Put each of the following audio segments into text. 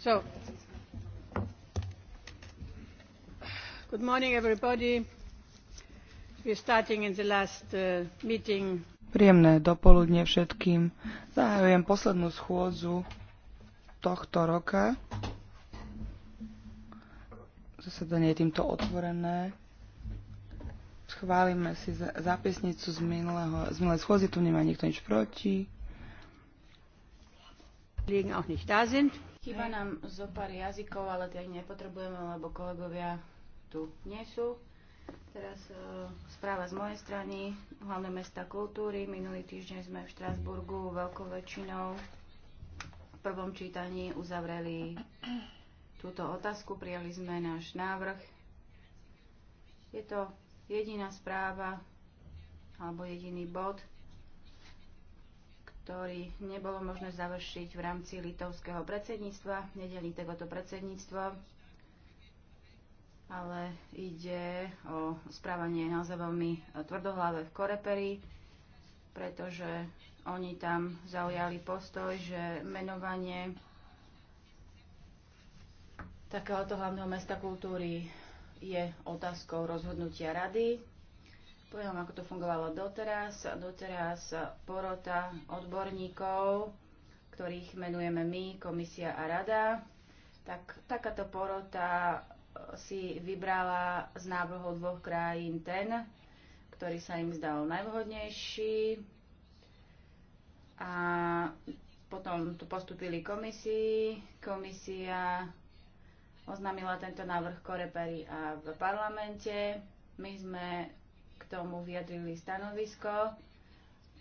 So, good morning everybody. We're starting in the last uh, meeting. Príjemné dopoludne všetkým. Zahajujem poslednú schôdzu tohto roka. Zasadanie je týmto otvorené. Schválime si zápisnicu z, minulého, z minulé schôdzy, tu nemá nikto nič proti. Liegen auch nicht da sind. Chyba nám zo pár jazykov, ale tie nepotrebujeme, lebo kolegovia tu nie sú. Teraz uh, správa z mojej strany, hlavné mesta kultúry. Minulý týždeň sme v Štrásburgu veľkou väčšinou v prvom čítaní uzavreli túto otázku, prijali sme náš návrh. Je to jediná správa alebo jediný bod, ktorý nebolo možné završiť v rámci litovského predsedníctva. Nedelí takoto predsedníctvo, ale ide o správanie naozaj veľmi tvrdohlavé v Koreperi, pretože oni tam zaujali postoj, že menovanie takéhoto hlavného mesta kultúry je otázkou rozhodnutia rady Poviem ako to fungovalo doteraz. Doteraz porota odborníkov, ktorých menujeme my, komisia a rada. Tak, takáto porota eh, si vybrala z návrhov dvoch krajín ten, ktorý sa im zdal najvhodnejší. A potom tu postupili komisii. Komisia oznámila tento návrh Koreperi a v parlamente. My sme tomu vyjadrili stanovisko.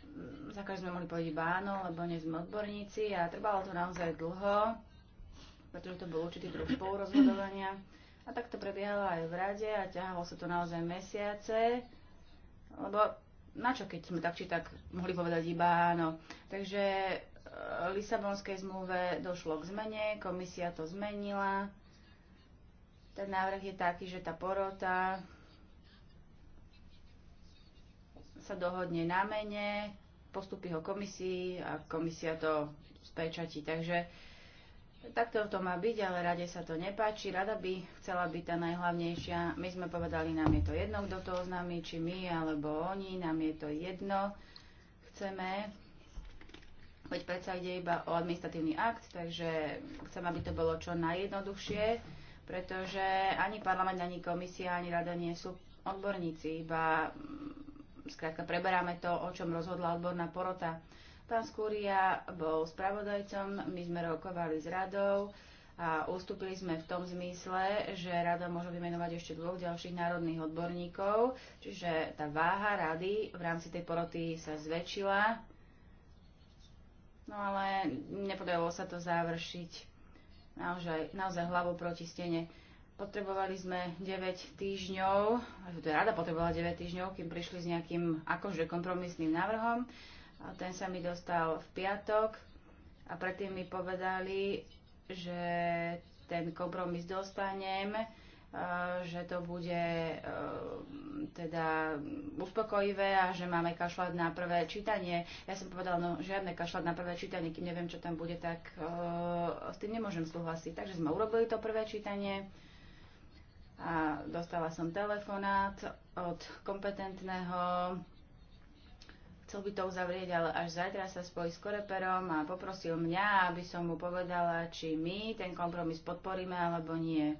Mm, za každým sme mohli povedať iba áno, lebo nie sme odborníci a trvalo to naozaj dlho, pretože to bol určitý druh spolurozhodovania. A tak to prebiehalo aj v rade a ťahalo sa to naozaj mesiace, lebo na čo, keď sme tak či tak mohli povedať iba áno. Takže v e, Lisabonskej zmluve došlo k zmene, komisia to zmenila. Ten návrh je taký, že tá porota sa dohodne na mene, postupí ho komisii a komisia to spečatí. Takže takto to má byť, ale rade sa to nepáči. Rada by chcela byť tá najhlavnejšia. My sme povedali, nám je to jedno, kto to oznámi, či my alebo oni, nám je to jedno. Chceme, veď predsa ide iba o administratívny akt, takže chcem, aby to bolo čo najjednoduchšie, pretože ani parlament, ani komisia, ani rada nie sú odborníci, iba Skrátka, preberáme to, o čom rozhodla odborná porota. Pán Skúria bol spravodajcom, my sme rokovali s radou a ustúpili sme v tom zmysle, že rada môže vymenovať ešte dvoch ďalších národných odborníkov, čiže tá váha rady v rámci tej poroty sa zväčšila, no ale nepodarilo sa to završiť naozaj, naozaj hlavou proti stene. Potrebovali sme 9 týždňov, je rada potrebovala 9 týždňov, kým prišli s nejakým akože kompromisným návrhom. A ten sa mi dostal v piatok a predtým mi povedali, že ten kompromis dostanem, že to bude teda uspokojivé a že máme kašľať na prvé čítanie. Ja som povedal, no žiadne kašľať na prvé čítanie, kým neviem, čo tam bude, tak s tým nemôžem súhlasiť. Takže sme urobili to prvé čítanie a dostala som telefonát od kompetentného chcel by to uzavrieť, ale až zajtra sa spojí s koreperom a poprosil mňa, aby som mu povedala, či my ten kompromis podporíme alebo nie.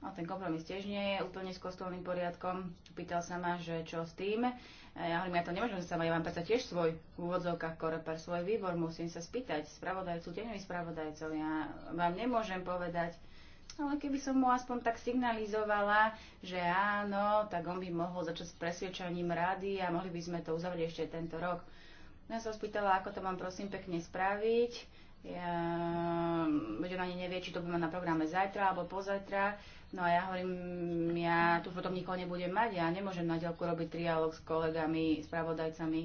No ten kompromis tiež nie je úplne s kostolným poriadkom. Pýtal sa ma, že čo s tým. Ja hovorím, ja to nemôžem sama, ja mám predsa tiež svoj v úvodzovkách koreper, svoj výbor, musím sa spýtať spravodajcu, tieňový spravodajcov. Ja vám nemôžem povedať, ale keby som mu aspoň tak signalizovala, že áno, tak on by mohol začať s presvedčaním rady a mohli by sme to uzavrieť ešte tento rok. Ja som spýtala, ako to mám prosím pekne spraviť. Ja, veď on ani nevie, či to bude mať na programe zajtra alebo pozajtra. No a ja hovorím, ja tu potom nikoho nebudem mať, ja nemôžem na ďalku robiť trialog s kolegami, spravodajcami.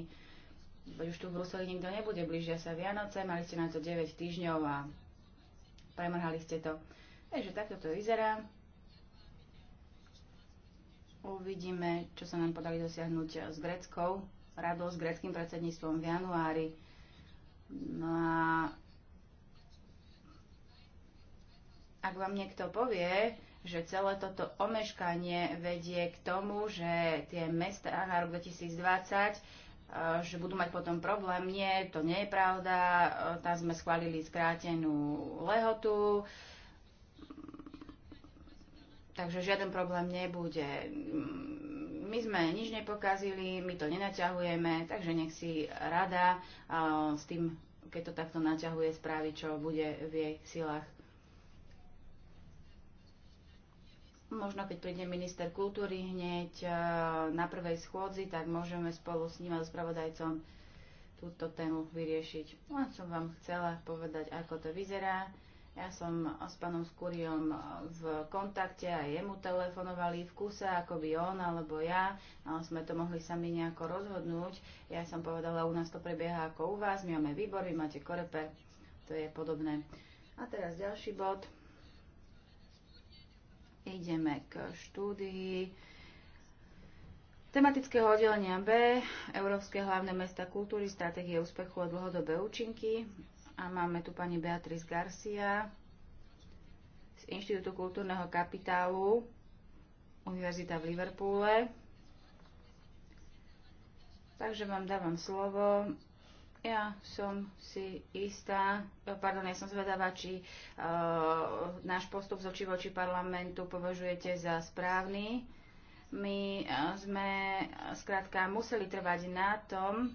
Veď už tu v Bruseli nikto nebude, blížia sa Vianoce, mali ste na to 9 týždňov a premrhali ste to. Takže takto to vyzerá. Uvidíme, čo sa nám podali dosiahnuť s Greckou radou, s greckým predsedníctvom v januári. No a ak vám niekto povie, že celé toto omeškanie vedie k tomu, že tie mesta na rok 2020 že budú mať potom problém. Nie, to nie je pravda. Tam sme schválili skrátenú lehotu. Takže žiaden problém nebude. My sme nič nepokazili, my to nenaťahujeme, takže nech si rada s tým, keď to takto naťahuje, správy, čo bude v jej silách. Možno keď príde minister kultúry hneď na prvej schôdzi, tak môžeme spolu s ním a spravodajcom túto tému vyriešiť. Len som vám chcela povedať, ako to vyzerá. Ja som s pánom Skúriom eh, v kontakte a jemu telefonovali v kuse, ako by on alebo ja, ale sme to mohli sami nejako rozhodnúť. Ja som povedala, u nás to prebieha ako u vás, my máme výbor, vy máte korepe, to je podobné. A teraz ďalší bod. Ideme k štúdii tematického oddelenia B, Európske hlavné mesta kultúry, stratégie úspechu a dlhodobé účinky. A máme tu pani Beatriz Garcia z Inštitútu kultúrneho kapitálu Univerzita v Liverpoole. Takže vám dávam slovo. Ja som si istá, pardon, ja som zvedavá, či uh, náš postup z oči voči parlamentu považujete za správny. My e, sme e, skrátka museli trvať na tom,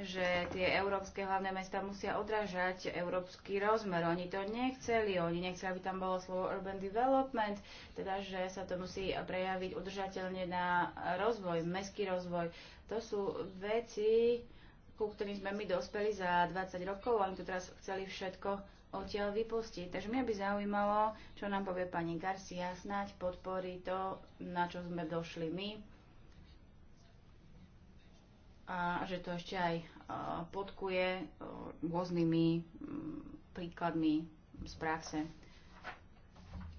že tie európske hlavné mesta musia odrážať európsky rozmer. Oni to nechceli, oni nechceli, aby tam bolo slovo urban development, teda že sa to musí prejaviť udržateľne na rozvoj, mestský rozvoj. To sú veci, ku ktorým sme my dospeli za 20 rokov, oni to teraz chceli všetko odtiaľ vypustiť. Takže mňa by zaujímalo, čo nám povie pani Garcia, snáď podporí to, na čo sme došli my a že to ešte aj e, podkuje e, rôznymi mm, príkladmi z praxe.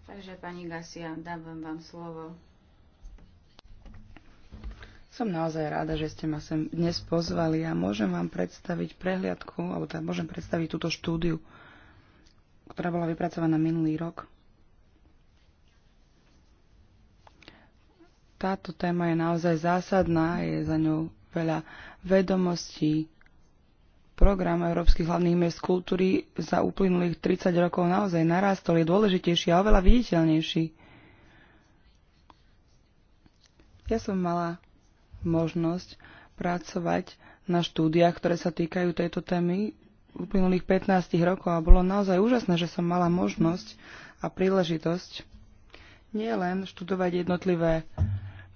Takže, pani Gasia, dávam vám slovo. Som naozaj rada, že ste ma sem dnes pozvali a môžem vám predstaviť prehliadku, alebo teda môžem predstaviť túto štúdiu, ktorá bola vypracovaná minulý rok. Táto téma je naozaj zásadná, je za ňou veľa vedomostí. Program Európskych hlavných miest kultúry za uplynulých 30 rokov naozaj narastol, je dôležitejší a oveľa viditeľnejší. Ja som mala možnosť pracovať na štúdiách, ktoré sa týkajú tejto témy uplynulých 15 rokov a bolo naozaj úžasné, že som mala možnosť a príležitosť nielen študovať jednotlivé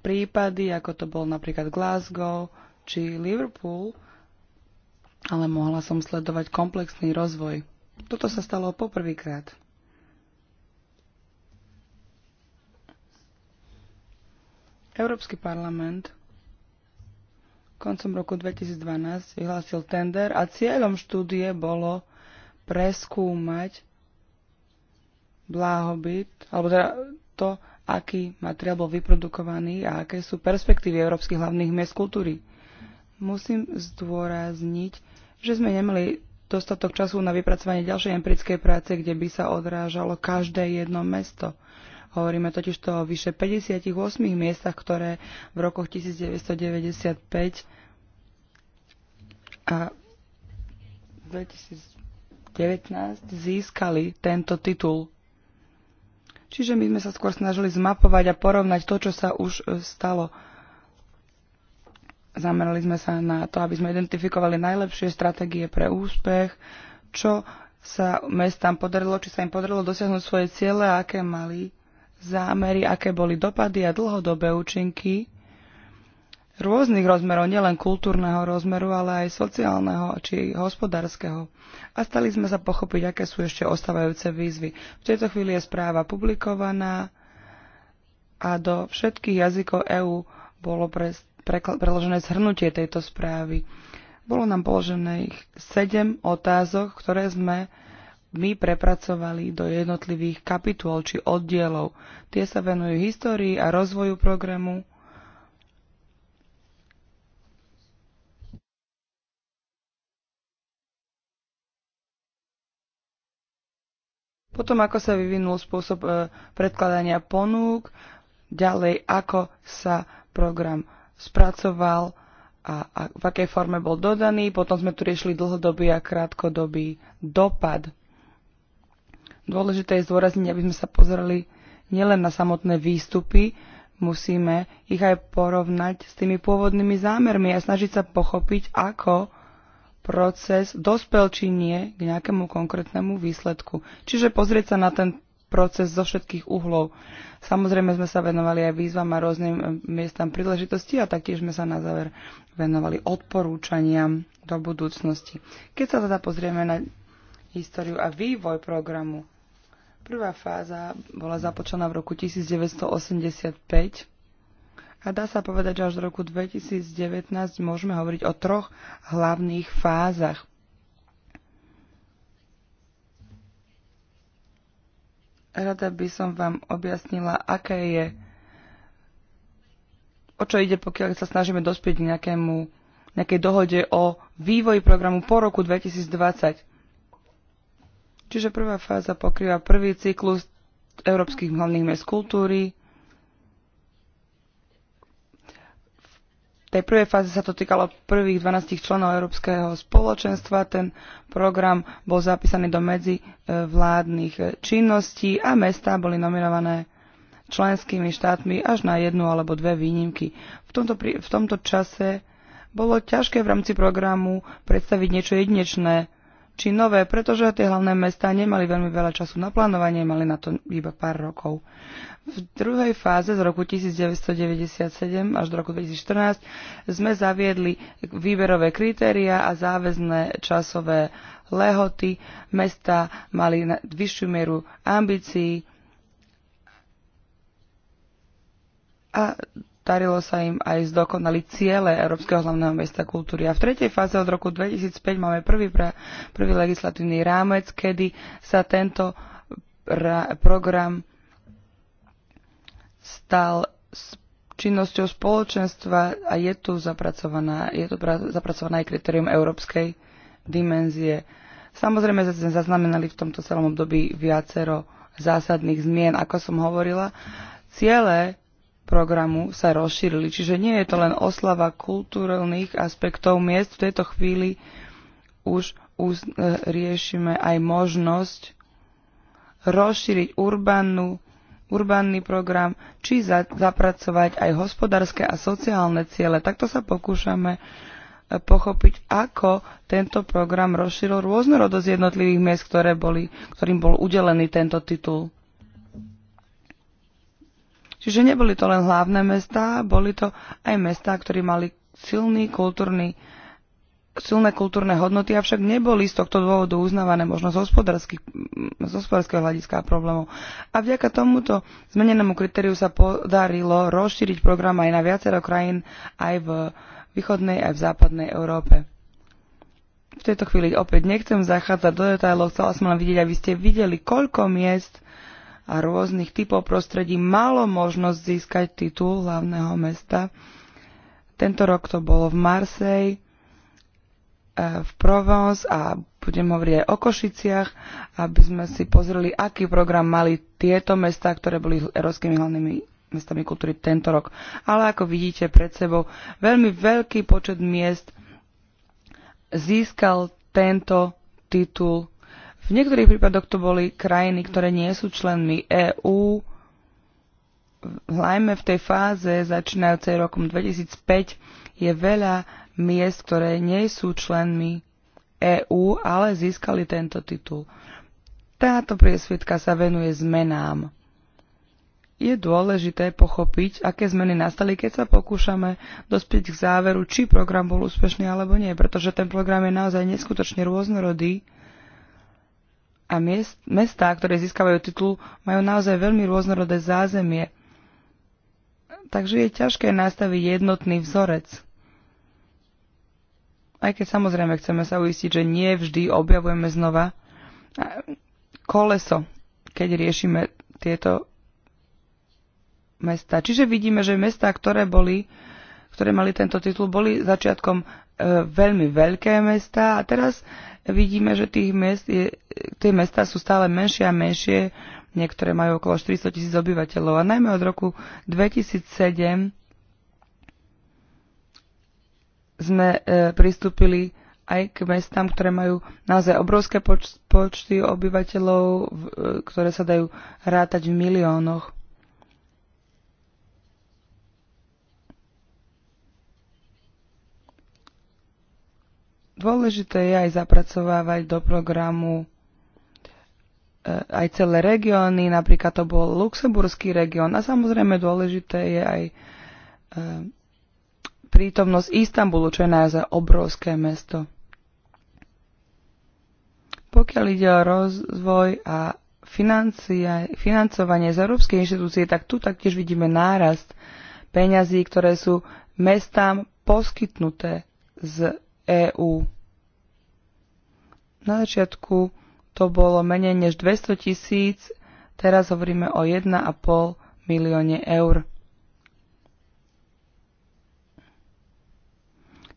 prípady, ako to bol napríklad Glasgow či Liverpool, ale mohla som sledovať komplexný rozvoj. Toto sa stalo poprvýkrát. Európsky parlament koncom roku 2012 vyhlásil tender a cieľom štúdie bolo preskúmať blahobyt, alebo teda to, aký materiál bol vyprodukovaný a aké sú perspektívy európskych hlavných miest kultúry. Musím zdôrazniť, že sme nemali dostatok času na vypracovanie ďalšej empirickej práce, kde by sa odrážalo každé jedno mesto. Hovoríme totiž to o vyše 58 miestach, ktoré v rokoch 1995 a 2019 získali tento titul Čiže my sme sa skôr snažili zmapovať a porovnať to, čo sa už e, stalo. Zamerali sme sa na to, aby sme identifikovali najlepšie stratégie pre úspech, čo sa mestám podarilo, či sa im podarilo dosiahnuť svoje ciele, aké mali zámery, aké boli dopady a dlhodobé účinky rôznych rozmerov, nielen kultúrneho rozmeru, ale aj sociálneho či hospodárskeho. A stali sme sa pochopiť, aké sú ešte ostávajúce výzvy. V tejto chvíli je správa publikovaná a do všetkých jazykov EÚ bolo pre, pre, preložené zhrnutie tejto správy. Bolo nám položených sedem otázok, ktoré sme my prepracovali do jednotlivých kapitol či oddielov. Tie sa venujú histórii a rozvoju programu, potom ako sa vyvinul spôsob e, predkladania ponúk, ďalej ako sa program spracoval a, a v akej forme bol dodaný. Potom sme tu riešili dlhodobý a krátkodobý dopad. Dôležité je zdôrazniť, aby sme sa pozreli nielen na samotné výstupy, musíme ich aj porovnať s tými pôvodnými zámermi a snažiť sa pochopiť, ako proces dospel či nie k nejakému konkrétnemu výsledku. Čiže pozrieť sa na ten proces zo všetkých uhlov. Samozrejme sme sa venovali aj výzvam a rôznym e, miestam príležitosti a taktiež sme sa na záver venovali odporúčaniam do budúcnosti. Keď sa teda pozrieme na históriu a vývoj programu, prvá fáza bola započaná v roku 1985 a dá sa povedať, že až do roku 2019 môžeme hovoriť o troch hlavných fázach. Rada by som vám objasnila, aké je, o čo ide, pokiaľ sa snažíme dospieť k nejakému, nejakej dohode o vývoji programu po roku 2020. Čiže prvá fáza pokrýva prvý cyklus európskych hlavných miest kultúry, tej prvej fáze sa to týkalo prvých 12 členov Európskeho spoločenstva. Ten program bol zapísaný do medzivládnych e, e, činností a mestá boli nominované členskými štátmi až na jednu alebo dve výnimky. V tomto, v tomto čase bolo ťažké v rámci programu predstaviť niečo jedinečné, či nové, pretože tie hlavné mesta nemali veľmi veľa času na plánovanie, mali na to iba pár rokov. V druhej fáze z roku 1997 až do roku 2014 sme zaviedli výberové kritéria a záväzné časové lehoty. Mesta mali vyššiu mieru ambícií a Darilo sa im aj zdokonali ciele Európskeho hlavného mesta kultúry. A v tretej fáze od roku 2005 máme prvý, pra, prvý legislatívny rámec, kedy sa tento ra, program stal činnosťou spoločenstva a je tu zapracovaná, je tu pra, zapracovaná aj kritérium európskej dimenzie. Samozrejme, sme zaznamenali v tomto celom období viacero zásadných zmien. Ako som hovorila, ciele programu sa rozšírili. Čiže nie je to len oslava kultúrnych aspektov miest. V tejto chvíli už e, riešime aj možnosť rozšíriť urbánu, urbánny program, či za, zapracovať aj hospodárske a sociálne ciele. Takto sa pokúšame e, pochopiť, ako tento program rozšíril rôznorodosť jednotlivých miest, ktoré boli, ktorým bol udelený tento titul. Čiže neboli to len hlavné mestá, boli to aj mestá, ktorí mali silný kultúrny silné kultúrne hodnoty, avšak neboli z tohto dôvodu uznávané možno z, z hospodárskeho hľadiska a problémov. A vďaka tomuto zmenenému kritériu sa podarilo rozšíriť program aj na viacero krajín, aj v východnej, aj v západnej Európe. V tejto chvíli opäť nechcem zachádzať do detajlov, chcela som len vidieť, aby ste videli, koľko miest a rôznych typov prostredí malo možnosť získať titul hlavného mesta. Tento rok to bolo v Marseille, e, v Provence a budem hovoriť aj o Košiciach, aby sme si pozreli, aký program mali tieto mesta, ktoré boli európskymi hlavnými mestami kultúry tento rok. Ale ako vidíte pred sebou, veľmi veľký počet miest získal tento titul v niektorých prípadoch to boli krajiny, ktoré nie sú členmi EÚ, hlajme v tej fáze začínajúcej rokom 2005 je veľa miest, ktoré nie sú členmi EÚ, ale získali tento titul. Táto priesvitka sa venuje zmenám. Je dôležité pochopiť, aké zmeny nastali, keď sa pokúšame dospieť k záveru, či program bol úspešný alebo nie, pretože ten program je naozaj neskutočne rôznorodý a miest, mestá, ktoré získavajú titul, majú naozaj veľmi rôznorodé zázemie. Takže je ťažké nastaviť jednotný vzorec. Aj keď samozrejme chceme sa uistiť, že nie vždy objavujeme znova koleso, keď riešime tieto mesta. Čiže vidíme, že mesta, ktoré boli ktoré mali tento titul, boli začiatkom e, veľmi veľké mesta a teraz vidíme, že tých mest je, tie mesta sú stále menšie a menšie, niektoré majú okolo 400 tisíc obyvateľov a najmä od roku 2007 sme e, pristúpili aj k mestám, ktoré majú naozaj obrovské poč- počty obyvateľov, v, e, ktoré sa dajú rátať v miliónoch. Dôležité je aj zapracovávať do programu e, aj celé regióny, napríklad to bol luxemburský región a samozrejme dôležité je aj e, prítomnosť Istanbulu, čo je naozaj obrovské mesto. Pokiaľ ide o rozvoj a financie, financovanie z európskej inštitúcie, tak tu taktiež vidíme nárast peňazí, ktoré sú mestám poskytnuté z EÚ. Na začiatku to bolo menej než 200 tisíc, teraz hovoríme o 1,5 milióne eur.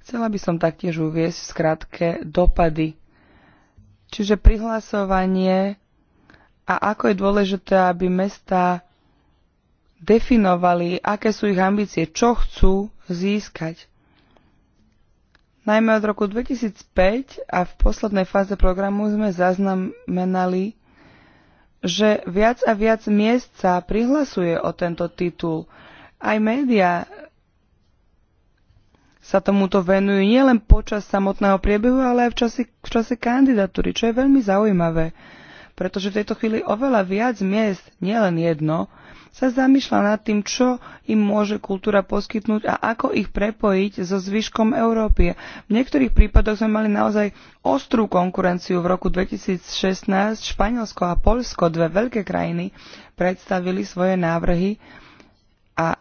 Chcela by som taktiež uviesť v skratke dopady. Čiže prihlasovanie a ako je dôležité, aby mestá definovali, aké sú ich ambície, čo chcú získať. Najmä od roku 2005 a v poslednej fáze programu sme zaznamenali, že viac a viac miest sa prihlasuje o tento titul. Aj médiá sa tomuto venujú nielen počas samotného priebehu, ale aj v čase, v čase kandidatúry, čo je veľmi zaujímavé, pretože v tejto chvíli oveľa viac miest, nielen jedno, sa zamýšľa nad tým, čo im môže kultúra poskytnúť a ako ich prepojiť so zvyškom Európy. V niektorých prípadoch sme mali naozaj ostrú konkurenciu. V roku 2016 Španielsko a Polsko, dve veľké krajiny, predstavili svoje návrhy a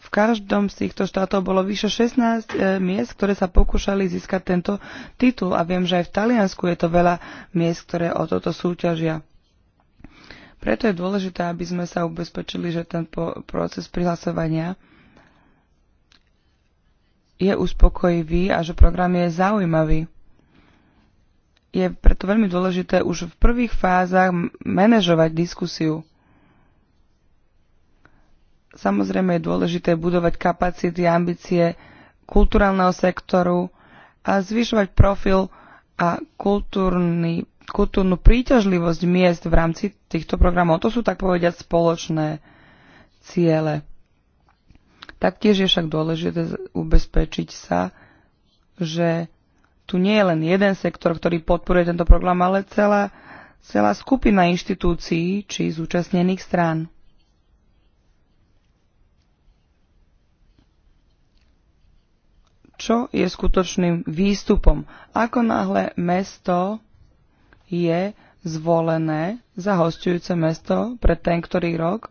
v každom z týchto štátov bolo vyše 16 e, miest, ktoré sa pokúšali získať tento titul a viem, že aj v Taliansku je to veľa miest, ktoré o toto súťažia. Preto je dôležité, aby sme sa ubezpečili, že ten proces prihlasovania je uspokojivý a že program je zaujímavý. Je preto veľmi dôležité už v prvých fázach manažovať diskusiu. Samozrejme je dôležité budovať kapacity, ambície kulturálneho sektoru a zvyšovať profil a kultúrny kultúrnu príťažlivosť miest v rámci týchto programov. To sú tak povediať spoločné ciele. Taktiež je však dôležité ubezpečiť sa, že tu nie je len jeden sektor, ktorý podporuje tento program, ale celá, celá skupina inštitúcií či zúčastnených strán. Čo je skutočným výstupom? Ako náhle mesto je zvolené za hostujúce mesto pre ten ktorý rok.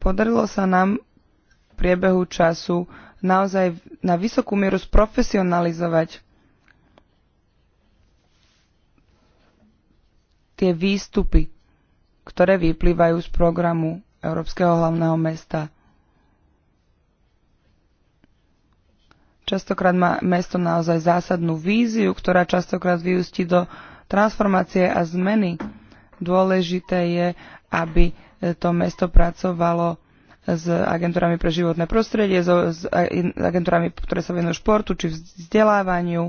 Podarilo sa nám v priebehu času naozaj na vysokú mieru sprofesionalizovať tie výstupy, ktoré vyplývajú z programu Európskeho hlavného mesta – Častokrát má mesto naozaj zásadnú víziu, ktorá častokrát vyústi do transformácie a zmeny. Dôležité je, aby to mesto pracovalo s agentúrami pre životné prostredie, s agentúrami, ktoré sa venujú športu či vzdelávaniu,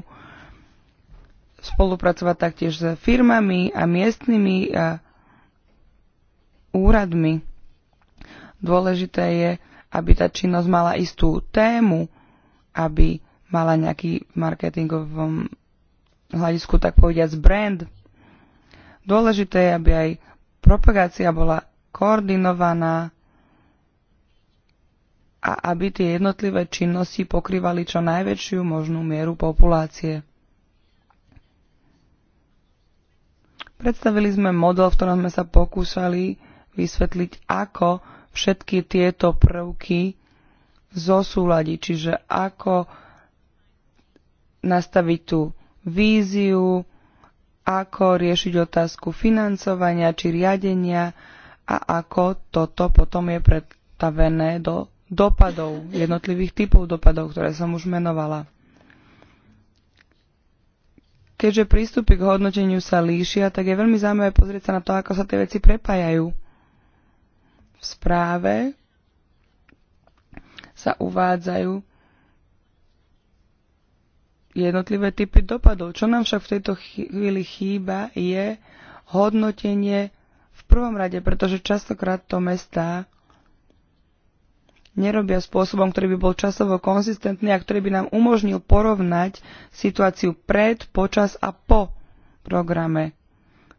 spolupracovať taktiež s firmami a miestnymi a úradmi. Dôležité je, aby tá činnosť mala istú tému, aby mala nejaký marketingovom hľadisku, tak povediať, brand. Dôležité je, aby aj propagácia bola koordinovaná a aby tie jednotlivé činnosti pokrývali čo najväčšiu možnú mieru populácie. Predstavili sme model, v ktorom sme sa pokúšali vysvetliť, ako všetky tieto prvky zosúľadiť, čiže ako nastaviť tú víziu, ako riešiť otázku financovania či riadenia a ako toto potom je predstavené do dopadov, jednotlivých typov dopadov, ktoré som už menovala. Keďže prístupy k hodnoteniu sa líšia, tak je veľmi zaujímavé pozrieť sa na to, ako sa tie veci prepájajú. V správe, sa uvádzajú jednotlivé typy dopadov. Čo nám však v tejto chvíli chýba, je hodnotenie v prvom rade, pretože častokrát to mesta nerobia spôsobom, ktorý by bol časovo konzistentný a ktorý by nám umožnil porovnať situáciu pred, počas a po programe.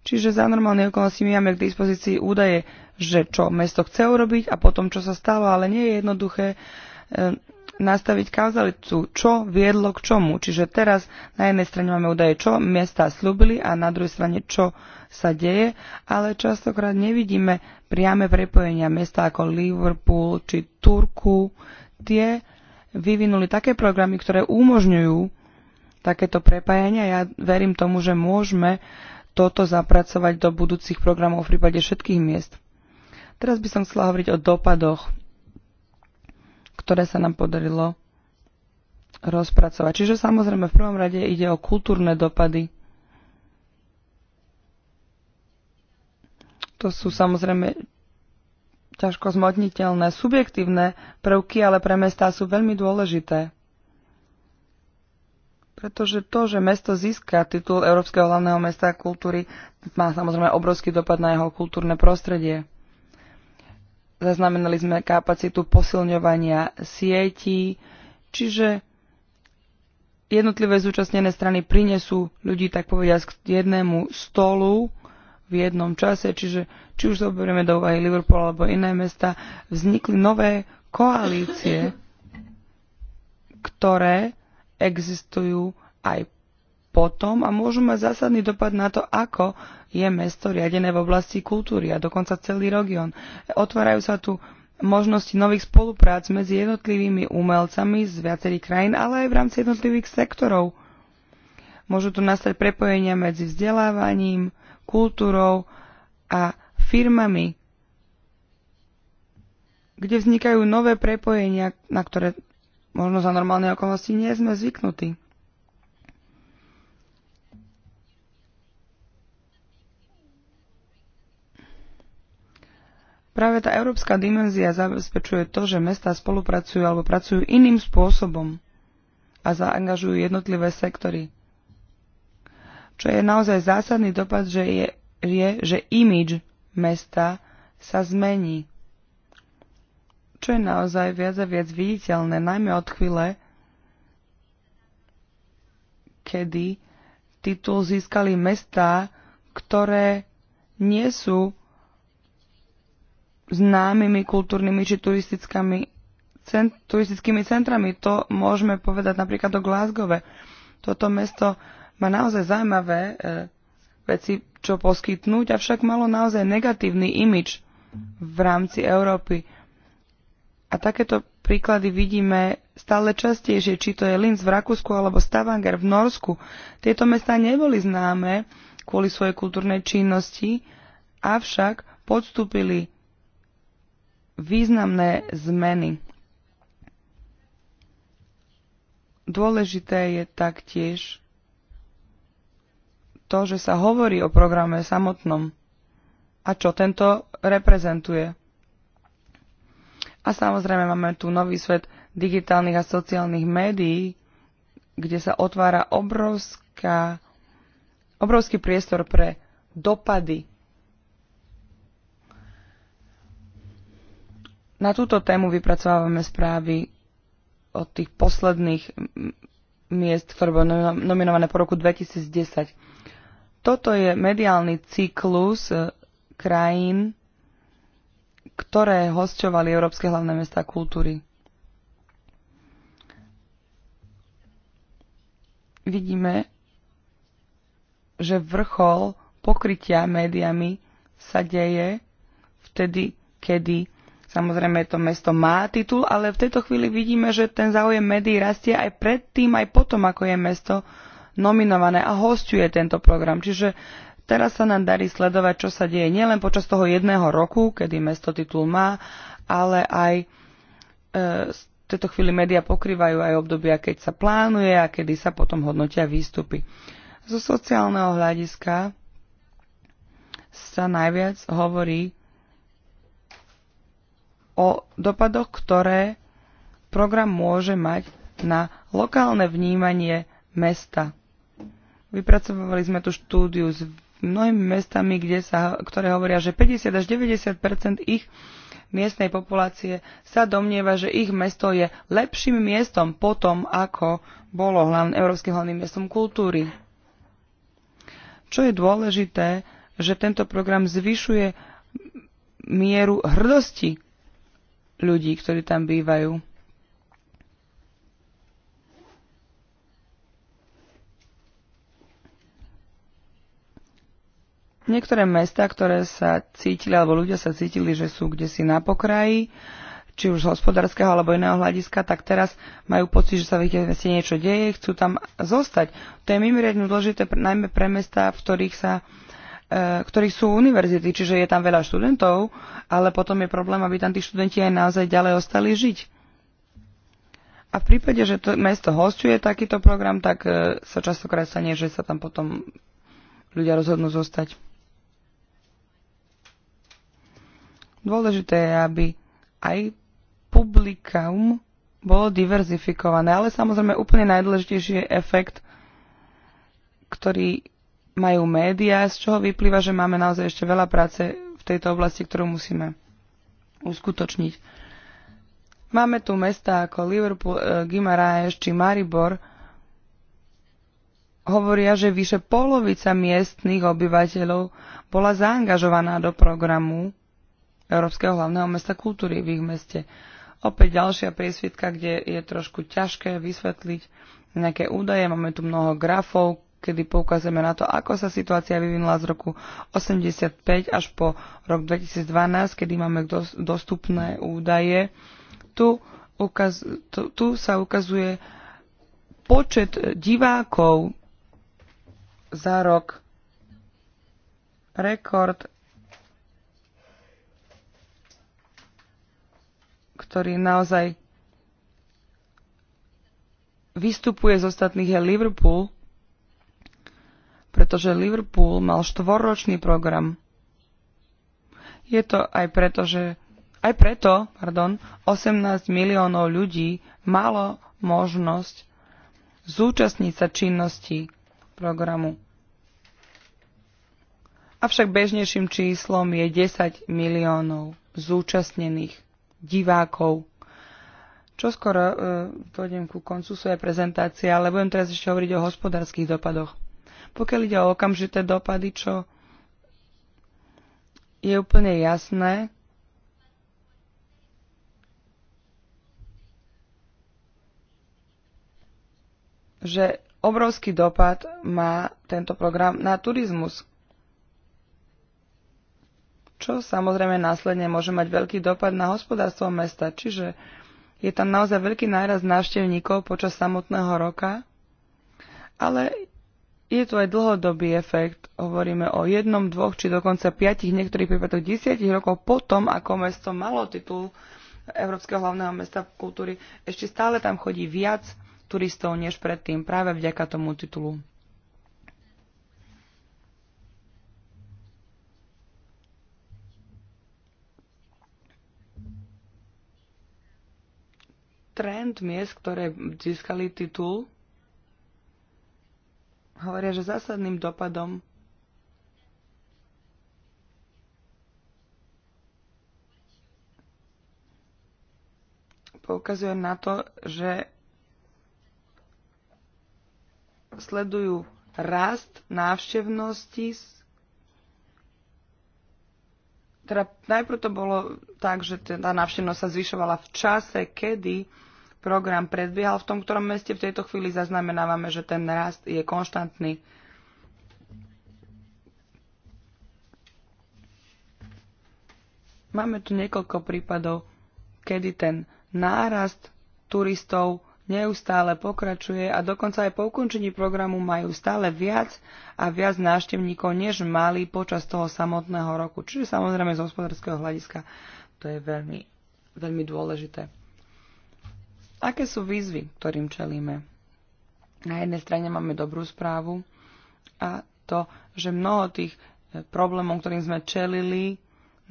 Čiže za normálne okolnosti my máme k dispozícii údaje, že čo mesto chce urobiť a potom čo sa stalo, ale nie je jednoduché E, nastaviť kauzalitu, čo viedlo k čomu. Čiže teraz na jednej strane máme údaje, čo miesta slúbili a na druhej strane, čo sa deje, ale častokrát nevidíme priame prepojenia miesta ako Liverpool či Turku. Tie vyvinuli také programy, ktoré umožňujú takéto prepájania. Ja verím tomu, že môžeme toto zapracovať do budúcich programov v prípade všetkých miest. Teraz by som chcela hovoriť o dopadoch ktoré sa nám podarilo rozpracovať. Čiže samozrejme v prvom rade ide o kultúrne dopady. To sú samozrejme ťažko zmodniteľné subjektívne prvky, ale pre mestá sú veľmi dôležité. Pretože to, že mesto získa titul Európskeho hlavného mesta kultúry, má samozrejme obrovský dopad na jeho kultúrne prostredie. Zaznamenali sme kapacitu posilňovania sietí, čiže jednotlivé zúčastnené strany prinesú ľudí, tak povediať, k jednému stolu v jednom čase, čiže či už zoberieme do úvahy Liverpool alebo iné mesta, vznikli nové koalície, ktoré existujú aj potom a môžu mať zásadný dopad na to, ako je mesto riadené v oblasti kultúry a dokonca celý región. Otvárajú sa tu možnosti nových spoluprác medzi jednotlivými umelcami z viacerých krajín, ale aj v rámci jednotlivých sektorov. Môžu tu nastať prepojenia medzi vzdelávaním, kultúrou a firmami, kde vznikajú nové prepojenia, na ktoré možno za normálne okolnosti nie sme zvyknutí. Práve tá európska dimenzia zabezpečuje to, že mesta spolupracujú alebo pracujú iným spôsobom a zaangažujú jednotlivé sektory. Čo je naozaj zásadný dopad, že je, je že imidž mesta sa zmení. Čo je naozaj viac a viac viditeľné, najmä od chvíle, kedy titul získali mestá, ktoré nie sú známymi kultúrnymi či turistickými, turistickými centrami. To môžeme povedať napríklad o Glasgow. Toto mesto má naozaj zaujímavé e, veci, čo poskytnúť, avšak malo naozaj negatívny imič v rámci Európy. A takéto príklady vidíme stále častejšie, či to je Linz v Rakúsku alebo Stavanger v Norsku. Tieto mestá neboli známe kvôli svojej kultúrnej činnosti, avšak podstúpili významné zmeny. Dôležité je taktiež to, že sa hovorí o programe samotnom a čo tento reprezentuje. A samozrejme máme tu nový svet digitálnych a sociálnych médií, kde sa otvára obrovská, obrovský priestor pre dopady Na túto tému vypracovávame správy od tých posledných miest, ktoré boli nominované po roku 2010. Toto je mediálny cyklus e, krajín, ktoré hosťovali Európske hlavné mesta kultúry. Vidíme, že vrchol pokrytia médiami sa deje vtedy, kedy Samozrejme, to mesto má titul, ale v tejto chvíli vidíme, že ten záujem médií rastie aj predtým, aj potom, ako je mesto nominované a hostuje tento program. Čiže teraz sa nám darí sledovať, čo sa deje nielen počas toho jedného roku, kedy mesto titul má, ale aj e, v tejto chvíli médiá pokrývajú aj obdobia, keď sa plánuje a kedy sa potom hodnotia výstupy. Zo sociálneho hľadiska sa najviac hovorí o dopadoch, ktoré program môže mať na lokálne vnímanie mesta. Vypracovali sme tu štúdiu s mnohými mestami, kde sa, ktoré hovoria, že 50 až 90 ich miestnej populácie sa domnieva, že ich mesto je lepším miestom po tom, ako bolo hlavne, Európskym hlavným miestom kultúry. Čo je dôležité, že tento program zvyšuje mieru hrdosti ľudí, ktorí tam bývajú. Niektoré mesta, ktoré sa cítili, alebo ľudia sa cítili, že sú kde si na pokraji, či už hospodárskeho alebo iného hľadiska, tak teraz majú pocit, že sa v ich meste niečo deje, chcú tam zostať. To je mimoriadne dôležité najmä pre mesta, v ktorých sa uh, E, ktorých sú univerzity, čiže je tam veľa študentov, ale potom je problém, aby tam tí študenti aj naozaj ďalej ostali žiť. A v prípade, že to mesto hostuje takýto program, tak e, sa častokrát stane, že sa tam potom ľudia rozhodnú zostať. Dôležité je, aby aj publikum bolo diverzifikované, ale samozrejme úplne najdôležitejší je efekt, ktorý majú médiá, z čoho vyplýva, že máme naozaj ešte veľa práce v tejto oblasti, ktorú musíme uskutočniť. Máme tu mesta ako Liverpool, eh, Gimaraes či Maribor, hovoria, že vyše polovica miestnych obyvateľov bola zaangažovaná do programu Európskeho hlavného mesta kultúry v ich meste. Opäť ďalšia priesvitka, kde je trošku ťažké vysvetliť nejaké údaje. Máme tu mnoho grafov, kedy poukazujeme na to, ako sa situácia vyvinula z roku 85 až po rok 2012, kedy máme dostupné údaje. Tu, ukaz, tu, tu sa ukazuje počet divákov za rok. Rekord, ktorý naozaj vystupuje z ostatných je Liverpool, pretože Liverpool mal štvorročný program. Je to aj preto, že aj preto, pardon, 18 miliónov ľudí malo možnosť zúčastniť sa činnosti programu. Avšak bežnejším číslom je 10 miliónov zúčastnených divákov. Čo skoro e, dojdem ku koncu svojej prezentácie, ale budem teraz ešte hovoriť o hospodárskych dopadoch. Pokiaľ ide o okamžité dopady, čo je úplne jasné, že obrovský dopad má tento program na turizmus, čo samozrejme následne môže mať veľký dopad na hospodárstvo mesta, čiže je tam naozaj veľký náraz návštevníkov počas samotného roka, ale je tu aj dlhodobý efekt. Hovoríme o jednom, dvoch či dokonca piatich, niektorých prípadoch desiatich rokov potom, ako mesto malo titul Európskeho hlavného mesta kultúry. Ešte stále tam chodí viac turistov než predtým, práve vďaka tomu titulu. Trend miest, ktoré získali titul, hovoria, že zásadným dopadom poukazuje na to, že sledujú rast návštevnosti. Teda najprv to bolo tak, že tá návštevnosť sa zvyšovala v čase, kedy program predbiehal v tom, ktorom meste. V tejto chvíli zaznamenávame, že ten rast je konštantný. Máme tu niekoľko prípadov, kedy ten nárast turistov neustále pokračuje a dokonca aj po ukončení programu majú stále viac a viac návštevníkov, než mali počas toho samotného roku. Čiže samozrejme z hospodárskeho hľadiska to je veľmi, veľmi dôležité. Aké sú výzvy, ktorým čelíme? Na jednej strane máme dobrú správu a to, že mnoho tých e, problémov, ktorým sme čelili,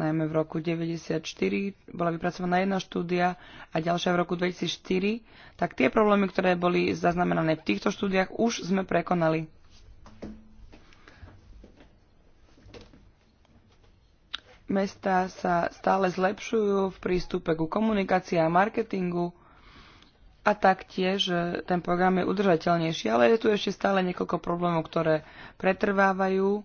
najmä v roku 1994, bola vypracovaná jedna štúdia a ďalšia v roku 2004, tak tie problémy, ktoré boli zaznamenané v týchto štúdiách, už sme prekonali. Mesta sa stále zlepšujú v prístupe ku komunikácii a marketingu, a taktiež ten program je udržateľnejší, ale je tu ešte stále niekoľko problémov, ktoré pretrvávajú,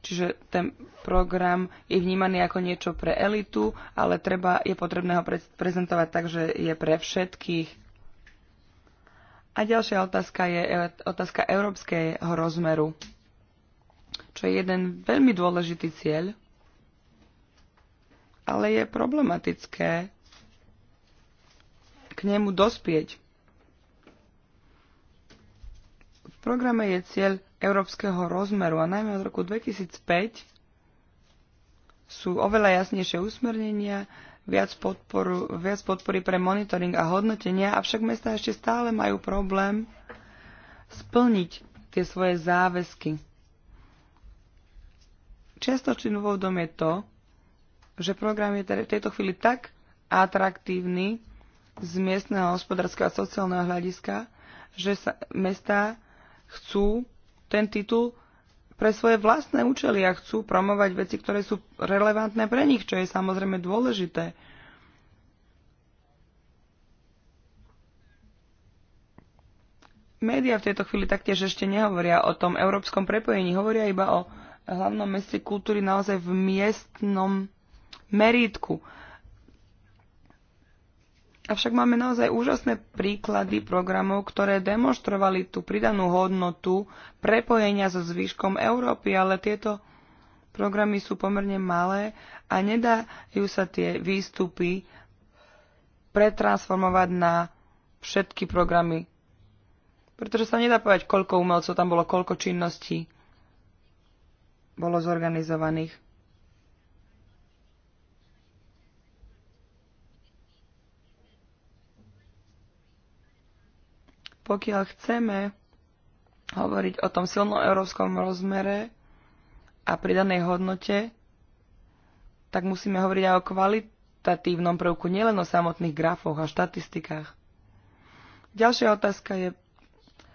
čiže ten program je vnímaný ako niečo pre elitu, ale treba, je potrebné ho prezentovať tak, že je pre všetkých. A ďalšia otázka je e, otázka európskeho rozmeru, čo je jeden veľmi dôležitý cieľ, ale je problematické k nemu dospieť. V programe je cieľ európskeho rozmeru a najmä od roku 2005 sú oveľa jasnejšie usmernenia, viac, podporu, viac podpory pre monitoring a hodnotenia, avšak mesta ešte stále majú problém splniť tie svoje záväzky. Čiastočným dôvodom je to, že program je teda v tejto chvíli tak atraktívny, z miestneho hospodárskeho a sociálneho hľadiska, že sa mestá chcú ten titul pre svoje vlastné účely a chcú promovať veci, ktoré sú relevantné pre nich, čo je samozrejme dôležité. Média v tejto chvíli taktiež ešte nehovoria o tom európskom prepojení, hovoria iba o hlavnom meste kultúry naozaj v miestnom meritku. Avšak máme naozaj úžasné príklady programov, ktoré demonstrovali tú pridanú hodnotu prepojenia so zvyškom Európy, ale tieto programy sú pomerne malé a nedajú sa tie výstupy pretransformovať na všetky programy. Pretože sa nedá povedať, koľko umelcov tam bolo, koľko činností bolo zorganizovaných. Pokiaľ chceme hovoriť o tom silnom európskom rozmere a pridanej hodnote, tak musíme hovoriť aj o kvalitatívnom prvku, nielen o samotných grafoch a štatistikách. Ďalšia otázka je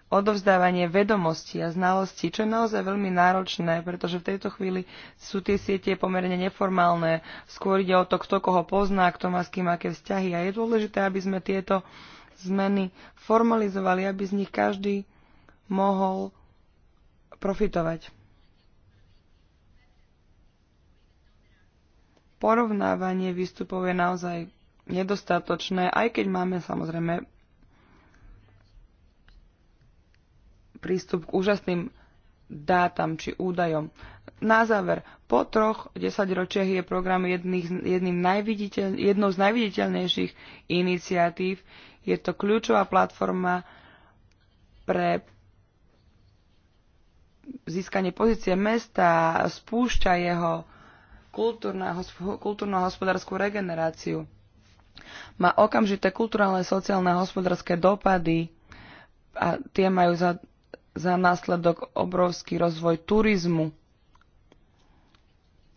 odovzdávanie vedomostí a znalostí, čo je naozaj veľmi náročné, pretože v tejto chvíli sú tie siete pomerne neformálne. Skôr ide o to, kto koho pozná, kto má s kým aké vzťahy a je dôležité, aby sme tieto zmeny formalizovali, aby z nich každý mohol profitovať. Porovnávanie výstupov je naozaj nedostatočné, aj keď máme samozrejme prístup k úžasným dátam či údajom. Na záver, po troch desaťročiach je program jedných, jedným najviditeľ, jednou z najviditeľnejších iniciatív. Je to kľúčová platforma pre získanie pozície mesta, spúšťa jeho kultúrno-hospodárskú regeneráciu. Má okamžité kulturálne, sociálne a hospodárske dopady a tie majú za, za následok obrovský rozvoj turizmu.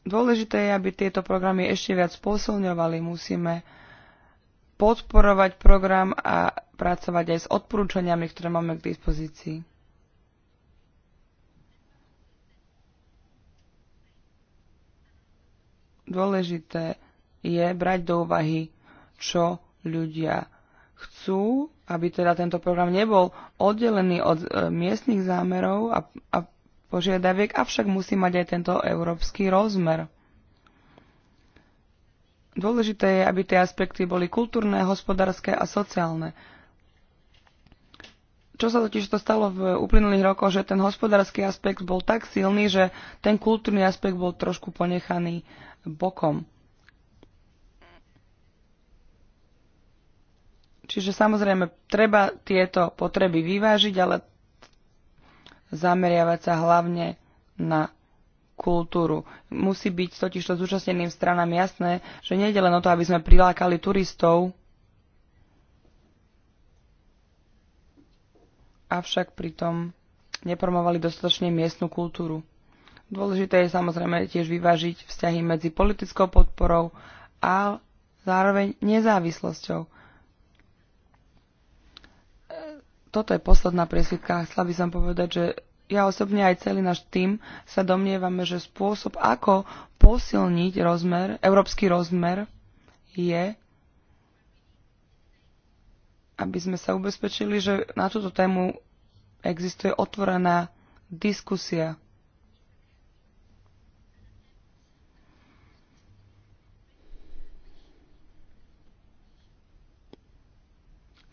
Dôležité je, aby tieto programy ešte viac posilňovali. Musíme podporovať program a pracovať aj s odporúčaniami, ktoré máme k dispozícii. Dôležité je brať do úvahy, čo ľudia chcú, aby teda tento program nebol oddelený od e, miestnych zámerov a, a požiadaviek, avšak musí mať aj tento európsky rozmer. Dôležité je, aby tie aspekty boli kultúrne, hospodárske a sociálne. Čo sa totiž to stalo v uplynulých rokoch, že ten hospodársky aspekt bol tak silný, že ten kultúrny aspekt bol trošku ponechaný bokom. Čiže samozrejme, treba tieto potreby vyvážiť, ale zameriavať sa hlavne na kultúru. Musí byť totiž to zúčastneným stranám jasné, že je len o to, aby sme prilákali turistov, avšak pritom nepromovali dostatočne miestnu kultúru. Dôležité je samozrejme tiež vyvážiť vzťahy medzi politickou podporou a zároveň nezávislosťou. Toto je posledná presvitka. Chcela by som povedať, že ja osobne aj celý náš tým sa domnievame, že spôsob, ako posilniť rozmer, európsky rozmer, je, aby sme sa ubezpečili, že na túto tému existuje otvorená diskusia.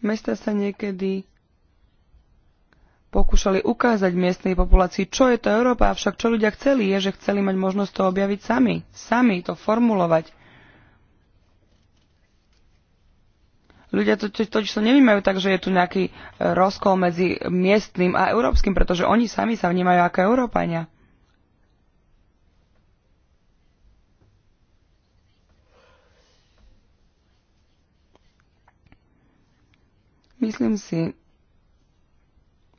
Mesta sa niekedy pokúšali ukázať miestnej populácii, čo je to Európa, avšak čo ľudia chceli, je, že chceli mať možnosť to objaviť sami, sami to formulovať. Ľudia to, totiž to nevnímajú tak, že je tu nejaký e, rozkol medzi miestnym a európskym, pretože oni sami sa vnímajú ako Európania. Myslím si,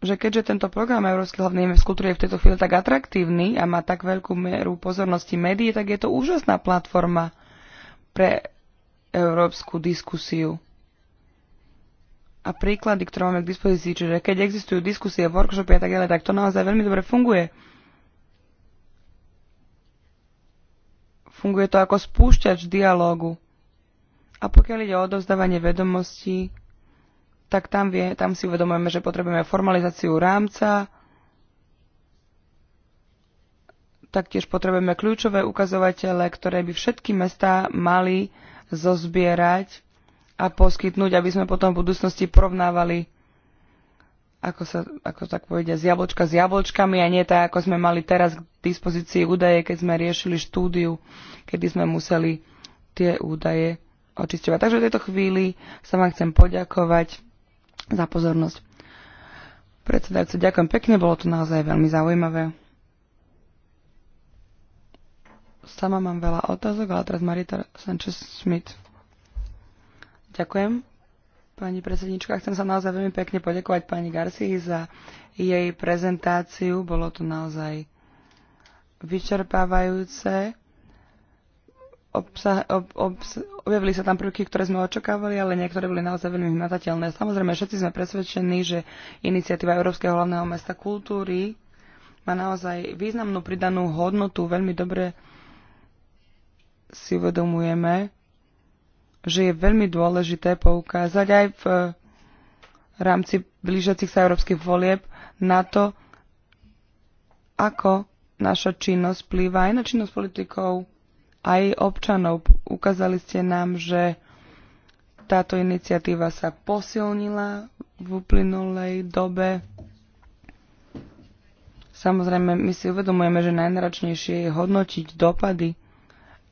že keďže tento program Európsky hlavný v kultúry je v tejto chvíli tak atraktívny a má tak veľkú mieru pozornosti médií, tak je to úžasná platforma pre európsku diskusiu. A príklady, ktoré máme k dispozícii, čiže keď existujú diskusie, workshopy a tak ďalej, tak to naozaj veľmi dobre funguje. Funguje to ako spúšťač dialógu. A pokiaľ ide o odovzdávanie vedomostí, tak tam, vie, tam si uvedomujeme, že potrebujeme formalizáciu rámca, taktiež potrebujeme kľúčové ukazovatele, ktoré by všetky mestá mali zozbierať a poskytnúť, aby sme potom v budúcnosti porovnávali, ako, sa, ako tak povedia, z jablčka s jablčkami a nie tak, ako sme mali teraz k dispozícii údaje, keď sme riešili štúdiu, kedy sme museli tie údaje očisťovať. Takže v tejto chvíli sa vám chcem poďakovať za pozornosť. Predsedajúce, ďakujem pekne, bolo to naozaj veľmi zaujímavé. Sama mám veľa otázok, ale teraz Marita Sanchez-Smith. Ďakujem. Pani predsednička, chcem sa naozaj veľmi pekne podekovať pani Garcii za jej prezentáciu. Bolo to naozaj vyčerpávajúce obsa- ob, ob, objavili sa tam prvky, ktoré sme očakávali, ale niektoré boli naozaj veľmi hmatateľné. Samozrejme, všetci sme presvedčení, že iniciatíva Európskeho hlavného mesta kultúry má naozaj významnú pridanú hodnotu. Veľmi dobre si uvedomujeme, že je veľmi dôležité poukázať aj v rámci blížiacich sa európskych volieb na to, ako naša činnosť vplýva aj na činnosť politikov aj občanov. Ukázali ste nám, že táto iniciatíva sa posilnila v uplynulej dobe. Samozrejme, my si uvedomujeme, že najnáročnejšie je hodnotiť dopady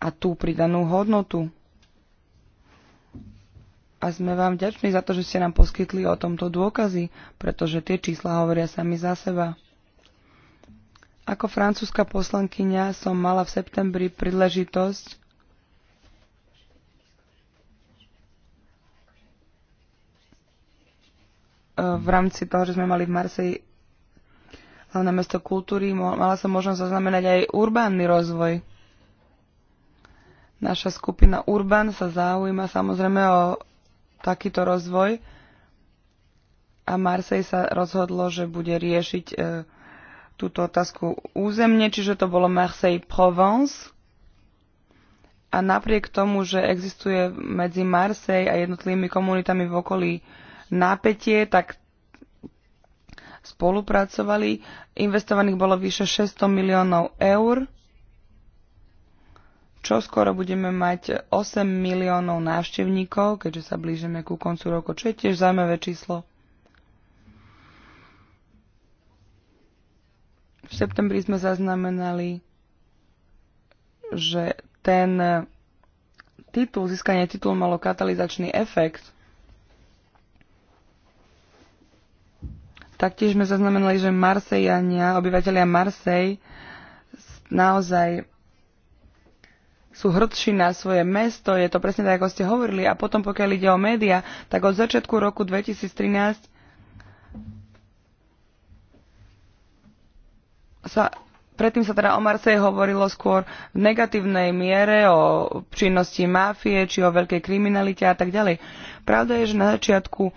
a tú pridanú hodnotu. A sme vám vďační za to, že ste nám poskytli o tomto dôkazy, pretože tie čísla hovoria sami za seba. Ako francúzska poslankyňa som mala v septembri príležitosť v rámci toho, že sme mali v Marseji hlavné mesto kultúry, mala som možnosť zaznamenať aj urbánny rozvoj. Naša skupina Urban sa zaujíma samozrejme o takýto rozvoj a Marsej sa rozhodlo, že bude riešiť e, túto otázku územne, čiže to bolo Marseille-Provence. A napriek tomu, že existuje medzi Marseille a jednotlivými komunitami v okolí napätie, tak spolupracovali. Investovaných bolo vyše 600 miliónov eur. Čo skoro budeme mať 8 miliónov návštevníkov, keďže sa blížime ku koncu roku, čo je tiež zaujímavé číslo. V septembri sme zaznamenali, že ten titul, získanie titulu malo katalizačný efekt. Taktiež sme zaznamenali, že Marsejania, obyvateľia Marsej naozaj sú hrdší na svoje mesto, je to presne tak, ako ste hovorili. A potom, pokiaľ ide o média, tak od začiatku roku 2013 sa Predtým sa teda o Marseille hovorilo skôr v negatívnej miere o činnosti máfie či o veľkej kriminalite a tak ďalej. Pravda je, že na začiatku e,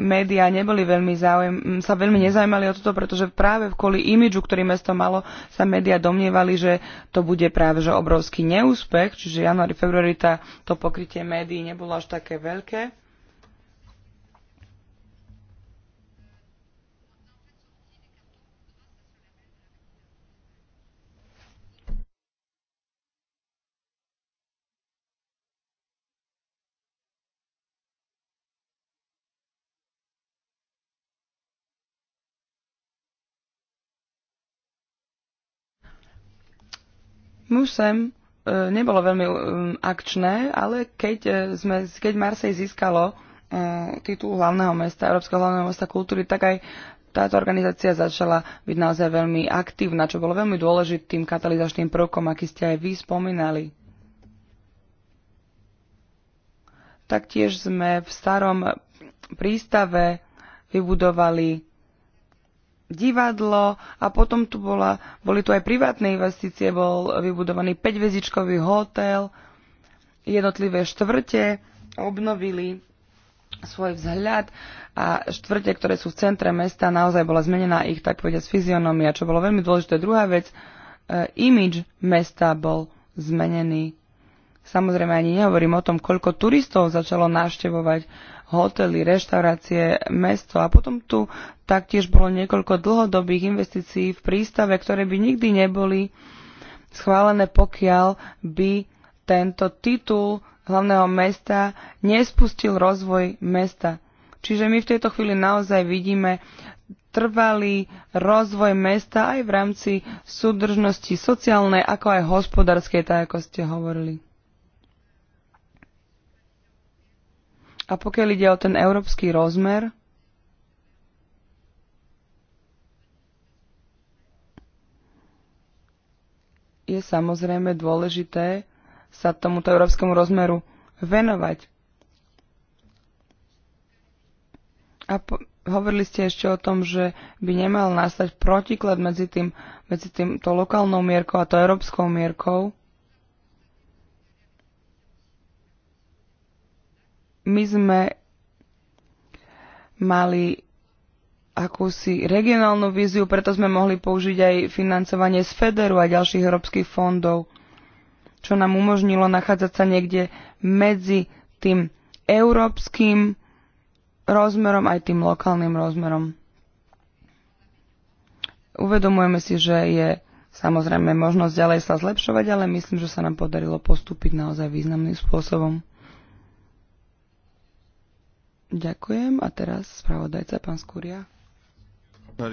médiá neboli veľmi záujem, sa veľmi nezajímali o toto, pretože práve kvôli imidžu, ktorý mesto malo, sa médiá domnievali, že to bude práve že obrovský neúspech, čiže januári, februári to pokrytie médií nebolo až také veľké Musem e, nebolo veľmi e, akčné, ale keď, e, sme, keď Marseille získalo titul hlavného mesta, Európskeho hlavného mesta kultúry, tak aj táto organizácia začala byť naozaj veľmi aktívna, čo bolo veľmi dôležitým katalizačným prvkom, aký ste aj vy spomínali. Taktiež sme v starom prístave vybudovali divadlo a potom tu bola, boli tu aj privátne investície, bol vybudovaný 5-vezičkový hotel, jednotlivé štvrte obnovili svoj vzhľad a štvrte, ktoré sú v centre mesta, naozaj bola zmenená ich, tak povedať, fyzionomia, čo bolo veľmi dôležité. Druhá vec, e, imidž mesta bol zmenený. Samozrejme, ani nehovorím o tom, koľko turistov začalo navštevovať hotely, reštaurácie, mesto. A potom tu taktiež bolo niekoľko dlhodobých investícií v prístave, ktoré by nikdy neboli schválené, pokiaľ by tento titul hlavného mesta nespustil rozvoj mesta. Čiže my v tejto chvíli naozaj vidíme trvalý rozvoj mesta aj v rámci súdržnosti sociálnej, ako aj hospodárskej, tak ako ste hovorili. A pokiaľ ide o ten európsky rozmer, je samozrejme dôležité sa tomuto európskemu rozmeru venovať. A po, hovorili ste ešte o tom, že by nemal nastať protiklad medzi, tým, medzi týmto lokálnou mierkou a to európskou mierkou. My sme mali akúsi regionálnu víziu, preto sme mohli použiť aj financovanie z Federu a ďalších európskych fondov, čo nám umožnilo nachádzať sa niekde medzi tým európskym rozmerom aj tým lokálnym rozmerom. Uvedomujeme si, že je samozrejme možnosť ďalej sa zlepšovať, ale myslím, že sa nám podarilo postúpiť naozaj významným spôsobom. Ďakujem a teraz spravodajca pán Skúria. No,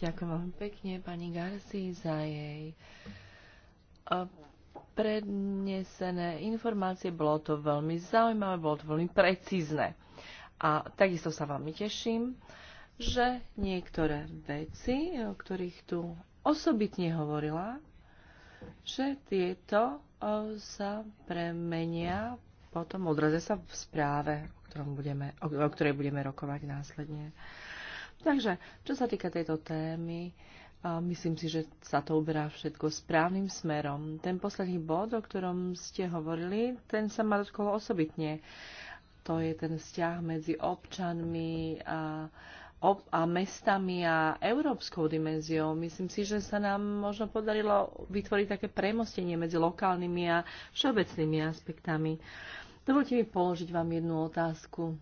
Ďakujem vám pekne pani Garci za jej prednesené informácie. Bolo to veľmi zaujímavé, bolo to veľmi precízne. A takisto sa vám teším, že niektoré veci, o ktorých tu osobitne hovorila, že tieto sa premenia potom odraze sa v správe, o, ktorom budeme, o, o ktorej budeme rokovať následne. Takže, čo sa týka tejto témy, a myslím si, že sa to uberá všetko správnym smerom. Ten posledný bod, o ktorom ste hovorili, ten sa ma dotkol osobitne. To je ten vzťah medzi občanmi a, a a mestami a európskou dimenziou. Myslím si, že sa nám možno podarilo vytvoriť také premostenie medzi lokálnymi a všeobecnými aspektami. Dovolte mi položiť vám jednu otázku,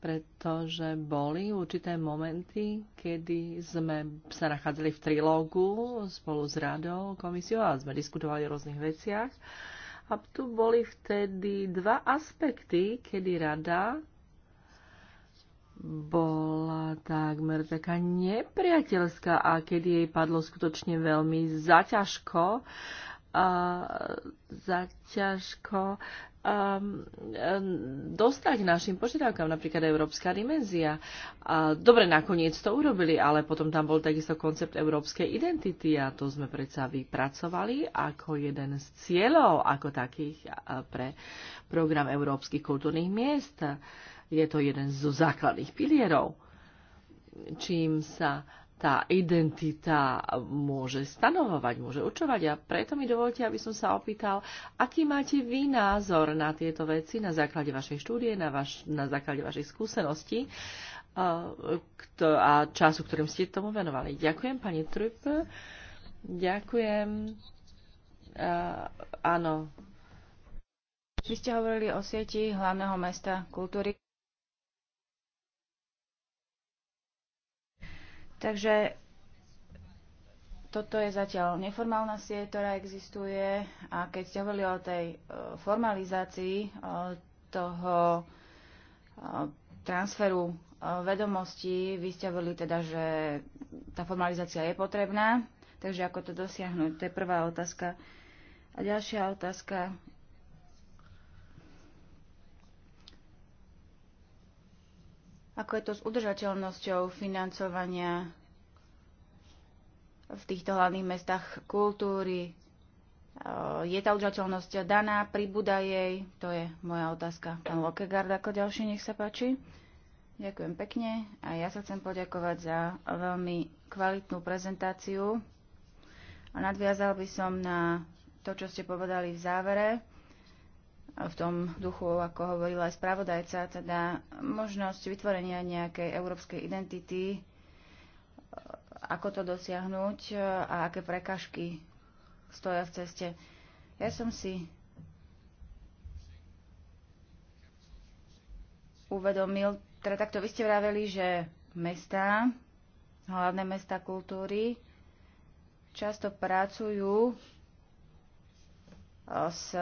pretože boli určité momenty, kedy sme sa nachádzali v trilógu spolu s radou, komisiou a sme diskutovali o rôznych veciach. A tu boli vtedy dva aspekty, kedy rada bola takmer taká nepriateľská a kedy jej padlo skutočne veľmi zaťažko, A, zaťažko a, dostať našim požiadavkám, napríklad európska dimenzia. A, dobre, nakoniec to urobili, ale potom tam bol takisto koncept európskej identity a to sme predsa vypracovali ako jeden z cieľov, ako takých pre program európskych kultúrnych miest. Je to jeden zo základných pilierov, čím sa tá identita môže stanovovať, môže určovať. A preto mi dovolte, aby som sa opýtal, aký máte vy názor na tieto veci na základe vašej štúdie, na, vaš, na základe vašej skúseností a, a času, ktorým ste tomu venovali. Ďakujem, pani Trup. Ďakujem. A, áno. Vy ste hovorili o sieti hlavného mesta kultúry. Takže toto je zatiaľ neformálna sieť, ktorá existuje a keď ste hovorili o tej e, formalizácii e, toho e, transferu vedomostí, vy ste hovorili teda, že tá formalizácia je potrebná, takže ako to dosiahnuť, to je prvá otázka. A ďalšia otázka, Ako je to s udržateľnosťou financovania v týchto hlavných mestách kultúry? E, je tá udržateľnosť daná, pribúda jej? To je moja otázka. Pán Lokegard ako ďalší, nech sa páči. Ďakujem pekne a ja sa chcem poďakovať za veľmi kvalitnú prezentáciu. A nadviazal by som na to, čo ste povedali v závere v tom duchu, ako hovorila aj spravodajca, teda možnosť vytvorenia nejakej európskej identity, e, ako to dosiahnuť e, a aké prekažky stoja v ceste. Ja som si uvedomil, teda takto vy ste vraveli, že mesta, hlavné mesta kultúry, často pracujú e, s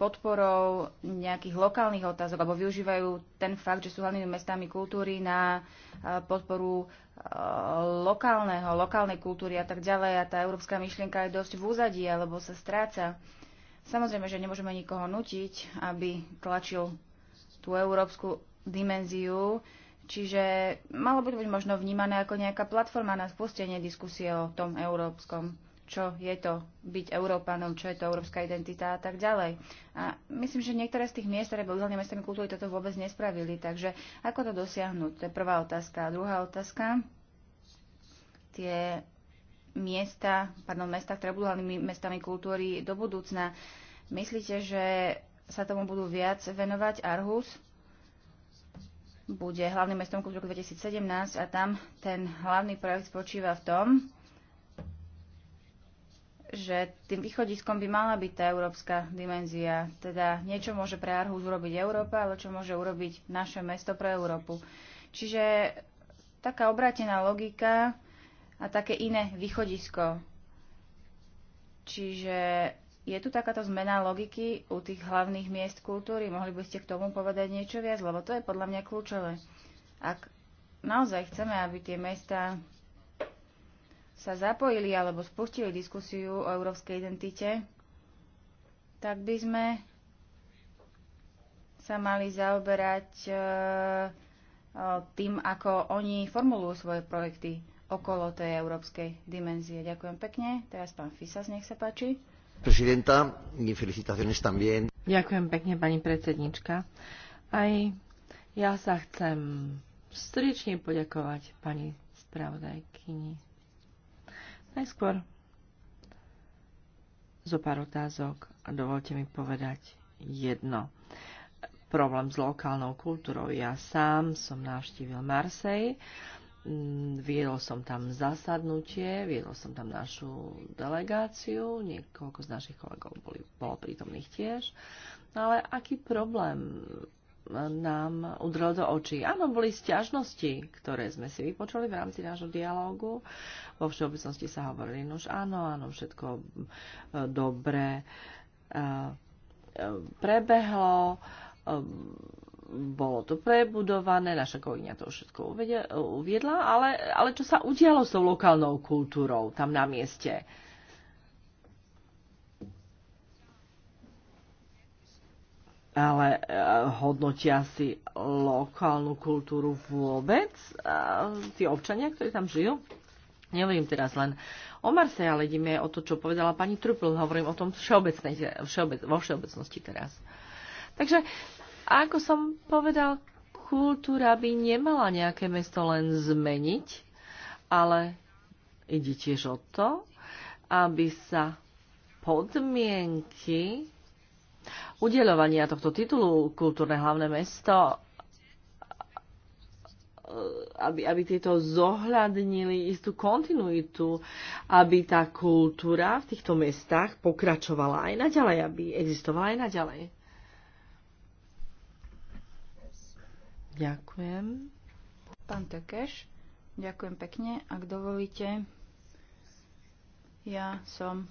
podporou nejakých lokálnych otázok, alebo využívajú ten fakt, že sú hlavnými mestami kultúry na eh, podporu eh, lokálneho, lokálnej kultúry a tak ďalej. A tá európska myšlienka je dosť v úzadí, alebo sa stráca. Samozrejme, že nemôžeme nikoho nutiť, aby tlačil tú európsku dimenziu, čiže malo by to byť možno vnímané ako nejaká platforma na spustenie diskusie o tom európskom čo je to byť Európanom, čo je to európska identita a tak ďalej. A myslím, že niektoré z tých miest, ktoré boli mestami kultúry, toto vôbec nespravili. Takže ako to dosiahnuť? To je prvá otázka. A druhá otázka, tie miesta, pardon, mesta, ktoré budú hlavnými mestami kultúry do budúcna, myslíte, že sa tomu budú viac venovať Arhus? bude hlavným mestom kultúry 2017 a tam ten hlavný projekt spočíva v tom, že tým východiskom by mala byť tá európska dimenzia. Teda niečo môže pre Arhus urobiť Európa, ale čo môže urobiť naše mesto pre Európu. Čiže taká obratená logika a také iné východisko. Čiže je tu takáto zmena logiky u tých hlavných miest kultúry? Mohli by ste k tomu povedať niečo viac? Lebo to je podľa mňa kľúčové. Ak naozaj chceme, aby tie mesta sa zapojili alebo spustili diskusiu o európskej identite, tak by sme sa mali zaoberať e, e, tým, ako oni formulujú svoje projekty okolo tej európskej dimenzie. Ďakujem pekne. Teraz pán Fisas, nech sa páči. Prezidenta, felicitaciones también. Ďakujem pekne, pani predsednička. Aj ja sa chcem strične poďakovať pani spravodajkyni Najskôr zo pár otázok a dovolte mi povedať jedno. Problém s lokálnou kultúrou. Ja sám som navštívil Marsej, mm, viedol som tam zasadnutie, viedol som tam našu delegáciu, niekoľko z našich kolegov boli, bolo prítomných tiež, ale aký problém nám udrel do očí. Áno, boli sťažnosti, ktoré sme si vypočuli v rámci nášho dialógu. Vo všeobecnosti sa hovorili, nož áno, áno, všetko e, dobre e, e, prebehlo, bolo to prebudované, naša kolegyňa to všetko uviedla, ale, ale čo sa udialo s tou lokálnou kultúrou tam na mieste? ale e, hodnotia si lokálnu kultúru vôbec e, tí občania, ktorí tam žijú? Nehovorím teraz len o Marse, ale ideme o to, čo povedala pani Trupl. Hovorím o tom všeobecnej, všeobec, vo všeobecnosti teraz. Takže, ako som povedal, kultúra by nemala nejaké mesto len zmeniť, ale ide tiež o to, aby sa podmienky udeľovania tohto titulu kultúrne hlavné mesto, aby, aby tieto zohľadnili istú kontinuitu, aby tá kultúra v týchto mestách pokračovala aj naďalej, aby existovala aj naďalej. Ďakujem. Pán Tekeš, ďakujem pekne. Ak dovolíte, ja som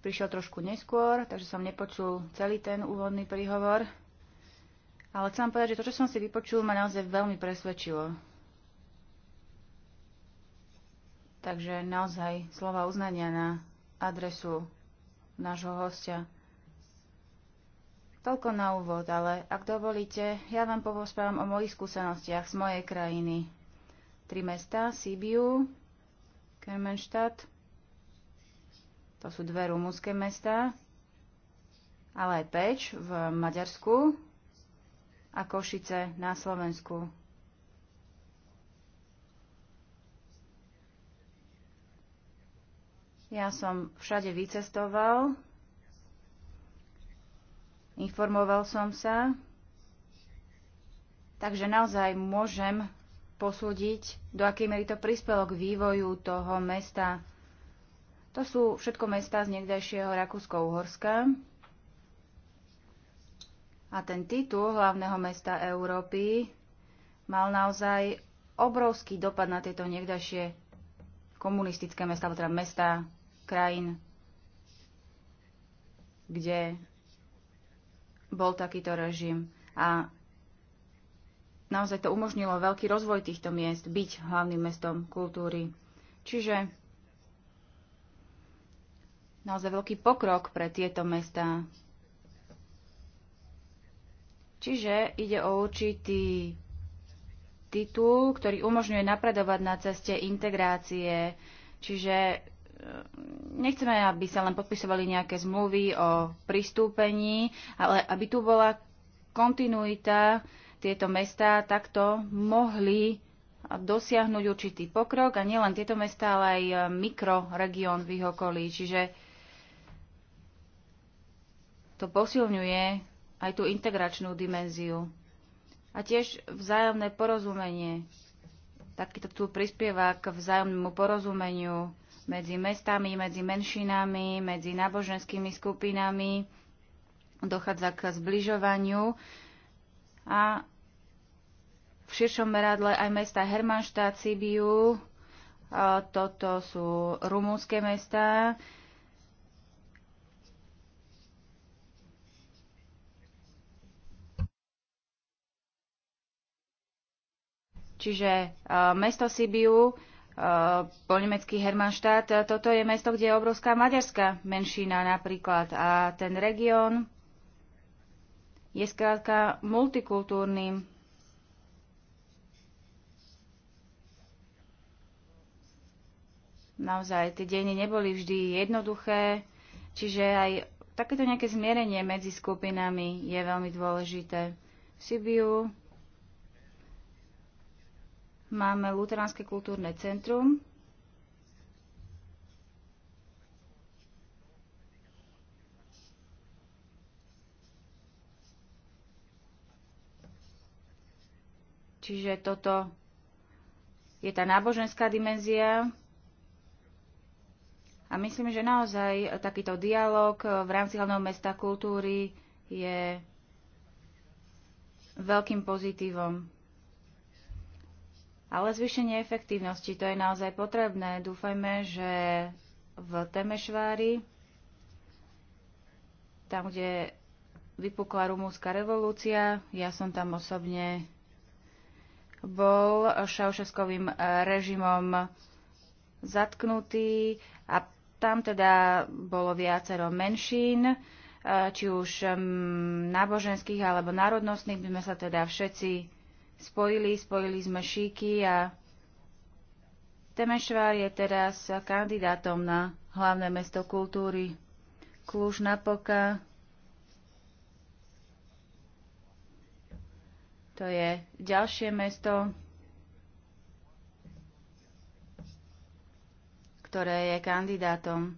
prišiel trošku neskôr, takže som nepočul celý ten úvodný príhovor. Ale chcem povedať, že to, čo som si vypočul, ma naozaj veľmi presvedčilo. Takže naozaj slova uznania na adresu nášho hostia. Toľko na úvod, ale ak dovolíte, ja vám povozprávam o mojich skúsenostiach z mojej krajiny. Tri mesta, Sibiu, Kermenštát, to sú dve rumúnske mesta, ale aj Peč v Maďarsku a Košice na Slovensku. Ja som všade vycestoval, informoval som sa, takže naozaj môžem posúdiť, do akej miery to prispelo k vývoju toho mesta to sú všetko mesta z niekdajšieho Rakúsko-Uhorska. A ten titul hlavného mesta Európy mal naozaj obrovský dopad na tieto niekdajšie komunistické mesta, alebo teda mesta krajín, kde bol takýto režim. A naozaj to umožnilo veľký rozvoj týchto miest, byť hlavným mestom kultúry. Čiže naozaj veľký pokrok pre tieto mestá. Čiže ide o určitý titul, ktorý umožňuje napredovať na ceste integrácie. Čiže e, nechceme, aby sa len podpisovali nejaké zmluvy o pristúpení, ale aby tu bola kontinuita, tieto mestá takto mohli dosiahnuť určitý pokrok a nielen tieto mestá, ale aj mikroregión v ich okolí. Čiže to posilňuje aj tú integračnú dimenziu a tiež vzájomné porozumenie. Takýto tu prispieva k vzájomnému porozumeniu medzi mestami, medzi menšinami, medzi náboženskými skupinami. Dochádza k zbližovaniu a v širšom meradle aj mesta Hermannstadt, Sibiu, toto sú rumúnske mesta, Čiže e, mesto Sibiu, e, po nemecký Hermannstadt, e, toto je mesto, kde je obrovská maďarská menšina napríklad. A ten región je skrátka multikultúrny. Naozaj, tie dejiny neboli vždy jednoduché, čiže aj takéto nejaké zmierenie medzi skupinami je veľmi dôležité. V Sibiu Máme Luteránske kultúrne centrum. Čiže toto je tá náboženská dimenzia. A myslím, že naozaj takýto dialog v rámci hlavného mesta kultúry je veľkým pozitívom. Ale zvýšenie efektívnosti, to je naozaj potrebné. Dúfajme, že v Temešvári, tam, kde vypukla rumúnska revolúcia, ja som tam osobne bol šaušeskovým e, režimom zatknutý a tam teda bolo viacero menšín, e, či už náboženských alebo národnostných, by sme sa teda všetci spojili, spojili sme šíky a Temešvár je teraz kandidátom na hlavné mesto kultúry. Kluž Napoka, to je ďalšie mesto, ktoré je kandidátom.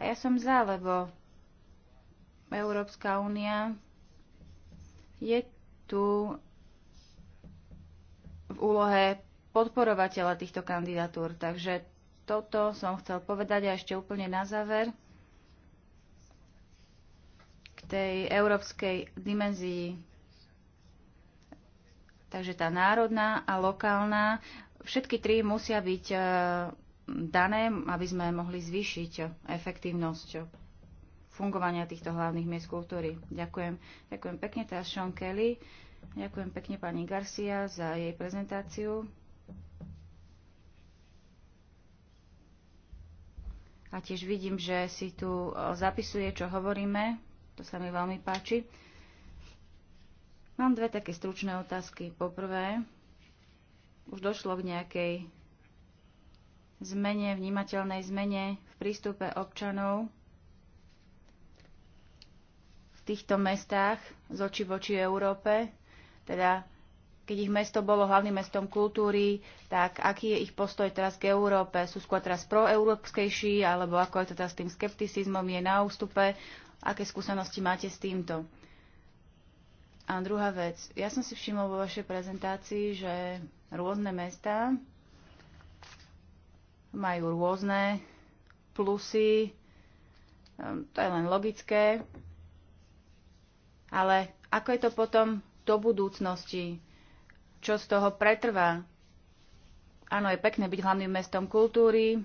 A ja som za, lebo Európska únia je tu v úlohe podporovateľa týchto kandidatúr. Takže toto som chcel povedať a ešte úplne na záver k tej európskej dimenzii. Takže tá národná a lokálna, všetky tri musia byť e, dané, aby sme mohli zvýšiť efektívnosť fungovania týchto hlavných miest kultúry. Ďakujem. Ďakujem pekne, teraz Sean Kelly. Ďakujem pekne pani Garcia za jej prezentáciu. A tiež vidím, že si tu e, zapisuje, čo hovoríme. To sa mi veľmi páči. Mám dve také stručné otázky. Poprvé, už došlo k nejakej zmene, vnímateľnej zmene v prístupe občanov v týchto mestách z oči voči Európe. Teda keď ich mesto bolo hlavným mestom kultúry, tak aký je ich postoj teraz k Európe? Sú skôr teraz proeurópskejší, alebo ako je to teraz s tým skepticizmom, je na ústupe? Aké skúsenosti máte s týmto? A druhá vec, ja som si všimol vo vašej prezentácii, že rôzne mesta majú rôzne plusy, ehm, to je len logické, ale ako je to potom do budúcnosti, čo z toho pretrvá. Áno, je pekné byť hlavným mestom kultúry,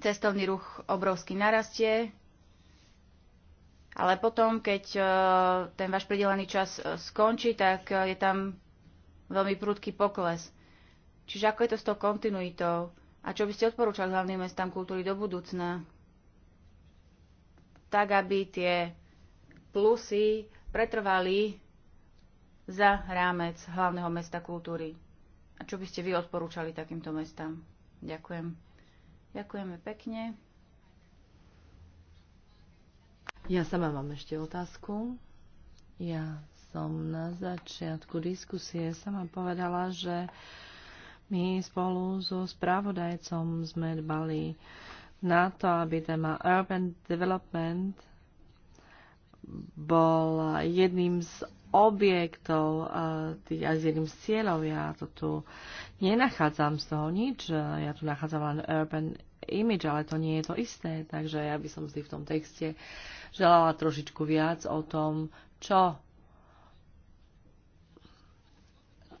cestovný ruch obrovsky narastie, ale potom, keď e, ten váš pridelený čas e, skončí, tak e, je tam veľmi prudký pokles. Čiže ako je to s tou kontinuitou? A čo by ste odporúčali hlavným mestám kultúry do budúcna? Tak, aby tie plusy pretrvali za rámec hlavného mesta kultúry. A čo by ste vy odporúčali takýmto mestám? Ďakujem. Ďakujeme pekne. Ja sama mám ešte otázku. Ja som na začiatku diskusie sama povedala, že my spolu so správodajcom sme dbali na to, aby téma urban development bol jedným z objektov a s jedným z cieľov. Ja to tu nenachádzam z toho nič. Ja tu nachádzam len urban image, ale to nie je to isté. Takže ja by som si v tom texte želala trošičku viac o tom, čo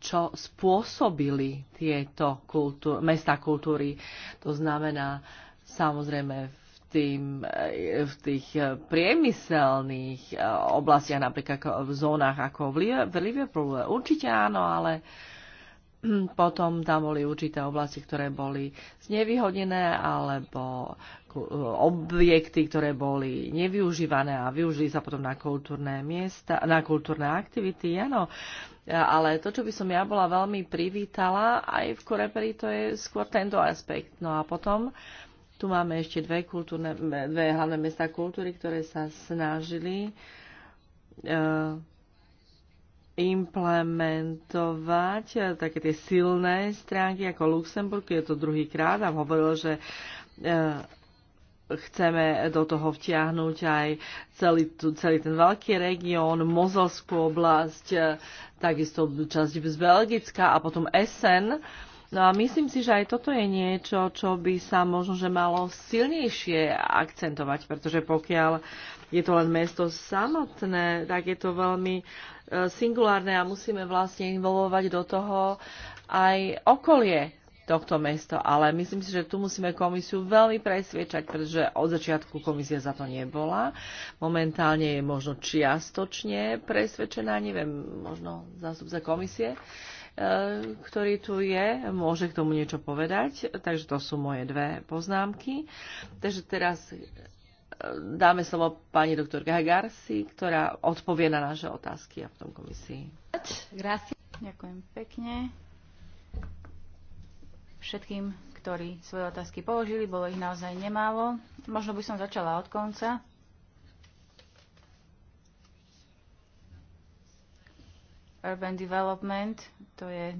čo spôsobili tieto kultúr, mesta kultúry. To znamená samozrejme tým, eh, v tých eh, priemyselných eh, oblastiach, napríklad v zónach ako v Liverpoole. Určite áno, ale potom tam boli určité oblasti, ktoré boli znevýhodnené alebo objekty, ktoré boli nevyužívané a využili sa potom na kultúrne miesta, na kultúrne aktivity, áno. Ale to, čo by som ja bola veľmi privítala aj v Koreperi, to je skôr tento aspekt. No a potom uh, tu máme ešte dve, kultúrne, dve hlavné mesta kultúry, ktoré sa snažili e, implementovať e, také tie silné stránky ako Luxemburg, je to druhý krát a hovoril, že e, chceme do toho vtiahnuť aj celý, celý ten veľký región, Mozelskú oblasť, takisto časť z Belgicka a potom Essen. Uh, No a myslím si, že aj toto je niečo, čo by sa možno, že malo silnejšie akcentovať, pretože pokiaľ je to len mesto samotné, tak je to veľmi e, singulárne a musíme vlastne involvovať do toho aj okolie tohto mesto, Ale myslím si, že tu musíme komisiu veľmi presviečať, pretože od začiatku komisia za to nebola. Momentálne je možno čiastočne presvedčená, neviem, možno zástupca komisie. Uh, E, ktorý tu je, môže k tomu niečo povedať. Takže to sú moje dve poznámky. Takže teraz e, dáme slovo pani doktorke Garci, ktorá odpovie na naše otázky a v tom komisii. Ďakujem pekne všetkým, ktorí svoje otázky položili, bolo ich naozaj nemálo. Možno by som začala od konca. Urban Development, to je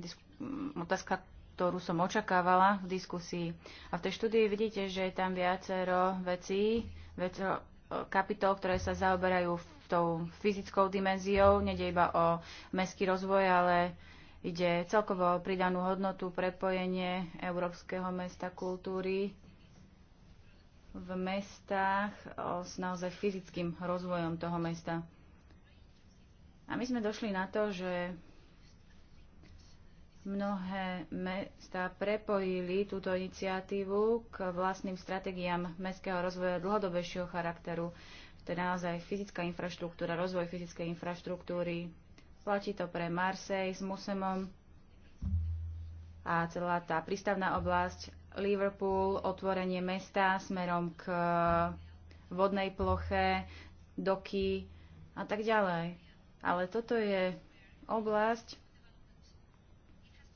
otázka, ktorú som očakávala v diskusii. A v tej štúdii vidíte, že je tam viacero vecí, viacero e, kapitol, ktoré sa zaoberajú v tou fyzickou dimenziou. Nede iba o mestský rozvoj, ale ide celkovo o pridanú hodnotu, prepojenie Európskeho mesta kultúry v mestách s naozaj fyzickým rozvojom toho mesta. A my sme došli na to, že mnohé mesta prepojili túto iniciatívu k vlastným stratégiám mestského rozvoja dlhodobejšieho charakteru, teda naozaj fyzická infraštruktúra, rozvoj fyzickej infraštruktúry. Platí to pre Marseille s Musemom a celá tá prístavná oblasť, Liverpool, otvorenie mesta smerom k vodnej ploche, doky a tak ďalej. Ale toto je oblasť,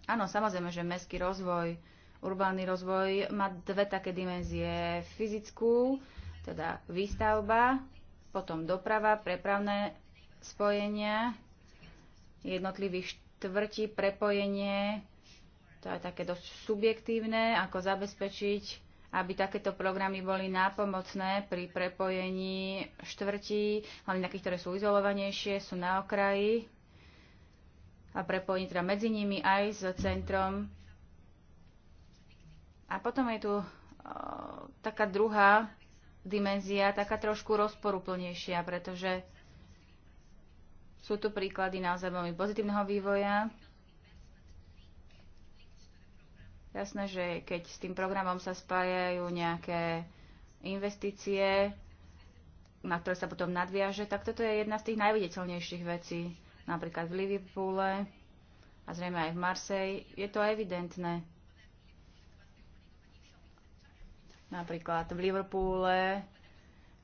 áno, samozrejme, že mestský rozvoj, urbánny rozvoj má dve také dimenzie. Fyzickú, teda výstavba, potom doprava, prepravné spojenia jednotlivých štvrtí, prepojenie, to je také dosť subjektívne, ako zabezpečiť aby takéto programy boli nápomocné pri prepojení štvrtí, hlavne takých, ktoré sú izolovanejšie, sú na okraji a prepojení teda medzi nimi aj s centrom. A potom je tu o, taká druhá dimenzia, taká trošku rozporuplnejšia, pretože sú tu príklady naozaj veľmi pozitívneho vývoja, Jasné, že keď s tým programom sa spájajú nejaké investície, na ktoré sa potom nadviaže, tak toto je jedna z tých najviditeľnejších vecí. Napríklad v Liverpoole a zrejme aj v Marseji, Je to evidentné. Napríklad v Liverpoole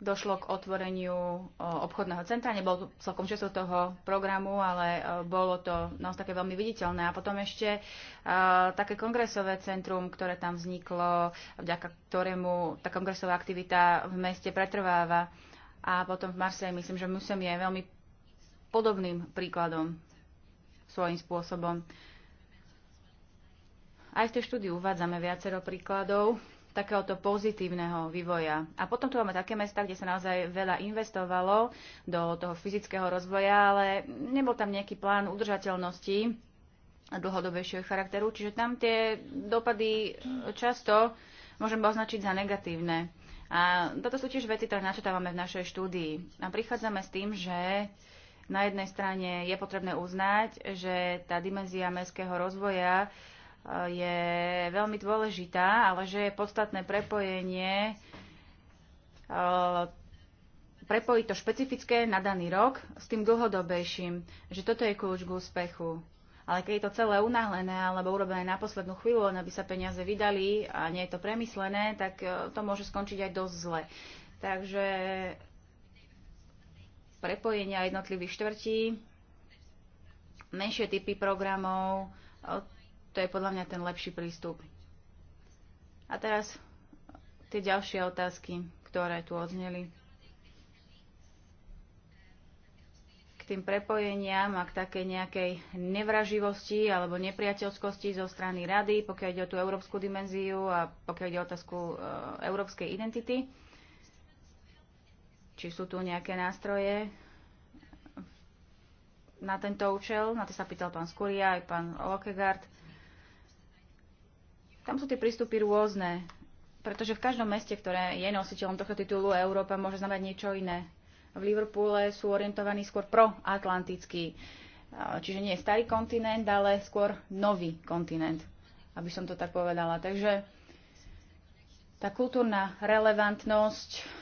došlo k otvoreniu obchodného centra. Nebol celkom času toho programu, ale e, bolo to naozaj také veľmi viditeľné. A potom ešte e, také kongresové centrum, ktoré tam vzniklo, vďaka ktorému tá kongresová aktivita v meste pretrváva. A potom v Marse myslím, že Musem je veľmi podobným príkladom svojím spôsobom. Aj v tej štúdiu uvádzame viacero príkladov takéhoto pozitívneho vývoja. A potom tu máme také mesta, kde sa naozaj veľa investovalo do toho fyzického rozvoja, ale nebol tam nejaký plán udržateľnosti dlhodobejšieho charakteru, čiže tam tie dopady často môžeme označiť za negatívne. A toto sú tiež veci, ktoré načetávame v našej štúdii. A prichádzame s tým, že na jednej strane je potrebné uznať, že tá dimenzia mestského rozvoja je veľmi dôležitá, ale že je podstatné prepojenie e, prepojiť to špecifické na daný rok s tým dlhodobejším, že toto je kľúč k úspechu. Ale keď je to celé unáhlené alebo urobené na poslednú chvíľu, len aby sa peniaze vydali a nie je to premyslené, tak e, to môže skončiť aj dosť zle. Takže prepojenia jednotlivých štvrtí, menšie typy programov, e, to je podľa mňa ten lepší prístup. A teraz tie ďalšie otázky, ktoré tu odzneli. K tým prepojeniam a k takej nejakej nevraživosti alebo nepriateľskosti zo strany rady, pokiaľ ide o tú európsku dimenziu a pokiaľ ide o otázku e, európskej identity. Či sú tu nejaké nástroje na tento účel? Na to sa pýtal pán Skúria aj pán Lokegard. Tam sú tie prístupy rôzne, pretože v každom meste, ktoré je nositeľom tohto titulu Európa, môže znamenať niečo iné. V Liverpoole sú orientovaní skôr proatlantický, e, čiže nie starý kontinent, ale skôr nový kontinent, aby som to tak povedala. Takže tá kultúrna relevantnosť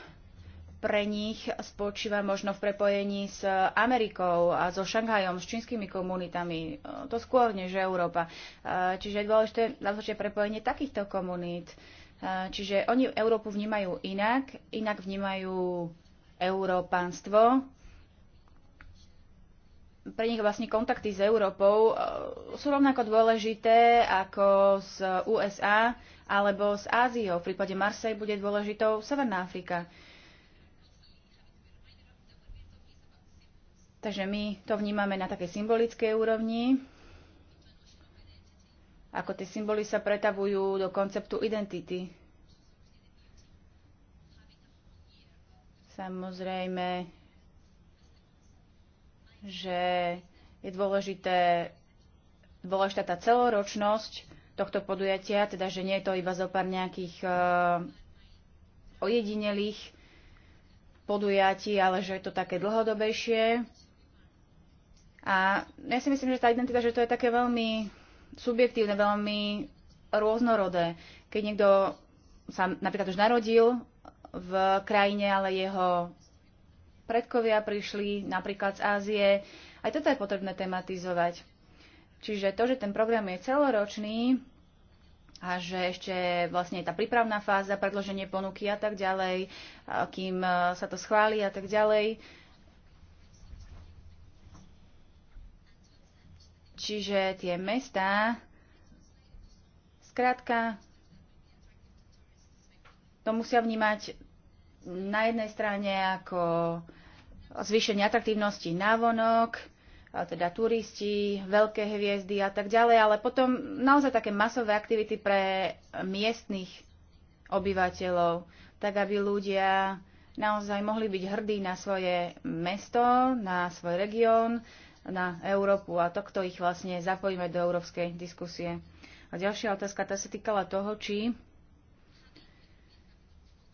pre nich spočíva možno v prepojení s Amerikou a so Šanghajom, s čínskymi komunitami. To skôr než Európa. Čiže je dôležité naznačiť prepojenie takýchto komunít. Čiže oni Európu vnímajú inak, inak vnímajú európánstvo. Pre nich vlastne kontakty s Európou e, sú rovnako dôležité ako z USA alebo s Áziou. V prípade Marseille bude dôležitou Severná Afrika. Takže my to vnímame na takej symbolickej úrovni, ako tie symboly sa pretavujú do konceptu identity. Samozrejme, že je dôležité, dôležitá tá celoročnosť tohto podujatia, teda že nie je to iba zo pár nejakých uh, ojedinelých podujatí, ale že je to také dlhodobejšie a ja si myslím, že tá identita, že to je také veľmi subjektívne, veľmi rôznorodé. Keď niekto sa napríklad už narodil v krajine, ale jeho predkovia prišli napríklad z Ázie, aj toto je potrebné tematizovať. Čiže to, že ten program je celoročný a že ešte vlastne je tá prípravná fáza, predloženie ponuky a tak ďalej, kým e, sa to schváli a tak ďalej, Čiže tie mestá, skrátka, to musia vnímať na jednej strane ako zvýšenie atraktívnosti návonok, teda turisti, veľké hviezdy a tak ďalej, ale potom naozaj také masové aktivity pre miestnych obyvateľov, tak aby ľudia naozaj mohli byť hrdí na svoje mesto, na svoj región, na Európu a to, kto ich vlastne zapojíme do európskej diskusie. A ďalšia otázka, tá sa týkala toho, či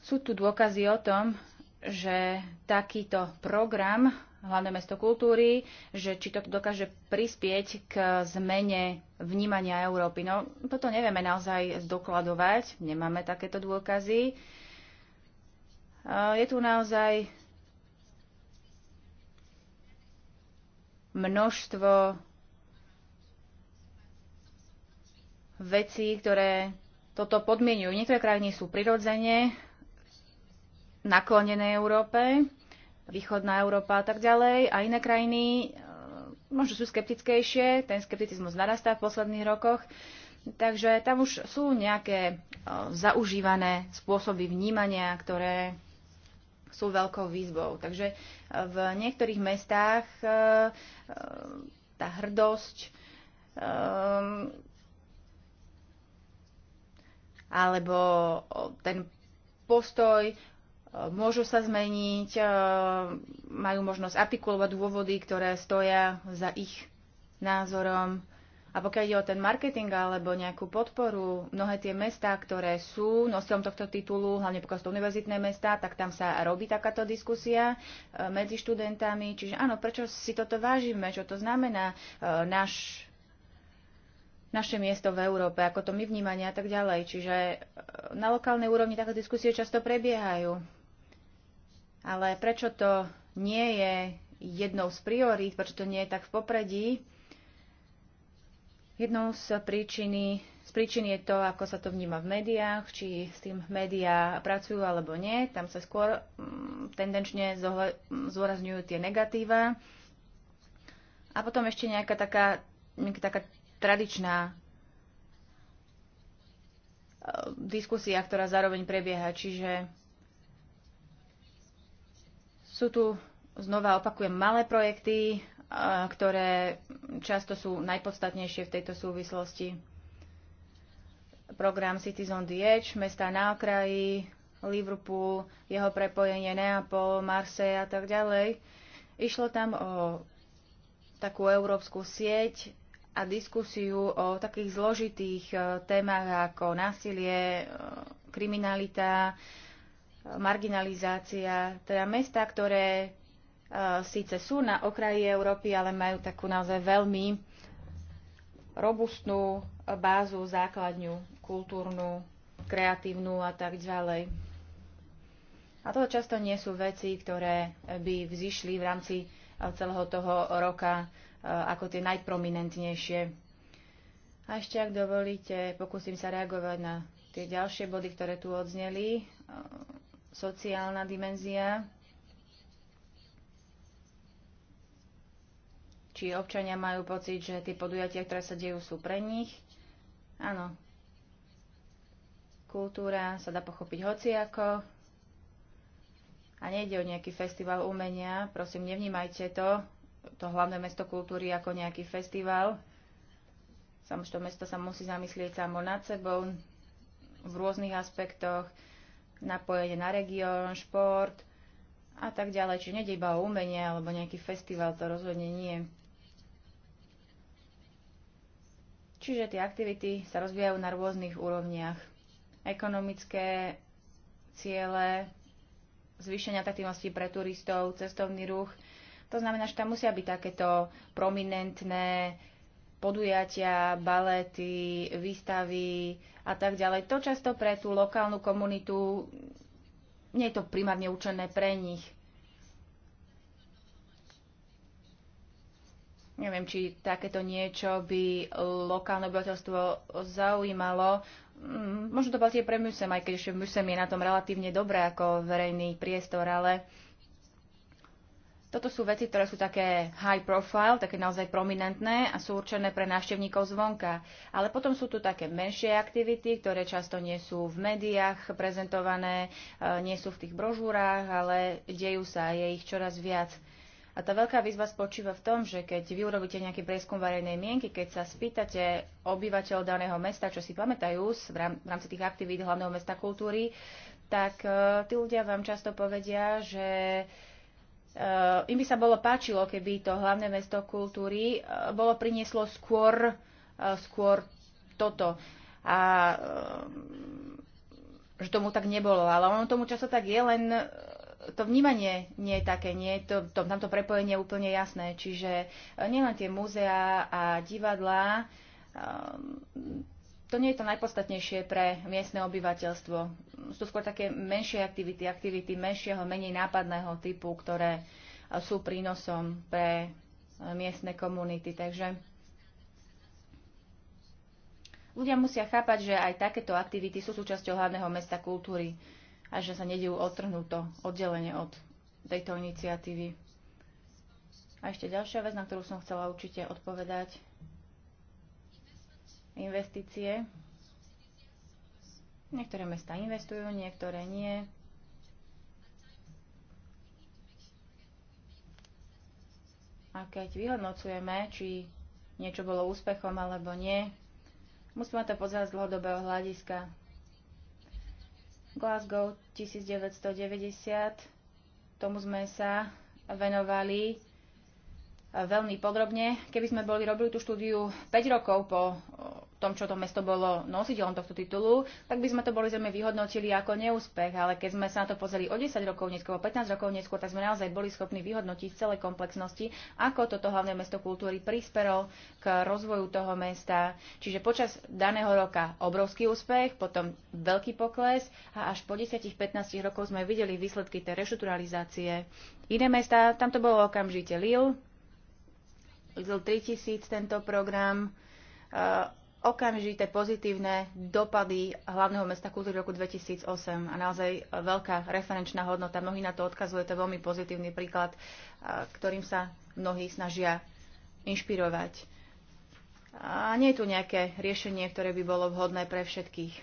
sú tu dôkazy o tom, že takýto program, hlavné mesto kultúry, že či to dokáže prispieť k zmene vnímania Európy. No, toto nevieme naozaj zdokladovať, nemáme takéto dôkazy. Je tu naozaj množstvo vecí, ktoré toto podmienujú. Niektoré krajiny sú prirodzene naklonené Európe, východná Európa a tak ďalej, a iné krajiny e, možno sú skeptickejšie, ten skepticizmus narastá v posledných rokoch, takže tam už sú nejaké e, zaužívané spôsoby vnímania, ktoré sú veľkou výzvou. Takže e, v niektorých mestách e, e, tá hrdosť alebo ten postoj môžu sa zmeniť, majú možnosť artikulovať dôvody, ktoré stoja za ich názorom. A pokiaľ ide o ten marketing alebo nejakú podporu, mnohé tie mestá, ktoré sú nositeľom tohto titulu, hlavne pokiaľ sú univerzitné mestá, tak tam sa robí takáto diskusia e, medzi študentami. Čiže áno, prečo si toto vážime, čo to znamená e, naš, naše miesto v Európe, ako to my vnímame a tak ďalej. Čiže e, na lokálnej úrovni také diskusie často prebiehajú. Ale prečo to nie je jednou z priorít, prečo to nie je tak v popredí, Jednou z, príčiny, z príčin je to, ako sa to vníma v médiách, či s tým médiá pracujú alebo nie. Tam sa skôr mm, tendenčne zohle, zôrazňujú tie negatíva. A potom ešte nejaká taká, nejaká taká tradičná eh, diskusia, ktorá zároveň prebieha. Čiže sú tu, znova opakujem, malé projekty, ktoré často sú najpodstatnejšie v tejto súvislosti. Program Cities on the Edge, mesta na okraji, Liverpool, jeho prepojenie Neapol, Marseille a tak ďalej. Išlo tam o takú európsku sieť a diskusiu o takých zložitých e, témach ako násilie, e, kriminalita, e, marginalizácia, teda mesta, ktoré síce sú na okraji Európy, ale majú takú naozaj veľmi robustnú bázu, základňu, kultúrnu, kreatívnu a tak ďalej. A toto často nie sú veci, ktoré by vzýšli v rámci e, celého toho roka e, ako tie najprominentnejšie. A ešte, ak dovolíte, pokúsim sa reagovať na tie ďalšie body, ktoré tu odzneli. E, sociálna dimenzia, či občania majú pocit, že tie podujatia, ktoré sa dejú, sú pre nich. Áno. Kultúra sa dá pochopiť hociako. A nejde o nejaký festival umenia. Prosím, nevnímajte to, to hlavné mesto kultúry ako nejaký festival. Samozrejme, to mesto sa musí zamyslieť samo nad sebou v rôznych aspektoch, napojenie na región, šport, a tak ďalej. Čiže nejde iba o umenie alebo nejaký festival, to rozhodne nie. Čiže tie aktivity sa rozvíjajú na rôznych úrovniach. Ekonomické ciele, zvýšenia atraktivnosti pre turistov, cestovný ruch. To znamená, že tam musia byť takéto prominentné podujatia, balety, výstavy a tak ďalej. To často pre tú lokálnu komunitu nie je to primárne učené pre nich. Neviem, či takéto niečo by lokálne obyvateľstvo zaujímalo. Mm, možno to platie pre Musem, aj keď ešte Musem je na tom relatívne dobré ako verejný priestor, ale toto sú veci, ktoré sú také high profile, také naozaj prominentné a sú určené pre návštevníkov zvonka. Ale potom sú tu také menšie aktivity, ktoré často nie sú v médiách prezentované, e, nie sú v tých brožúrách, ale dejú sa, je ich čoraz viac. A tá veľká výzva spočíva v tom, že keď vy urobíte nejaký prieskum verejnej mienky, keď sa spýtate obyvateľov daného mesta, čo si pamätajú v rámci tých aktivít hlavného mesta kultúry, tak e, tí ľudia vám často povedia, že e, im by sa bolo páčilo, keby to hlavné mesto kultúry e, bolo prinieslo skôr, skôr toto. A že tomu tak nebolo. Ale ono tomu často tak je, len to vnímanie nie je také, nie je to, to, tamto prepojenie je úplne jasné. Čiže e, nielen tie múzea a divadlá, e, to nie je to najpodstatnejšie pre miestne obyvateľstvo. Sú skôr také menšie aktivity, aktivity menšieho, menej nápadného typu, ktoré e, sú prínosom pre miestne komunity. Takže ľudia musia chápať, že aj takéto aktivity sú súčasťou hlavného mesta kultúry a že sa nedejú odtrhnuto, oddelenie od tejto iniciatívy. A ešte ďalšia vec, na ktorú som chcela určite odpovedať. Investície. Niektoré mesta investujú, niektoré nie. A keď vyhodnocujeme, či niečo bolo úspechom alebo nie, musíme to pozerať z dlhodobého hľadiska. Glasgow 1990, tomu sme sa venovali eh, veľmi podrobne. Keby sme boli robili tú štúdiu 5 rokov po eh, tom, čo to mesto bolo nositeľom tohto titulu, tak by sme to boli zrejme vyhodnotili ako neúspech, ale keď sme sa na to pozreli o 10 rokov neskôr, o 15 rokov neskôr, tak sme naozaj boli schopní vyhodnotiť celé komplexnosti, ako toto hlavné mesto kultúry prispelo k rozvoju toho mesta. Čiže počas daného roka obrovský úspech, potom veľký pokles a až po 10-15 rokov sme videli výsledky tej reštrukturalizácie. Iné mesta, tam to bolo okamžite Lille, Lille 3000 tento program, okamžité pozitívne dopady hlavného mesta kultúry roku 2008 a naozaj veľká referenčná hodnota. Mnohí na to odkazuje, to je veľmi pozitívny príklad, ktorým sa mnohí snažia inšpirovať. A nie je tu nejaké riešenie, ktoré by bolo vhodné pre všetkých.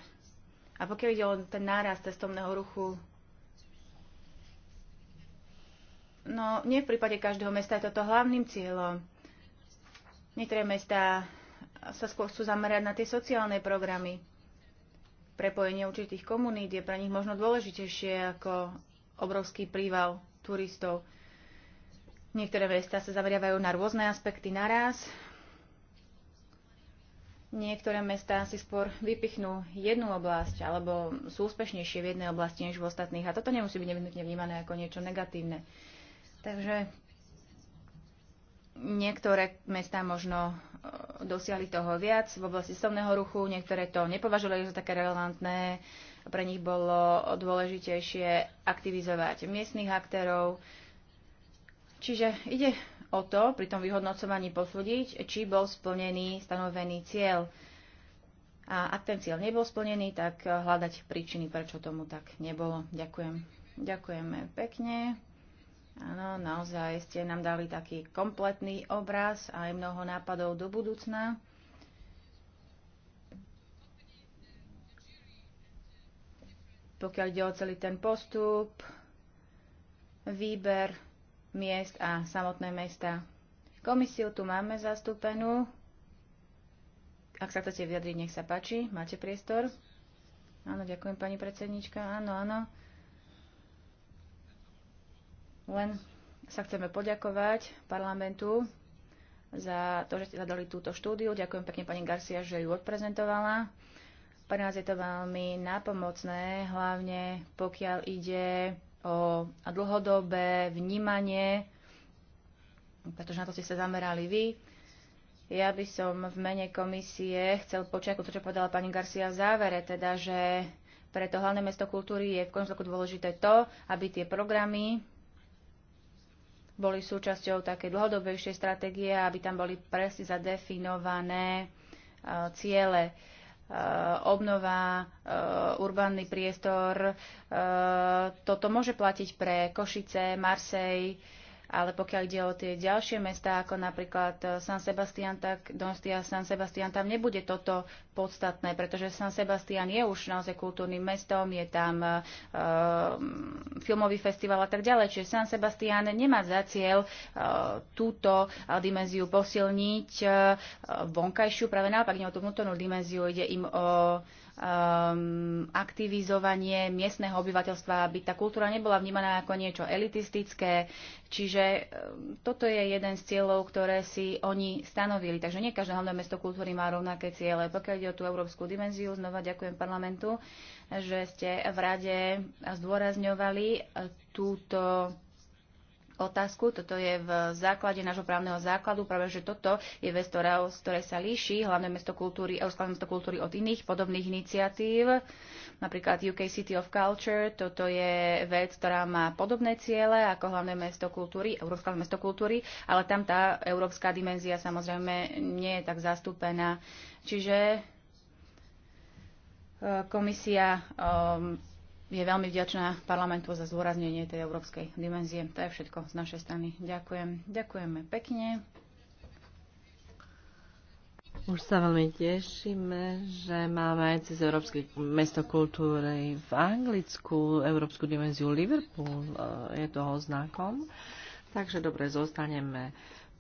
A pokiaľ ide o ten náraz cestovného ruchu, no nie v prípade každého mesta je toto hlavným cieľom. Niektoré mesta sa skôr chcú zamerať na tie sociálne programy. Prepojenie určitých komunít je pre nich možno dôležitejšie ako obrovský príval turistov. Niektoré mesta sa zameriavajú na rôzne aspekty naraz. Niektoré mesta si skôr vypichnú jednu oblasť alebo sú úspešnejšie v jednej oblasti než v ostatných. A toto nemusí byť nevyhnutne vnímané ako niečo negatívne. Takže Niektoré mesta možno e, dosiahli toho viac v oblasti cestovného ruchu, niektoré to nepovažovali za také relevantné, pre nich bolo dôležitejšie aktivizovať miestnych aktérov. Čiže ide o to pri tom vyhodnocovaní posúdiť, či bol splnený stanovený cieľ. A ak ten cieľ nebol splnený, tak hľadať príčiny, prečo tomu tak nebolo. Ďakujem. Ďakujeme pekne. Áno, naozaj ste nám dali taký kompletný obraz a aj mnoho nápadov do budúcna. Pokiaľ ide o celý ten postup, výber miest a samotné mesta. Komisiu tu máme zastúpenú. Ak sa chcete vyjadriť, nech sa páči, máte priestor. Áno, ďakujem pani predsednička, áno, áno. Len sa chceme poďakovať parlamentu za to, že ste zadali túto štúdiu. Ďakujem pekne pani Garcia, že ju odprezentovala. Pre nás je to veľmi nápomocné, hlavne pokiaľ ide o dlhodobé vnímanie, pretože na to ste sa zamerali vy. Ja by som v mene komisie chcel počiať to, čo povedala pani Garcia v závere, teda, že pre to hlavné mesto kultúry je v končloku dôležité to, aby tie programy, boli súčasťou také dlhodobejšej stratégie, aby tam boli presne zadefinované e, ciele e, obnova, e, urbánny priestor. Toto môže platiť pre Košice, Marsej, ale pokiaľ ide o tie ďalšie mesta, ako napríklad eh, San Sebastian, tak Donostia San Sebastian, tam nebude toto podstatné, pretože San Sebastian je už naozaj kultúrnym mestom, je tam uh, filmový festival a tak ďalej. Čiže San Sebastian nemá za cieľ uh, túto dimenziu posilniť uh, vonkajšiu, práve naopak, nie o tú vnútornú dimenziu, ide im o um, aktivizovanie miestneho obyvateľstva, aby tá kultúra nebola vnímaná ako niečo elitistické. Čiže um, toto je jeden z cieľov, ktoré si oni stanovili. Takže nie každé hlavné mesto kultúry má rovnaké ciele. Pokiaľ ide o tú európsku dimenziu, znova ďakujem parlamentu, že ste v rade zdôrazňovali uh, túto otázku. Toto je v základe nášho právneho základu, práve že toto je vec, ktorá, z ktorej sa líši hlavné mesto kultúry, Európske mesto kultúry od iných podobných iniciatív. Napríklad UK City of Culture, toto je vec, ktorá má podobné ciele ako hlavné mesto kultúry, Európske mesto kultúry, ale tam tá európska dimenzia samozrejme nie je tak zastúpená. Čiže e, komisia um, je veľmi vďačná parlamentu za zúraznenie tej európskej dimenzie. To je všetko z našej strany. Ďakujem. Ďakujeme pekne. Už sa veľmi tešíme, že máme cez Európske mesto kultúry v Anglicku Európsku dimenziu Liverpool e, je toho znakom. Takže dobre, zostaneme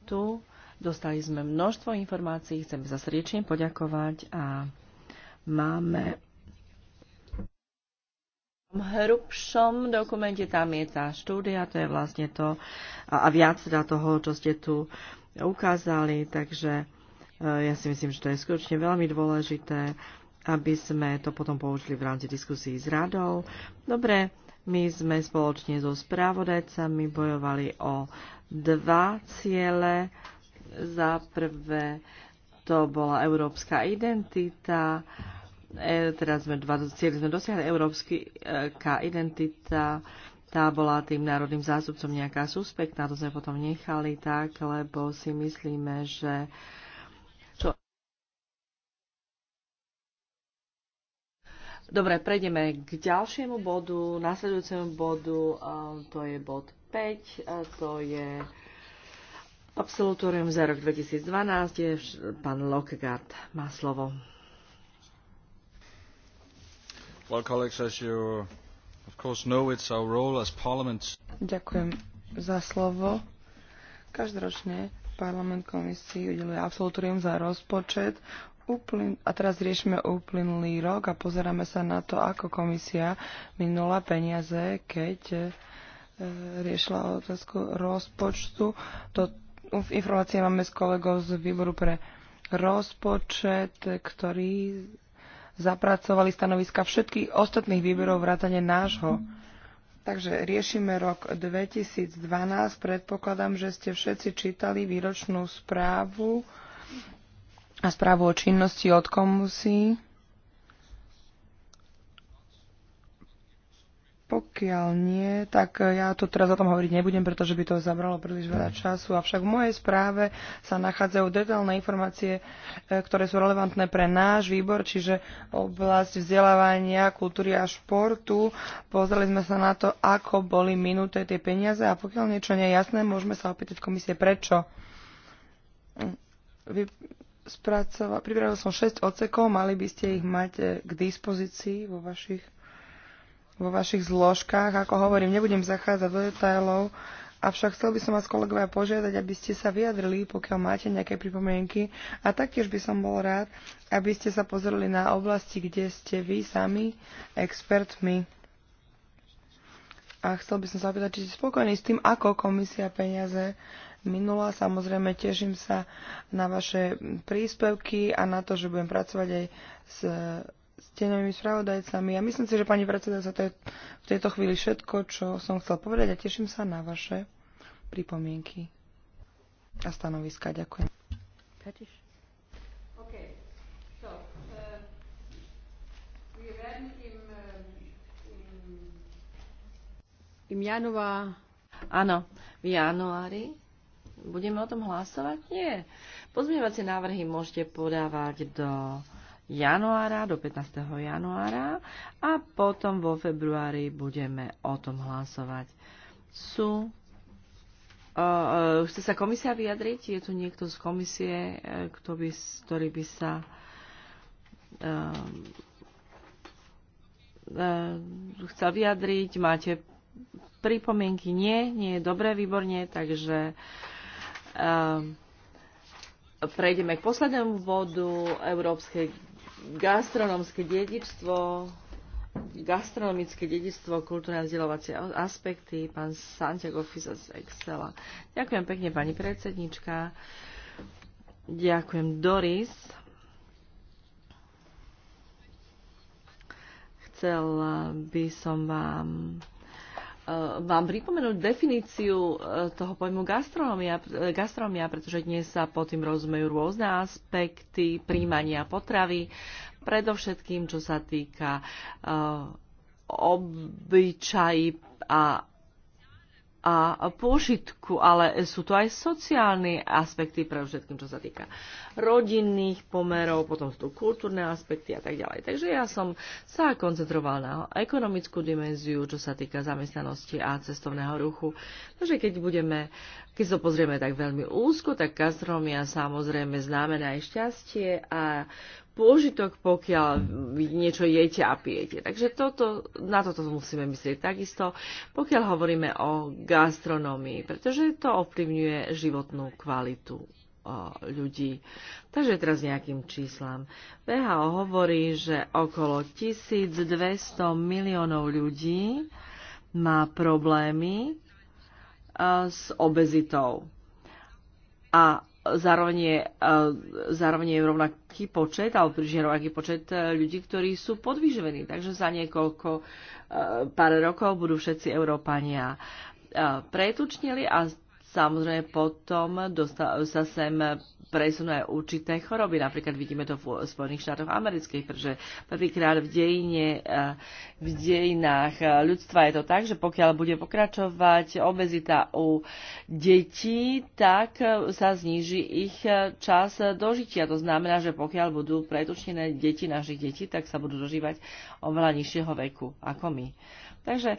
tu. Dostali sme množstvo informácií, chcem sa srdečne poďakovať a máme hrubšom dokumente tam je tá štúdia, to je vlastne to a, a viac teda toho, čo ste tu ukázali, takže e, ja si myslím, že to je skutočne veľmi dôležité, aby sme to potom použili v rámci diskusí s radou. Dobre, my sme spoločne so správodajcami bojovali o dva ciele. Za prvé to bola európska identita, E, teraz sme dva cieľ sme dosiahli, európska e, identita, tá bola tým národným zástupcom nejaká suspektná, to sme potom nechali tak, lebo si myslíme, že Dobre, prejdeme k ďalšiemu bodu, následujúcemu bodu, to je bod 5, to je absolutórium za rok 2012, je pán Lokegard má slovo. Well, colleagues, as you of course know, it's our role as parliament. Ďakujem za slovo. Každoročne parlament komisii udeluje absolutorium za rozpočet. Uplyn, a teraz riešime uplynulý rok a pozeráme sa na to, ako komisia minula peniaze, keď e, riešila otázku rozpočtu. To, informácie máme s kolegov z výboru pre rozpočet, ktorý zapracovali stanoviska všetkých ostatných výberov vrátane nášho. Takže riešime rok 2012. Predpokladám, že ste všetci čítali výročnú správu a správu o činnosti od komusí Pokiaľ nie, tak e, ja tu teraz o tom hovoriť nebudem, pretože by to zabralo príliš veľa času. Avšak v mojej správe sa nachádzajú detailné informácie, e, ktoré sú relevantné pre náš výbor, čiže oblasť vzdelávania, kultúry a športu. Pozreli sme sa na to, ako boli minuté tie peniaze a pokiaľ niečo nie je jasné, môžeme sa opýtať komisie, prečo. Vy Pripravil som 6 odsekov, mali by ste ich mať e, k dispozícii vo vašich vo vašich zložkách. Ako hovorím, nebudem zachádzať do detajlov, avšak chcel by som vás kolegovia požiadať, aby ste sa vyjadrili, pokiaľ máte nejaké pripomienky. A taktiež by som bol rád, aby ste sa pozreli na oblasti, kde ste vy sami expertmi. A chcel by som sa opýtať, či ste spokojní s tým, ako komisia peniaze minula. Samozrejme, teším sa na vaše príspevky a na to, že budem pracovať aj s stenovými spravodajcami. A ja myslím si, že pani predsedajúca, to je v tejto chvíli všetko, čo som chcel povedať a teším sa na vaše pripomienky a stanoviska. Ďakujem. Eh, eh, im, im január... Áno, v januári budeme o tom hlasovať? Nie. Pozmievacie návrhy môžete podávať do januára, do 15. januára a potom vo februári budeme o tom hlasovať. Sú Uh, chce sa komisia vyjadriť? Je tu niekto z komisie, e, kto by, ktorý by sa Uh, uh, chcel vyjadriť? Máte pripomienky? Nie, nie je dobré, výborne, takže Uh, prejdeme k poslednému bodu Európskej gastronomské dedičstvo, gastronomické dedičstvo, kultúrne vzdelávacie aspekty, pán Santiago Fisa z Excela. Ďakujem pekne, pani predsednička. Ďakujem, Doris. Chcela by som vám Ehm, vám pripomenúť definíciu ehm, toho pojmu gastronomia, gastronomia, pretože dnes sa pod tým rozumejú rôzne aspekty príjmania potravy, predovšetkým čo sa týka ehm, obyčají a a pôžitku, ale sú to aj sociálne aspekty pre všetkým, čo sa týka rodinných pomerov, potom sú tu kultúrne aspekty a tak ďalej. Takže ja som sa koncentroval na ekonomickú dimenziu, čo sa týka zamestnanosti a cestovného ruchu. Takže keď budeme, keď to pozrieme tak veľmi úzko, tak gastronomia samozrejme znamená aj šťastie a pôžitok, pokiaľ vy niečo jete a pijete. Takže toto, na toto musíme myslieť takisto, pokiaľ hovoríme o gastronomii, pretože to ovplyvňuje životnú kvalitu ľudí. Takže teraz nejakým číslam. VHO hovorí, že okolo 1200 miliónov ľudí má problémy e, s obezitou. A zároveň je, e, zároveň je rovnaký počet, alebo približne rovnaký počet e, ľudí, ktorí sú podvýživení. Takže za niekoľko e, pár rokov budú všetci Európania pretučnili a samozrejme potom sa sem presunú aj určité choroby. Napríklad vidíme to v Spojených štátoch amerických, pretože prvýkrát v, dejine, eh, v dejinách eh, ľudstva je to tak, že pokiaľ bude pokračovať obezita u detí, tak eh, sa zníži ich čas dožitia. To znamená, že pokiaľ budú pretučnené deti našich detí, tak sa budú dožívať oveľa nižšieho veku ako my. Takže e,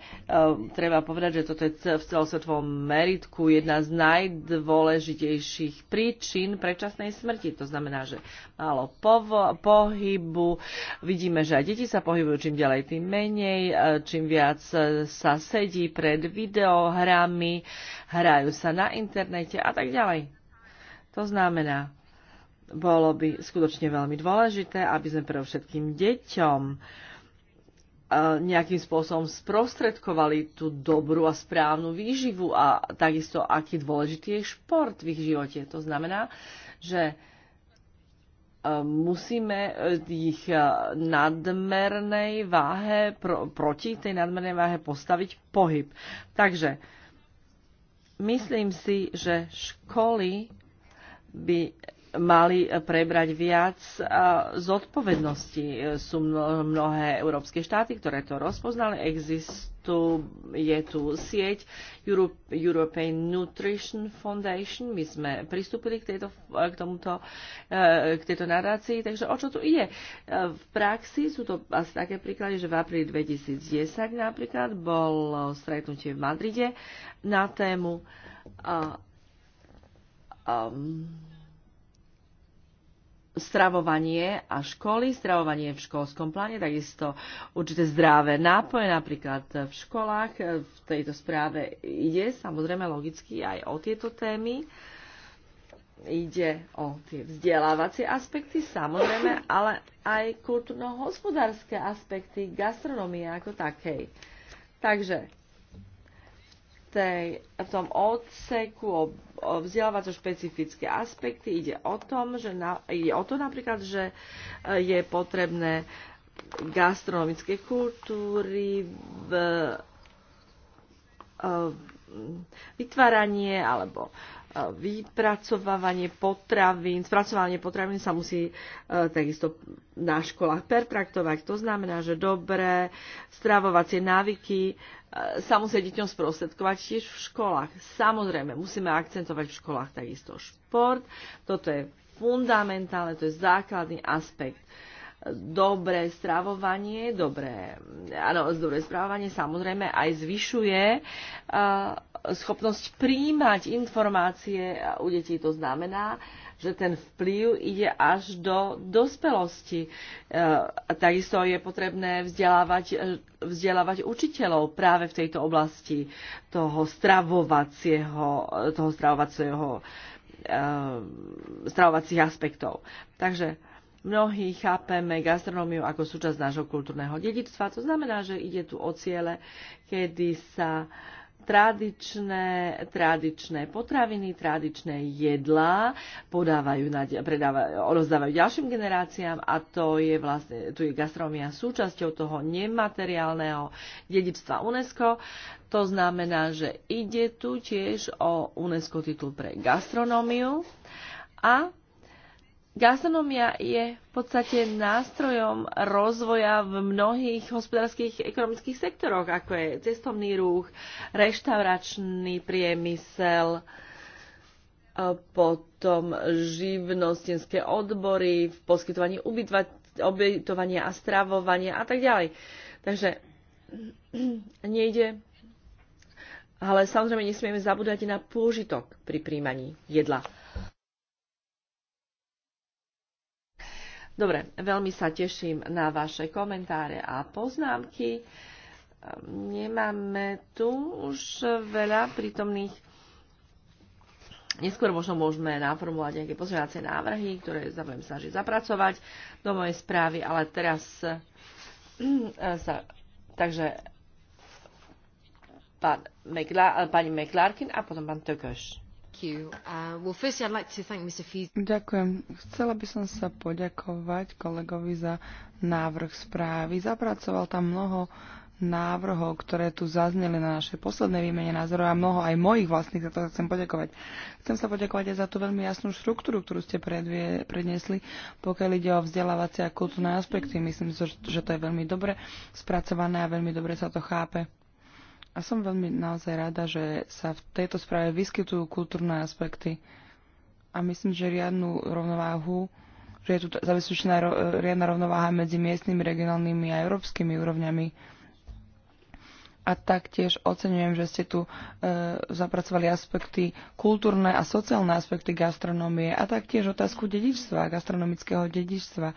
treba povedať, že toto je v celosvetovom meritku jedna z najdôležitejších príčin predčasnej smrti. To znamená, že málo povo- pohybu. Vidíme, že aj deti sa pohybujú čím ďalej, tým menej, e, čím viac e, sa sedí pred videohrami, hrajú sa na internete a tak ďalej. To znamená, bolo by skutočne veľmi dôležité, aby sme pre všetkým deťom nejakým spôsobom sprostredkovali tú dobrú a správnu výživu a takisto, aký dôležitý je šport v ich živote. To znamená, že e, musíme e, ich e, nadmernej váhe, pro, proti tej nadmernej váhe postaviť pohyb. Takže myslím si, že školy by mali prebrať viac e, zodpovednosti. E, sú mnohé európske štáty, ktoré to rozpoznali. Existu, je tu sieť Europe, European Nutrition Foundation. My sme pristúpili k, tejto, e, k, tomuto, k tejto nadácii. Takže o čo tu ide? V praxi sú to asi také príklady, že v apríli 2010 napríklad bolo stretnutie v Madride na tému um, stravovanie a školy, stravovanie v školskom pláne, takisto určité zdravé nápoje, napríklad v školách. V tejto správe ide samozrejme logicky aj o tieto témy. Ide o tie vzdelávacie aspekty, samozrejme, ale aj kultúrno-hospodárske aspekty gastronomie ako takej. Takže v, tej, v tom odseku o vzdelávaco špecifické aspekty. Ide o, tom, že na, ide o to napríklad, že e, je potrebné gastronomické kultúry, v, v e, vytváranie alebo vypracovávanie potravín, spracovanie potravín sa musí e, takisto na školách pertraktovať. To znamená, že dobré stravovacie návyky e, sa musia deťom sprostredkovať tiež v školách. Samozrejme, musíme akcentovať v školách takisto šport. Toto je fundamentálne, to je základný aspekt dobré stravovanie, dobré, áno, dobré správanie samozrejme aj zvyšuje schopnosť príjmať informácie u detí. To znamená, že ten vplyv ide až do dospelosti. E, takisto je potrebné vzdelávať, e, vzdelávať učiteľov práve v tejto oblasti toho stravovacieho, toho stravovacieho e, stravovacích aspektov. Takže Mnohí chápeme gastronómiu ako súčasť nášho kultúrneho dedictva. To znamená, že ide tu o ciele, kedy sa tradičné, tradičné potraviny, tradičné jedlá podávajú, predávajú, rozdávajú ďalším generáciám a to je vlastne, tu je gastronomia súčasťou toho nemateriálneho dedictva UNESCO. To znamená, že ide tu tiež o UNESCO titul pre gastronómiu a Gastronomia je v podstate nástrojom rozvoja v mnohých hospodárskych ekonomických sektoroch, ako je cestovný ruch, reštauračný priemysel, e, potom živnostenské odbory v poskytovaní ubytovania a stravovania a tak ďalej. Takže nejde. Ale samozrejme nesmieme zabúdať na pôžitok pri príjmaní jedla. Dobre, veľmi sa teším na vaše komentáre a poznámky. Nemáme tu už veľa prítomných. Neskôr možno môžeme naformulovať nejaké pozmeňovacie návrhy, ktoré sa budem snažiť zapracovať do mojej správy, ale teraz eh, sa... Takže pán eh, pani McLarkin a potom pán Tököš. Uh, Ďakujem. Chcela by som sa poďakovať kolegovi za návrh správy. Zapracoval tam mnoho návrhov, ktoré tu zazneli na našej poslednej výmene názorov a mnoho aj mojich vlastných, za to chcem poďakovať. Chcem sa poďakovať aj za tú veľmi jasnú štruktúru, ktorú ste predvie, predniesli, pokiaľ ide o vzdelávacie a kultúrne aspekty. Myslím, že to je veľmi dobre spracované a veľmi dobre sa to chápe. A som veľmi naozaj rada, že sa v tejto správe vyskytujú kultúrne aspekty. A myslím, že riadnu rovnováhu, že je tu zabezpečená riadna rovnováha medzi miestnymi, regionálnymi a európskymi úrovňami. A taktiež oceňujem, že ste tu e, zapracovali aspekty kultúrne a sociálne aspekty gastronómie a taktiež otázku dedičstva, gastronomického dedičstva.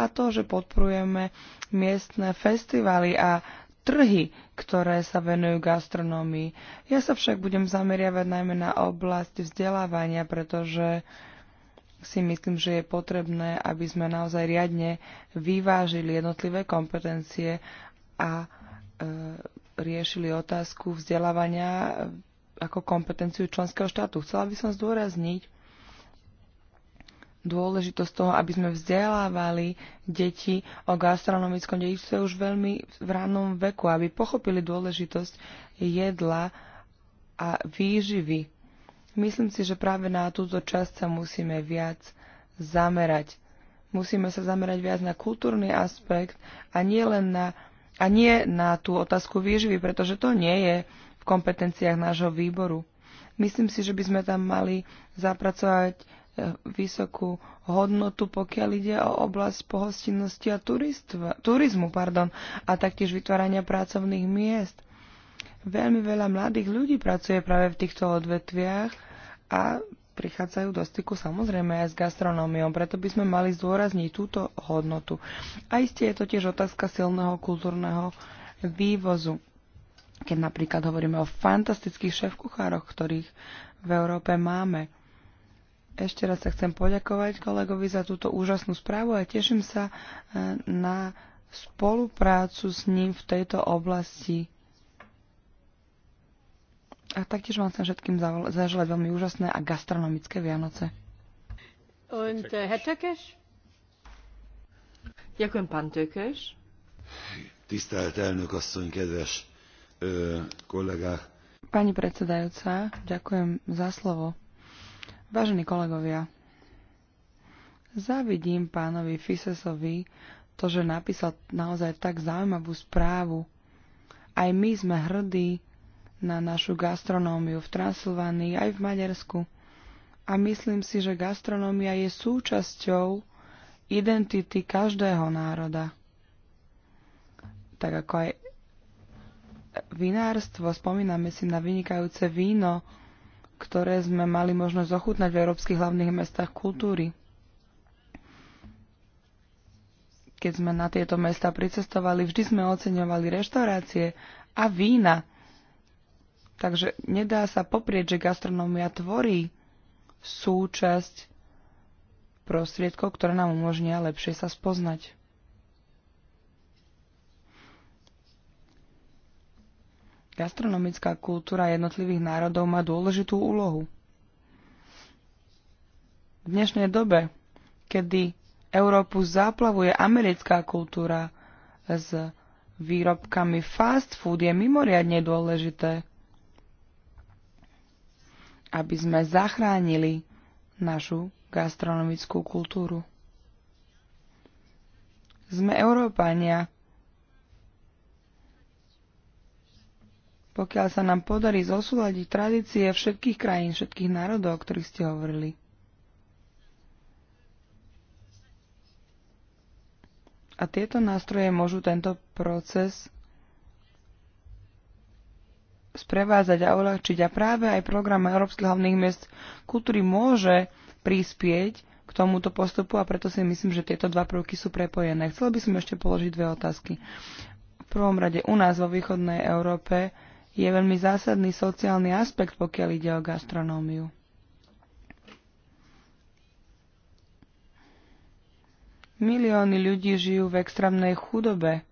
A to, že podporujeme miestne festivaly a trhy, ktoré sa venujú gastronómii. Ja sa však budem zameriavať najmä na oblasť vzdelávania, pretože si myslím, že je potrebné, aby sme naozaj riadne vyvážili jednotlivé kompetencie a e, riešili otázku vzdelávania e, ako kompetenciu členského štátu. Chcela by som zdôrazniť, dôležitosť toho, aby sme vzdelávali deti o gastronomickom dedičstve už veľmi v rannom veku, aby pochopili dôležitosť jedla a výživy. Myslím si, že práve na túto časť sa musíme viac zamerať. Musíme sa zamerať viac na kultúrny aspekt a nie, len na, a nie na tú otázku výživy, pretože to nie je v kompetenciách nášho výboru. Myslím si, že by sme tam mali zapracovať vysokú hodnotu, pokiaľ ide o oblasť pohostinnosti a turistva, turizmu pardon, a taktiež vytvárania pracovných miest. Veľmi veľa mladých ľudí pracuje práve v týchto odvetviach a prichádzajú do styku samozrejme aj s gastronómiou, preto by sme mali zdôrazniť túto hodnotu. A isté je to tiež otázka silného kultúrneho vývozu. Keď napríklad hovoríme o fantastických šéf-kuchároch, ktorých v Európe máme. Ešte raz sa chcem poďakovať kolegovi za túto úžasnú správu a teším sa e, na spoluprácu s ním v tejto oblasti. A taktiež vám chcem všetkým zaželať veľmi úžasné a gastronomické Vianoce. Und äh, Herr Tökes? Ďakujem, pán Tökes. Tisztelt elnök asszony, kedves kollégák! Pani predsedajúca, ďakujem za slovo. Vážení kolegovia, závidím pánovi Fisesovi to, že napísal naozaj tak zaujímavú správu. Aj my sme hrdí na našu gastronómiu v Transylvánii aj v Maďarsku. A myslím si, že gastronómia je súčasťou identity každého národa. Tak ako aj vinárstvo, spomíname si na vynikajúce víno, ktoré sme mali možnosť ochutnať v európskych hlavných mestách kultúry. Keď sme na tieto mesta pricestovali, vždy sme oceňovali reštaurácie a vína. Takže nedá sa poprieť, že gastronómia tvorí súčasť prostriedkov, ktoré nám umožnia lepšie sa spoznať. Gastronomická kultúra jednotlivých národov má dôležitú úlohu. V dnešnej dobe, kedy Európu záplavuje americká kultúra s výrobkami fast food, je mimoriadne dôležité, aby sme zachránili našu gastronomickú kultúru. Sme Európania, pokiaľ sa nám podarí zosúľadiť tradície všetkých krajín, všetkých národov, o ktorých ste hovorili. A tieto nástroje môžu tento proces sprevázať a uľahčiť. A práve aj program Európskych hlavných miest kultúry môže prispieť k tomuto postupu a preto si myslím, že tieto dva prvky sú prepojené. Chcela by som ešte položiť dve otázky. V prvom rade u nás vo východnej Európe je veľmi zásadný sociálny aspekt, pokiaľ ide o gastronómiu. Milióny ľudí žijú v extrémnej chudobe.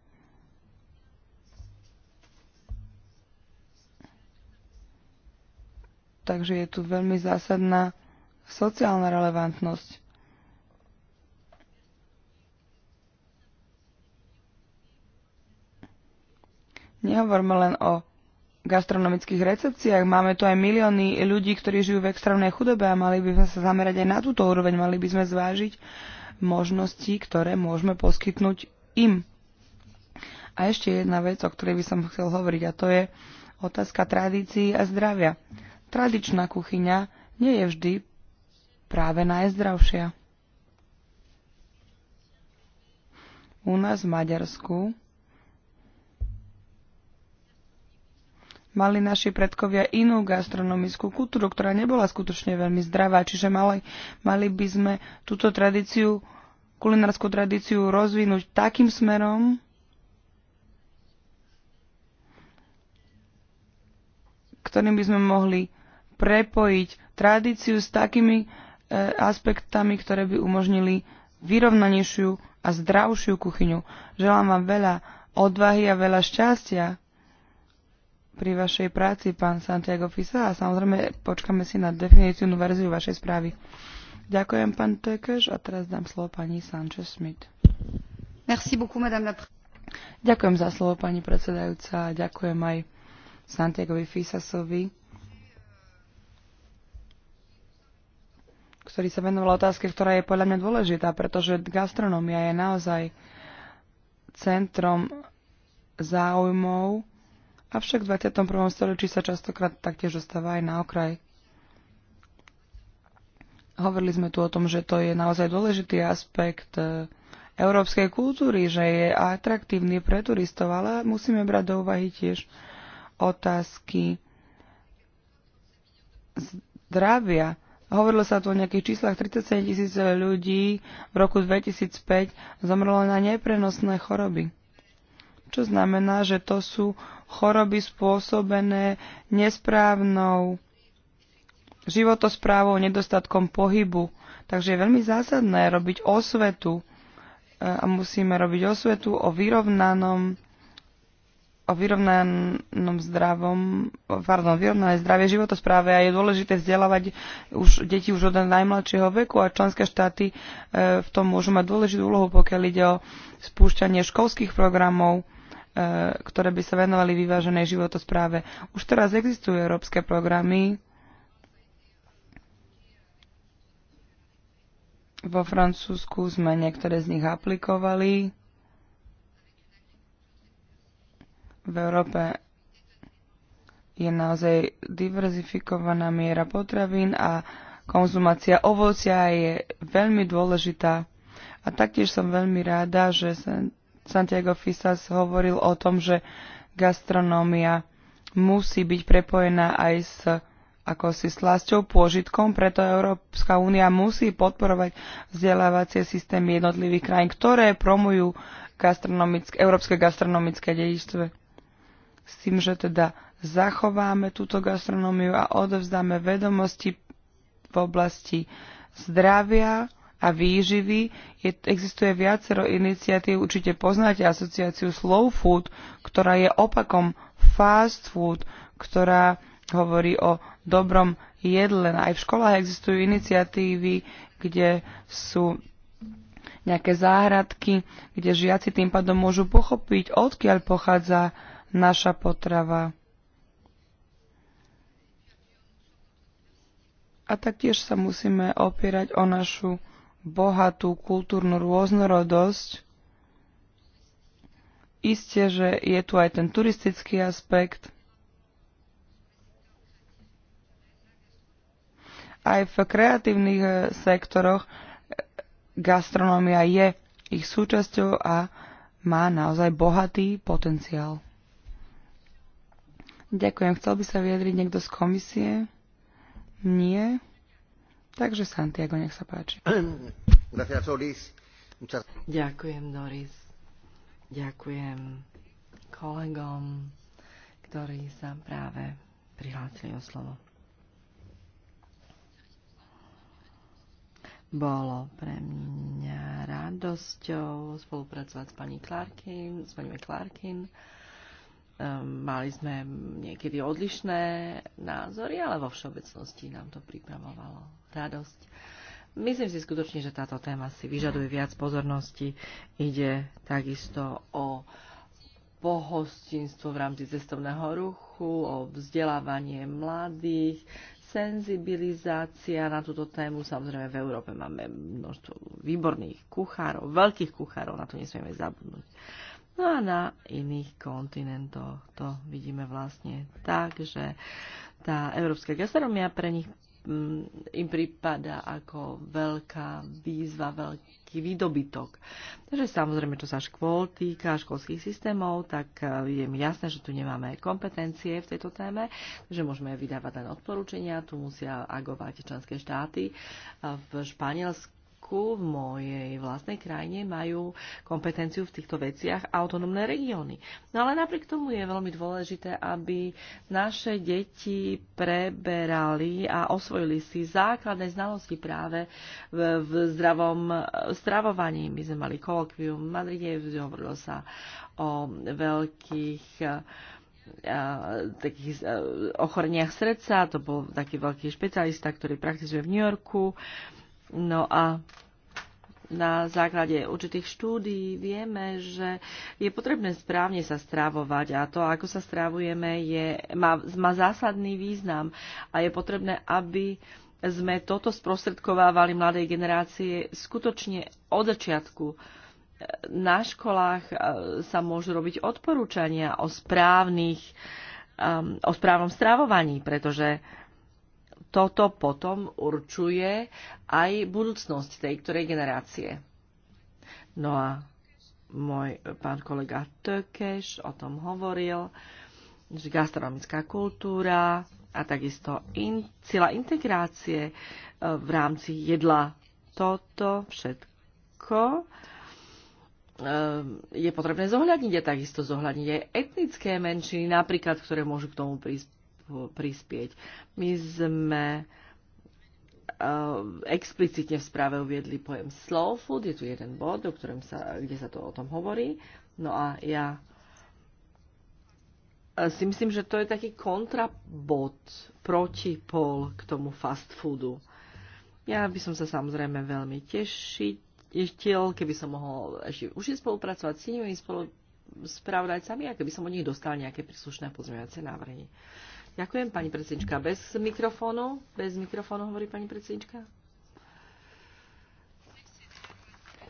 Takže je tu veľmi zásadná sociálna relevantnosť. Nehovorme len o gastronomických recepciách. Máme tu aj milióny ľudí, ktorí žijú v extrémnej chudobe a mali by sme sa zamerať aj na túto úroveň. Mali by sme zvážiť možnosti, ktoré môžeme poskytnúť im. A ešte jedna vec, o ktorej by som chcel hovoriť, a to je otázka tradícií a zdravia. Tradičná kuchyňa nie je vždy práve najzdravšia. U nás v Maďarsku Mali naši predkovia inú gastronomickú kultúru, ktorá nebola skutočne veľmi zdravá, čiže mali, mali by sme túto tradíciu, kulinárskú tradíciu rozvinúť takým smerom, ktorým by sme mohli prepojiť tradíciu s takými e, aspektami, ktoré by umožnili vyrovnanejšiu a zdravšiu kuchyňu. Želám vám veľa odvahy a veľa šťastia pri vašej práci, pán Santiago Fisa, a samozrejme počkáme si na definitívnu verziu vašej správy. Ďakujem, pán Tekeš, a teraz dám slovo pani Sanchez-Smith. Merci beaucoup, madame la Ďakujem za slovo, pani predsedajúca, a ďakujem aj Santiagovi Fisasovi, ktorý sa venoval otázke, ktorá je podľa mňa dôležitá, pretože gastronomia je naozaj centrom záujmov avšak v 21. storočí sa častokrát taktiež dostáva aj na okraj. Hovorili sme tu o tom, že to je naozaj dôležitý aspekt e, európskej kultúry, že je atraktívny pre turistov, ale musíme brať do úvahy tiež otázky zdravia. Hovorilo sa tu o nejakých číslach 37 tisíc ľudí v roku 2005 zomrlo na neprenosné choroby. Čo znamená, že to sú choroby spôsobené nesprávnou životosprávou, nedostatkom pohybu. Takže je veľmi zásadné robiť osvetu e, a musíme robiť osvetu o vyrovnanom o vyrovnanom zdravom, pardon, vyrovnané zdravie životospráve a je dôležité vzdelávať už deti už od najmladšieho veku a členské štáty e, v tom môžu mať dôležitú úlohu, pokiaľ ide o spúšťanie školských programov E, ktoré by sa venovali vyváženej životospráve. Už teraz existujú európske programy vo Francúzsku sme niektoré z nich aplikovali. V Európe je naozaj diverzifikovaná miera potravín a konzumácia ovocia je veľmi dôležitá. A taktiež som veľmi ráda, že sa Santiago Fisas hovoril o tom, že gastronómia musí byť prepojená aj s ako si slasťou pôžitkom, preto Európska únia musí podporovať vzdelávacie systémy jednotlivých krajín, ktoré promujú gastronomické, európske gastronomické dedičstvo. S tým, že teda zachováme túto gastronómiu a odovzdáme vedomosti v oblasti zdravia, a výživy. Je, existuje viacero iniciatív, určite poznáte asociáciu Slow Food, ktorá je opakom fast food, ktorá hovorí o dobrom jedle. Aj v školách existujú iniciatívy, kde sú nejaké záhradky, kde žiaci tým pádom môžu pochopiť, odkiaľ pochádza naša potrava. A taktiež sa musíme opierať o našu bohatú kultúrnu rôznorodosť. Isté, že je tu aj ten turistický aspekt. Aj v kreatívnych e, sektoroch e, gastronómia je ich súčasťou a má naozaj bohatý potenciál. Ďakujem. Chcel by sa vyjadriť niekto z komisie? Nie. Takže Santiago, nech sa páči. Ďakujem, Doris. Ďakujem kolegom, ktorí sa práve prihlásili o slovo. Bolo pre mňa radosťou spolupracovať s pani Clarkin, s pani Clarkin. Ehm, mali sme niekedy odlišné názory, ale vo všeobecnosti nám to pripravovalo radosť. Myslím si skutočne, že táto téma si vyžaduje viac pozornosti. Ide takisto o pohostinstvo v rámci cestovného ruchu, o vzdelávanie mladých, senzibilizácia na túto tému. Samozrejme, v Európe máme množstvo výborných kuchárov, veľkých kuchárov, na to nesmieme zabudnúť. No a na iných kontinentoch to vidíme vlastne tak, že tá európska gastronomia pre nich Mm, im prípada ako veľká výzva, veľký výdobytok. Takže samozrejme, čo sa škôl týka, školských systémov, tak e, je mi jasné, že tu nemáme kompetencie v tejto téme, že môžeme vydávať len odporúčania, tu musia agovať členské štáty. V Španielsku Slovensku, v mojej vlastnej krajine, majú kompetenciu v týchto veciach autonómne regióny. No ale napriek tomu je veľmi dôležité, aby naše deti preberali a osvojili si základné znalosti práve v, v zdravom stravovaní. My sme mali kolokvium v Madride, hovorilo sa o veľkých takých ochoreniach srdca, to bol taký veľký špecialista, ktorý praktizuje v New Yorku No a na základe určitých štúdií vieme, že je potrebné správne sa strávovať a to, ako sa strávujeme, je, má, má zásadný význam a je potrebné, aby sme toto sprostredkovávali mladej generácie skutočne od začiatku. Na školách e, sa môžu robiť odporúčania o správnych, e, o správnom strávovaní, pretože toto potom určuje aj budúcnosť tej ktorej generácie. No a môj pán kolega Tökeš o tom hovoril, že gastronomická kultúra a takisto in, sila integrácie e, v rámci jedla. Toto všetko e, je potrebné zohľadniť a takisto zohľadniť aj etnické menšiny, napríklad, ktoré môžu k tomu prísť prispieť. My sme eh, explicitne v správe uviedli pojem slow food, je tu jeden bod, o ktorom sa, kde sa to o tom hovorí. No a ja eh, si myslím, že to je taký kontrabod, protipol k tomu fast foodu. Ja by som sa samozrejme veľmi tešil, keby som mohol ešte už spolupracovať s inými spolu spravodajcami a keby som od nich dostal nejaké príslušné pozmeňovacie návrhy. Uh, Ďakujem, pani predsednička. Bez mikrofónu? Bez mikrofónu hovorí pani predsednička?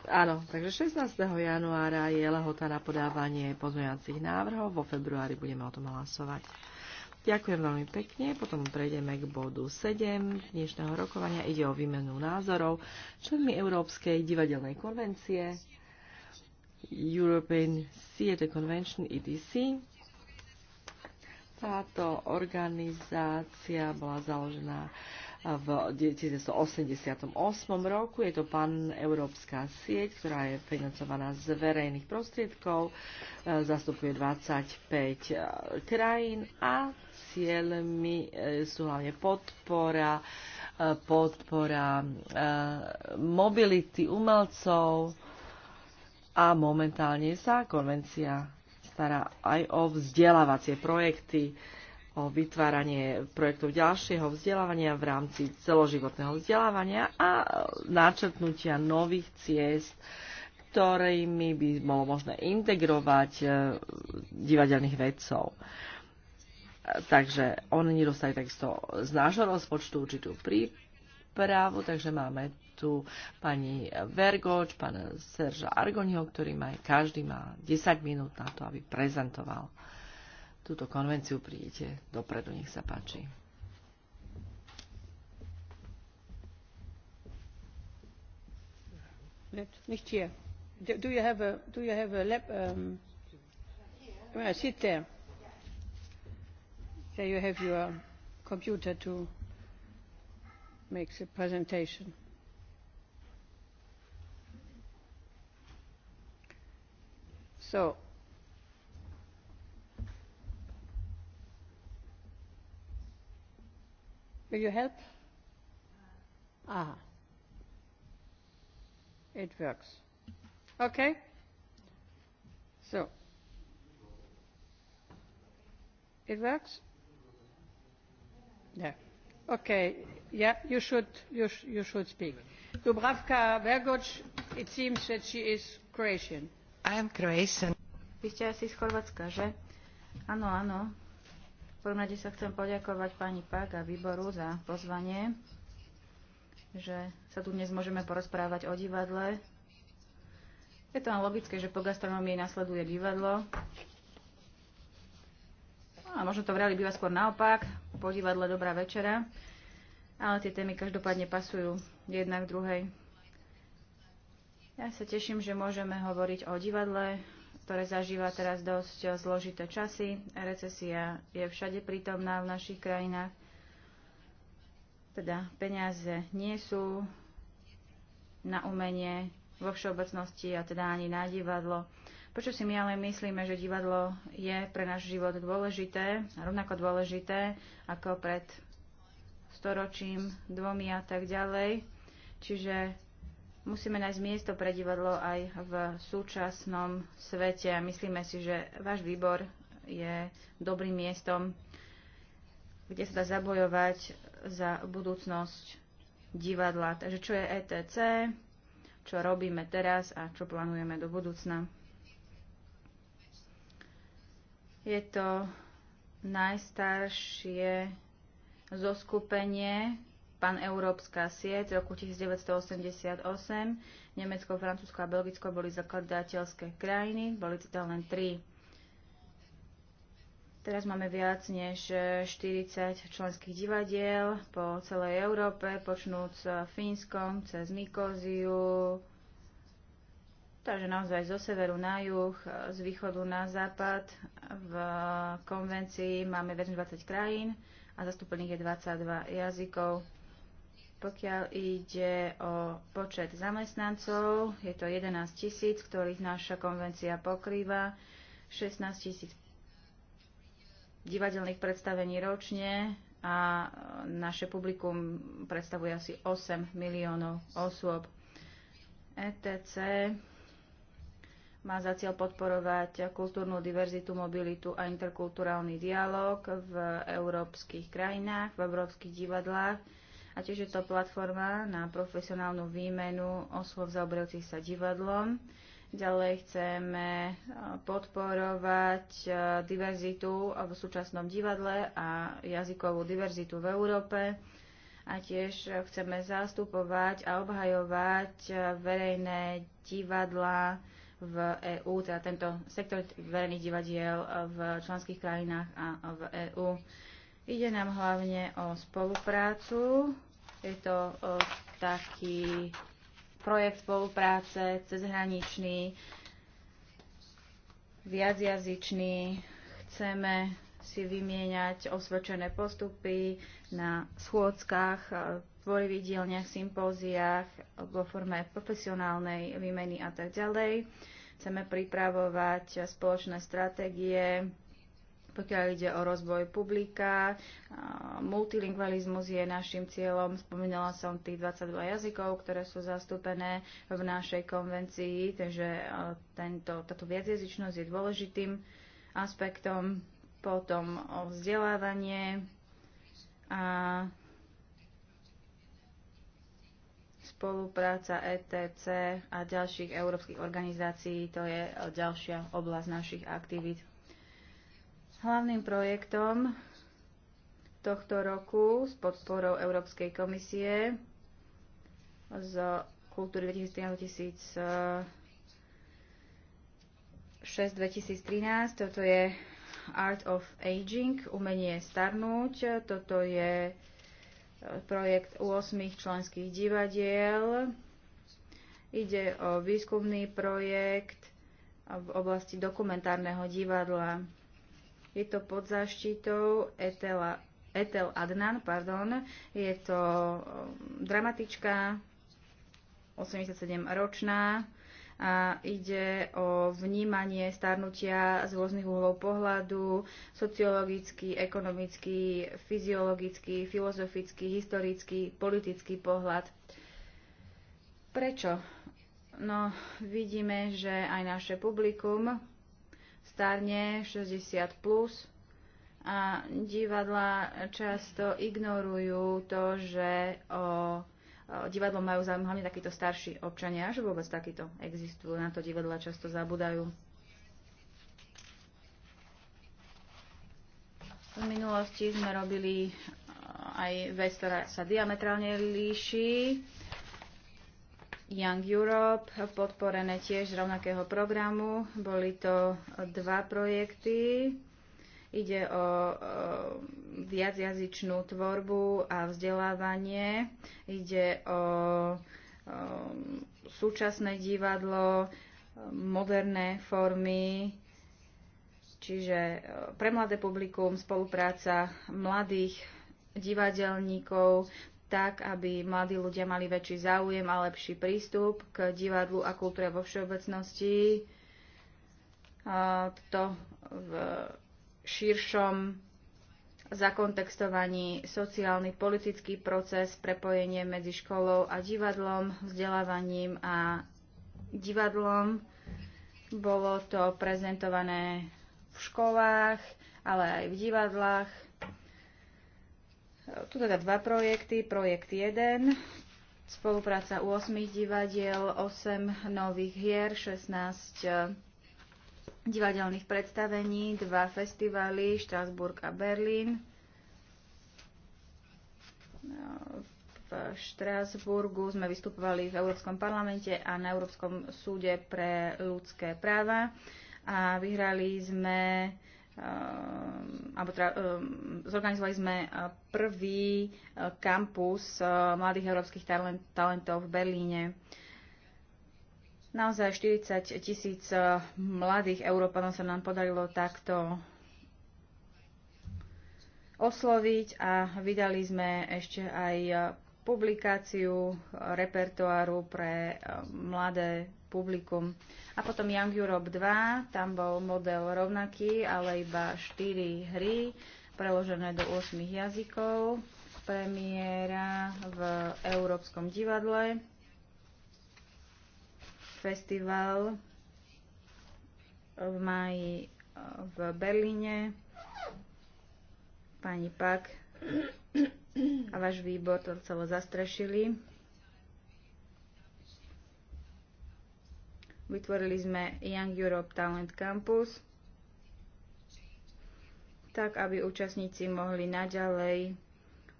Áno, takže 16. januára je lehota na podávanie pozmeňovacích návrhov. Vo februári budeme o tom hlasovať. Ďakujem veľmi pekne. Potom prejdeme k bodu 7 dnešného rokovania. Ide o výmenu názorov členmi Európskej divadelnej konvencie European Theatre Convention EDC táto organizácia bola založená eh, v 1988 roku. Je to paneurópska sieť, ktorá je financovaná z verejných prostriedkov, eh, zastupuje 25 eh, krajín a cieľmi sú hlavne podpora, podpora mobility umelcov a momentálne sa konvencia stará aj o vzdelávacie projekty, o vytváranie projektov ďalšieho vzdelávania v rámci celoživotného vzdelávania a načrtnutia nových ciest, ktorými by bolo možné integrovať e, divadelných vedcov. Takže oni dostali takisto z nášho rozpočtu určitú prípravu, takže máme tu pani Vergoč, pán Serža Argonio, ktorý má, každý má 10 minút na to, aby prezentoval túto konvenciu. Prídete dopredu, nech sa páči. Nicht hier. Do you have a, do you have a lab, um, yeah, sit there. There you have your computer to make the presentation. So, will you help? Ah, it works. Okay. So, it works. Yeah. Okay. Yeah, you should you, sh you should speak. Dubravka Vergoc, it seems that she is Croatian i am Croatian. Vy ste asi z Chorvátska, že? Áno, áno. V prvom rade sa chcem poďakovať pani Pak a výboru za pozvanie, že sa tu dnes môžeme porozprávať o divadle. Je to logické, že po gastronomii nasleduje divadlo. No a možno to v reali býva skôr naopak. Po divadle dobrá večera. Ale tie témy každopádne pasujú jedna k druhej. Ja sa teším, že môžeme hovoriť o divadle, ktoré zažíva teraz dosť zložité časy. Recesia je všade prítomná v našich krajinách. Teda peniaze nie sú na umenie vo všeobecnosti a teda ani na divadlo. Prečo si my ale myslíme, že divadlo je pre náš život dôležité, rovnako dôležité ako pred storočím, dvomi a tak ďalej. Čiže Musíme nájsť miesto pre divadlo aj v súčasnom svete a myslíme si, že váš výbor je dobrým miestom, kde sa dá zabojovať za budúcnosť divadla. Takže čo je ETC, čo robíme teraz a čo plánujeme do budúcna. Je to najstaršie zoskupenie paneurópska sieť z roku 1988. Nemecko, Francúzsko a Belgicko boli zakladateľské krajiny, boli teda len tri. Teraz máme viac než 40 e, členských divadiel po celej Európe, počnúc Fínskom, cez Nikóziu, takže naozaj zo severu na juh, e, z východu na západ. V konvencii máme viac 20 krajín a zastúpených je 22 jazykov. Pokiaľ ide o počet zamestnancov, je to 11 tisíc, ktorých naša konvencia pokrýva, 16 tisíc divadelných predstavení ročne a naše publikum predstavuje asi 8 miliónov osôb. ETC má za cieľ podporovať kultúrnu diverzitu, mobilitu a interkulturálny dialog v európskych krajinách, v európskych divadlách a tiež je to platforma na profesionálnu výmenu oslov zaoberajúcich sa divadlom. Ďalej chceme e, podporovať e, diverzitu v súčasnom divadle a jazykovú diverzitu v Európe a tiež chceme zastupovať a obhajovať e, verejné divadla v EÚ, teda tento sektor verejných divadiel v členských krajinách a v EÚ. Ide nám hlavne o spoluprácu je to e, taký projekt spolupráce cezhraničný, viacjazyčný. Chceme si vymieňať osvedčené postupy na schôdzkach, e, tvorivých dielniach, sympóziách vo forme profesionálnej výmeny a tak ďalej. Chceme pripravovať spoločné stratégie, pokiaľ ide o rozvoj publika, multilingualizmus je našim cieľom. Spomínala som tých 22 jazykov, ktoré sú zastúpené v našej konvencii, takže tento, táto viacjazyčnosť je dôležitým aspektom. Potom o vzdelávanie a spolupráca ETC a ďalších európskych organizácií, to je ďalšia oblasť našich aktivít. Hlavným projektom tohto roku s podporou Európskej komisie z kultúry 2013-2013. Toto je Art of Aging, umenie starnúť. Toto je e, projekt u 8 členských divadiel. Ide o výskumný projekt v oblasti dokumentárneho divadla. Je to pod záštitou Etela, Etel Adnan, pardon. Je to um, dramatička, 87-ročná, a ide o vnímanie starnutia z rôznych uhlov pohľadu, sociologický, ekonomický, fyziologický, filozofický, historický, politický pohľad. Prečo? No, vidíme, že aj naše publikum starne 60+, plus, a divadla často ignorujú to, že o, o divadlo majú záujem hlavne takíto starší občania, že vôbec takýto existujú. Na to divadla často zabudajú. V minulosti sme robili aj vec, ktorá sa diametrálne líši Young Europe, podporené tiež rovnakého programu. Boli to dva projekty. Ide o viacjazyčnú tvorbu a vzdelávanie. Ide o súčasné divadlo, moderné formy, čiže e, pre mladé publikum spolupráca mladých divadelníkov, tak, aby mladí ľudia mali väčší záujem a lepší prístup k divadlu a kultúre vo všeobecnosti. To v širšom zakontextovaní sociálny, politický proces, prepojenie medzi školou a divadlom, vzdelávaním a divadlom. Bolo to prezentované v školách, ale aj v divadlách tu teda dva projekty. Projekt 1, spolupráca u 8 divadiel, 8 nových hier, 16 e, divadelných predstavení, dva festivaly, Štrasburg a Berlín. E, v Štrasburgu sme vystupovali v Európskom parlamente a na Európskom súde pre ľudské práva a vyhrali sme Ehm, alebo teda, ehm, zorganizovali sme eh, prvý eh, kampus eh, mladých európskych talentov v Berlíne. Naozaj 40 tisíc mladých Európanov sa nám podarilo takto osloviť a vydali sme ešte aj publikáciu repertoáru pre mladé publikum. A potom Young Europe 2, tam bol model rovnaký, ale iba 4 hry preložené do 8 jazykov. Premiéra v Európskom divadle. Festival v maji eh, v Berlíne. Pani Pak a váš výbor to celé zastrešili. Vytvorili sme Young Europe Talent Campus, tak aby účastníci mohli naďalej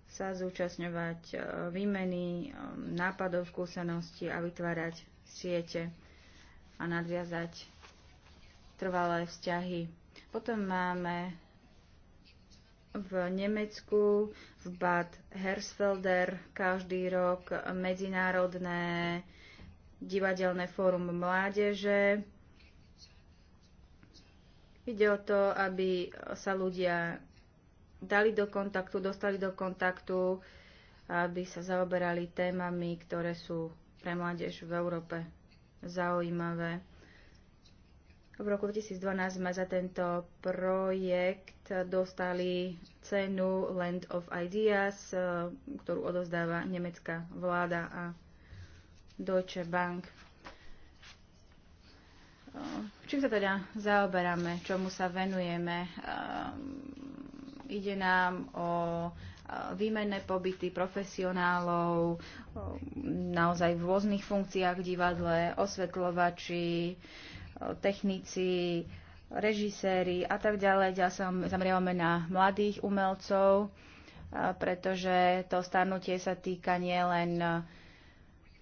sa zúčastňovať e, výmeny e, nápadov, skúseností a vytvárať siete a nadviazať trvalé vzťahy. Potom máme v Nemecku, v Bad Hersfelder každý rok medzinárodné divadelné fórum mládeže. Ide o to, aby sa ľudia dali do kontaktu, dostali do kontaktu, aby sa zaoberali témami, ktoré sú pre mládež v Európe zaujímavé. V roku 2012 sme za tento projekt dostali cenu Land of Ideas, ktorú odozdáva nemecká vláda a Deutsche Bank. Čím sa teda zaoberáme, čomu sa venujeme? Ehm, ide nám o eh, výmenné pobyty profesionálov, ehm, naozaj v rôznych funkciách v divadle, osvetľovači, eh, technici, režiséri a tak ďalej. Ďalej sa zamrievame na mladých umelcov, eh, pretože to starnutie sa týka nielen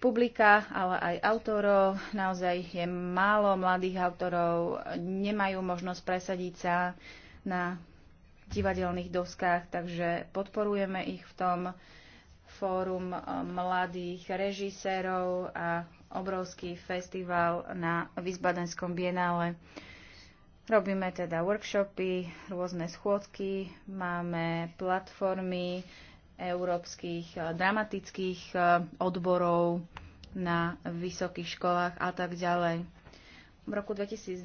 publika, ale aj autorov. Naozaj je málo mladých autorov, nemajú možnosť presadiť sa na divadelných doskách, takže podporujeme ich v tom fórum eh, mladých režisérov a obrovský festival na Vysbadenskom bienále. Robíme teda workshopy, rôzne schôdky, máme platformy, európskych eh, dramatických eh, odborov na vysokých školách a tak ďalej. V roku 2012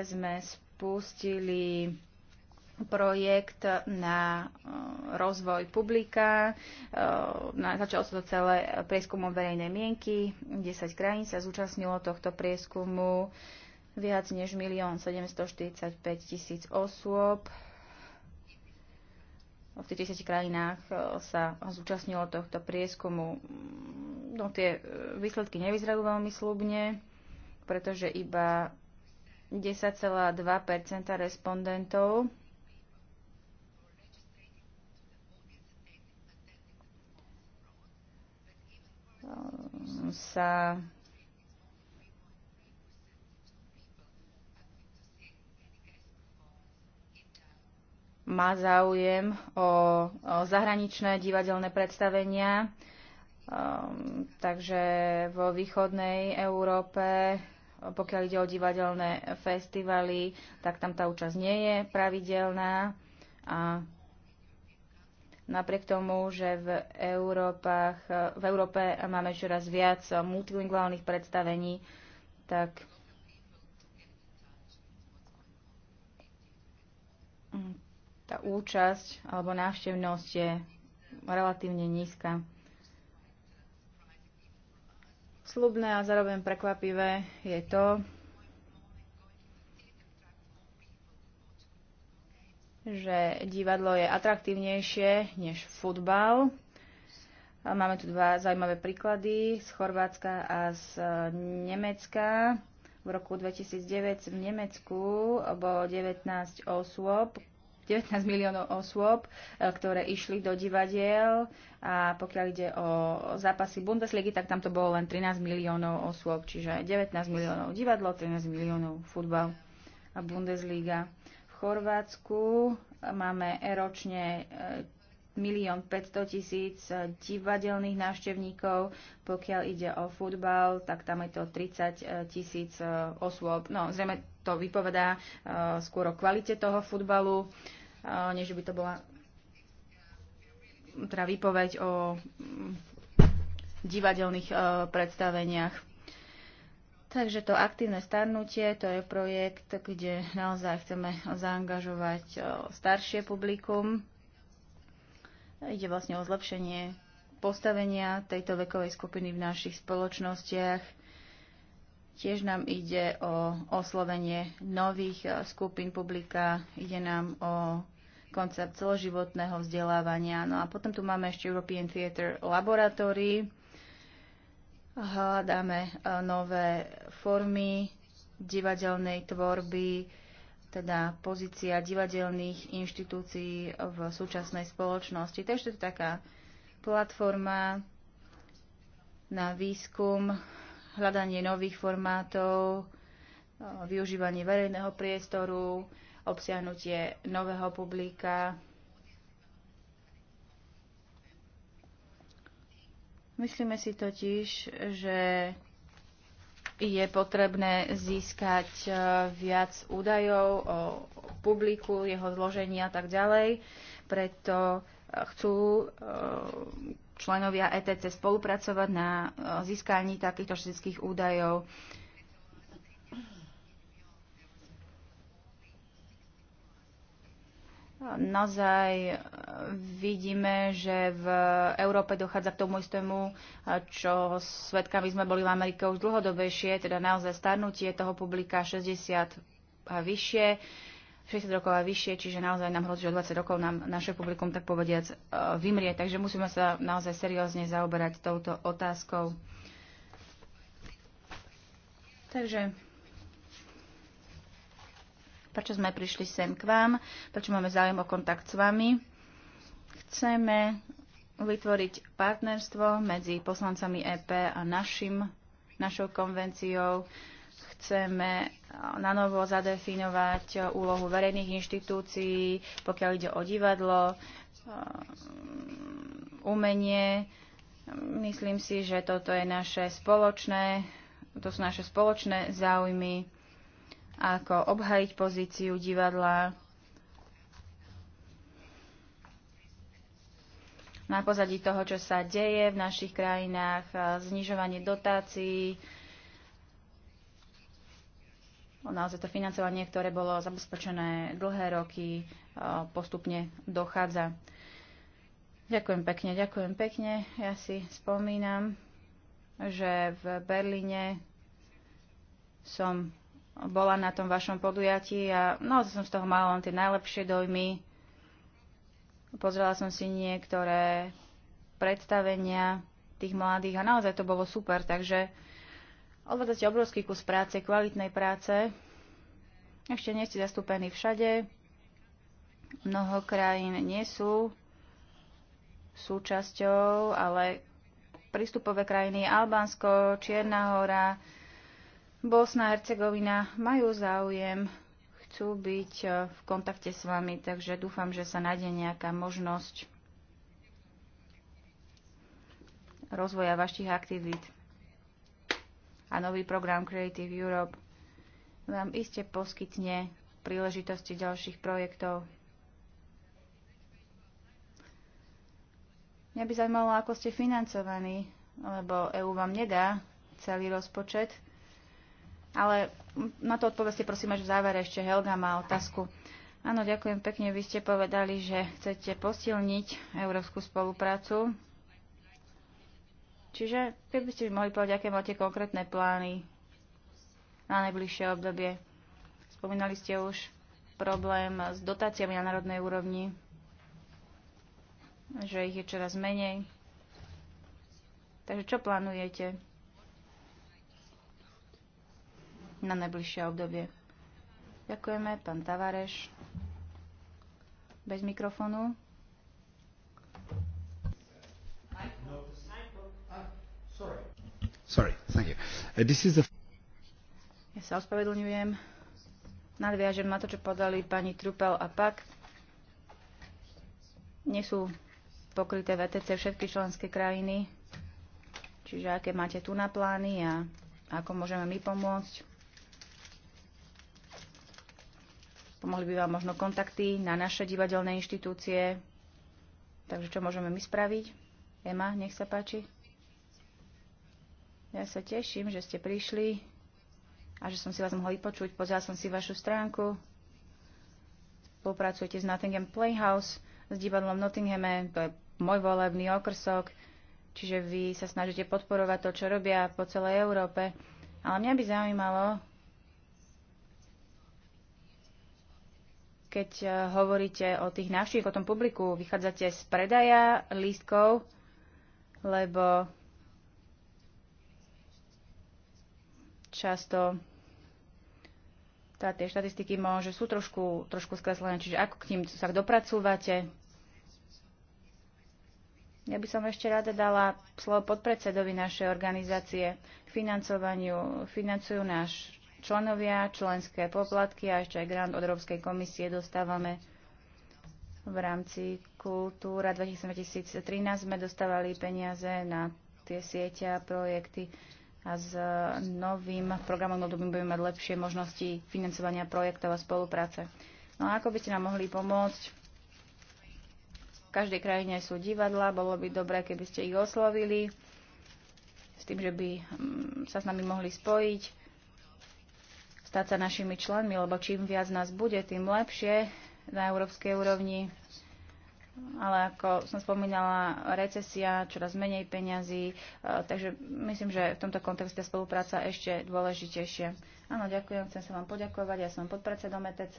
sme spustili projekt na eh, rozvoj publika. Začalo sa to celé prieskumom verejnej mienky. 10 krajín sa zúčastnilo tohto prieskumu. Viac než 1 745 000 osôb v tých 10 krajinách e, sa zúčastnilo tohto prieskumu. No, tie e, výsledky nevyzerajú veľmi slubne, pretože iba 10,2 respondentov sa má záujem o, zahraničné divadelné predstavenia. Um, takže vo východnej Európe, pokiaľ ide o divadelné festivaly, tak tam tá účasť nie je pravidelná. A napriek tomu, že v, Európach, v Európe máme čoraz viac multilinguálnych predstavení, tak tá účasť alebo návštevnosť je relatívne nízka. Slubné a zároveň prekvapivé je to, že divadlo je atraktívnejšie než futbal. Máme tu dva zaujímavé príklady z Chorvátska a z e, Nemecka. V roku 2009 v Nemecku bolo 19 osôb, 19 miliónov osôb, e, ktoré išli do divadiel a pokiaľ ide o zápasy Bundesligy, tak tam to bolo len 13 miliónov osôb, čiže 19 miliónov divadlo, 13 miliónov futbal a Bundesliga. V Chorvátsku máme ročne 1 e, 500 tisíc e, divadelných návštevníkov. Pokiaľ ide o futbal, tak tam je to 30 tisíc osôb. No, zrejme to vypovedá e, skôr o kvalite toho futbalu, e, než by to bola teda výpoveď o divadelných e, predstaveniach. Takže to aktívne starnutie, to je projekt, kde naozaj chceme zaangažovať staršie publikum. Ide vlastne o zlepšenie postavenia tejto vekovej skupiny v našich spoločnostiach Tiež nám ide o oslovenie nových e, skupín publika, ide nám o koncept celoživotného vzdelávania. No a potom tu máme ešte European Theatre Laboratory. Hľadáme e, nové formy divadelnej tvorby, teda pozícia divadelných inštitúcií v súčasnej spoločnosti. Takže to je taká platforma na výskum hľadanie nových formátov, e, využívanie verejného priestoru, obsiahnutie nového publika. Myslíme si totiž, že je potrebné získať e, viac údajov o publiku, jeho zložení a tak ďalej, preto chcú eh, členovia ETC spolupracovať na eh, získaní takýchto štatických údajov. Naozaj eh, vidíme, že v Európe dochádza k tomu istému, čo svetkami sme boli v Amerike už dlhodobejšie, teda naozaj starnutie toho publika 60 a vyššie 60 rokov a vyššie, čiže naozaj nám hrozí, že o 20 rokov nám naše publikum, tak povediac, e, vymrie. Takže musíme sa naozaj seriózne zaoberať touto otázkou. Takže prečo sme prišli sem k vám, prečo máme záujem o kontakt s vami. Chceme vytvoriť partnerstvo medzi poslancami EP a našim, našou konvenciou chceme eh, na novo zadefinovať eh, úlohu verejných inštitúcií, pokiaľ ide o divadlo, eh, umenie. Myslím si, že toto je naše spoločné, to sú naše spoločné záujmy, ako obhajiť pozíciu divadla, na pozadí toho, čo sa deje v našich krajinách, znižovanie dotácií, naozaj to financovanie, ktoré bolo zabezpečené dlhé roky, e, postupne dochádza. Ďakujem pekne, ďakujem pekne. Ja si spomínam, že v Berlíne som bola na tom vašom podujatí a naozaj som z toho mala len tie najlepšie dojmy. Pozrela som si niektoré predstavenia tých mladých a naozaj to bolo super, takže odvádzate obrovský kus práce, kvalitnej práce. Ešte nie ste zastúpení všade. Mnoho krajín nie sú súčasťou, ale prístupové krajiny Albánsko, Čierna hora, Bosna, Hercegovina majú záujem, chcú byť eh, v kontakte s vami, takže dúfam, že sa nájde nejaká možnosť rozvoja vašich aktivít a nový program Creative Europe vám iste poskytne príležitosti ďalších projektov. Mňa by zaujímalo, ako ste financovaní, lebo EU vám nedá celý rozpočet. Ale na to odpoveste prosím až v závere ešte Helga má otázku. Áno, ďakujem pekne. Vy ste povedali, že chcete posilniť európsku spoluprácu Čiže keď by ste mi mohli povedať, aké máte konkrétne plány na najbližšie obdobie. Spomínali ste už problém s dotáciami na národnej úrovni, že ich je čoraz menej. Takže čo plánujete na najbližšie obdobie? Ďakujeme, pán Tavareš. Bez mikrofónu. Sorry. Sorry, thank you. Uh, this is Ja sa ospravedlňujem. Nadviažem na to, čo podali pani Trupel a Pak. Nie sú pokryté VTC všetky členské krajiny. Čiže aké máte tu na plány a ako môžeme my pomôcť. Pomohli by vám možno kontakty na naše divadelné inštitúcie. Takže čo môžeme my spraviť? Ema, nech sa páči. Ja sa teším, že ste prišli a že som si vás mohol vypočuť. Pozrel som si vašu stránku. Spolupracujete s Nottingham Playhouse, s divadlom Nottinghame, to je môj volebný okrsok. Čiže vy sa snažíte podporovať to, čo robia po celej Európe. Ale mňa by zaujímalo, keď eh, hovoríte o tých návštevách, o tom publiku, vychádzate z predaja lístkov, lebo často tá, tie štatistiky môže sú trošku, trošku skreslené, čiže ako k ním sa dopracúvate. Ja by som ešte rada dala slovo podpredsedovi našej organizácie k financovaniu. Financujú náš členovia, členské poplatky a ešte aj grant od Európskej komisie dostávame v rámci Kultúra 2013 sme dostávali peniaze na tie sieťa a projekty a s e, novým programom obdobím budeme mať lepšie možnosti financovania projektov a spolupráce. No a ako by ste nám mohli pomôcť? V každej krajine sú divadla, bolo by dobré, keby ste ich oslovili s tým, že by mm, sa s nami mohli spojiť, stať sa našimi členmi, lebo čím viac nás bude, tým lepšie na európskej úrovni ale ako som spomínala, recesia, čoraz menej peňazí, e, takže myslím, že v tomto kontexte spolupráca ešte dôležitejšie. Áno, ďakujem, chcem sa vám poďakovať, ja som podpredsedom ETC.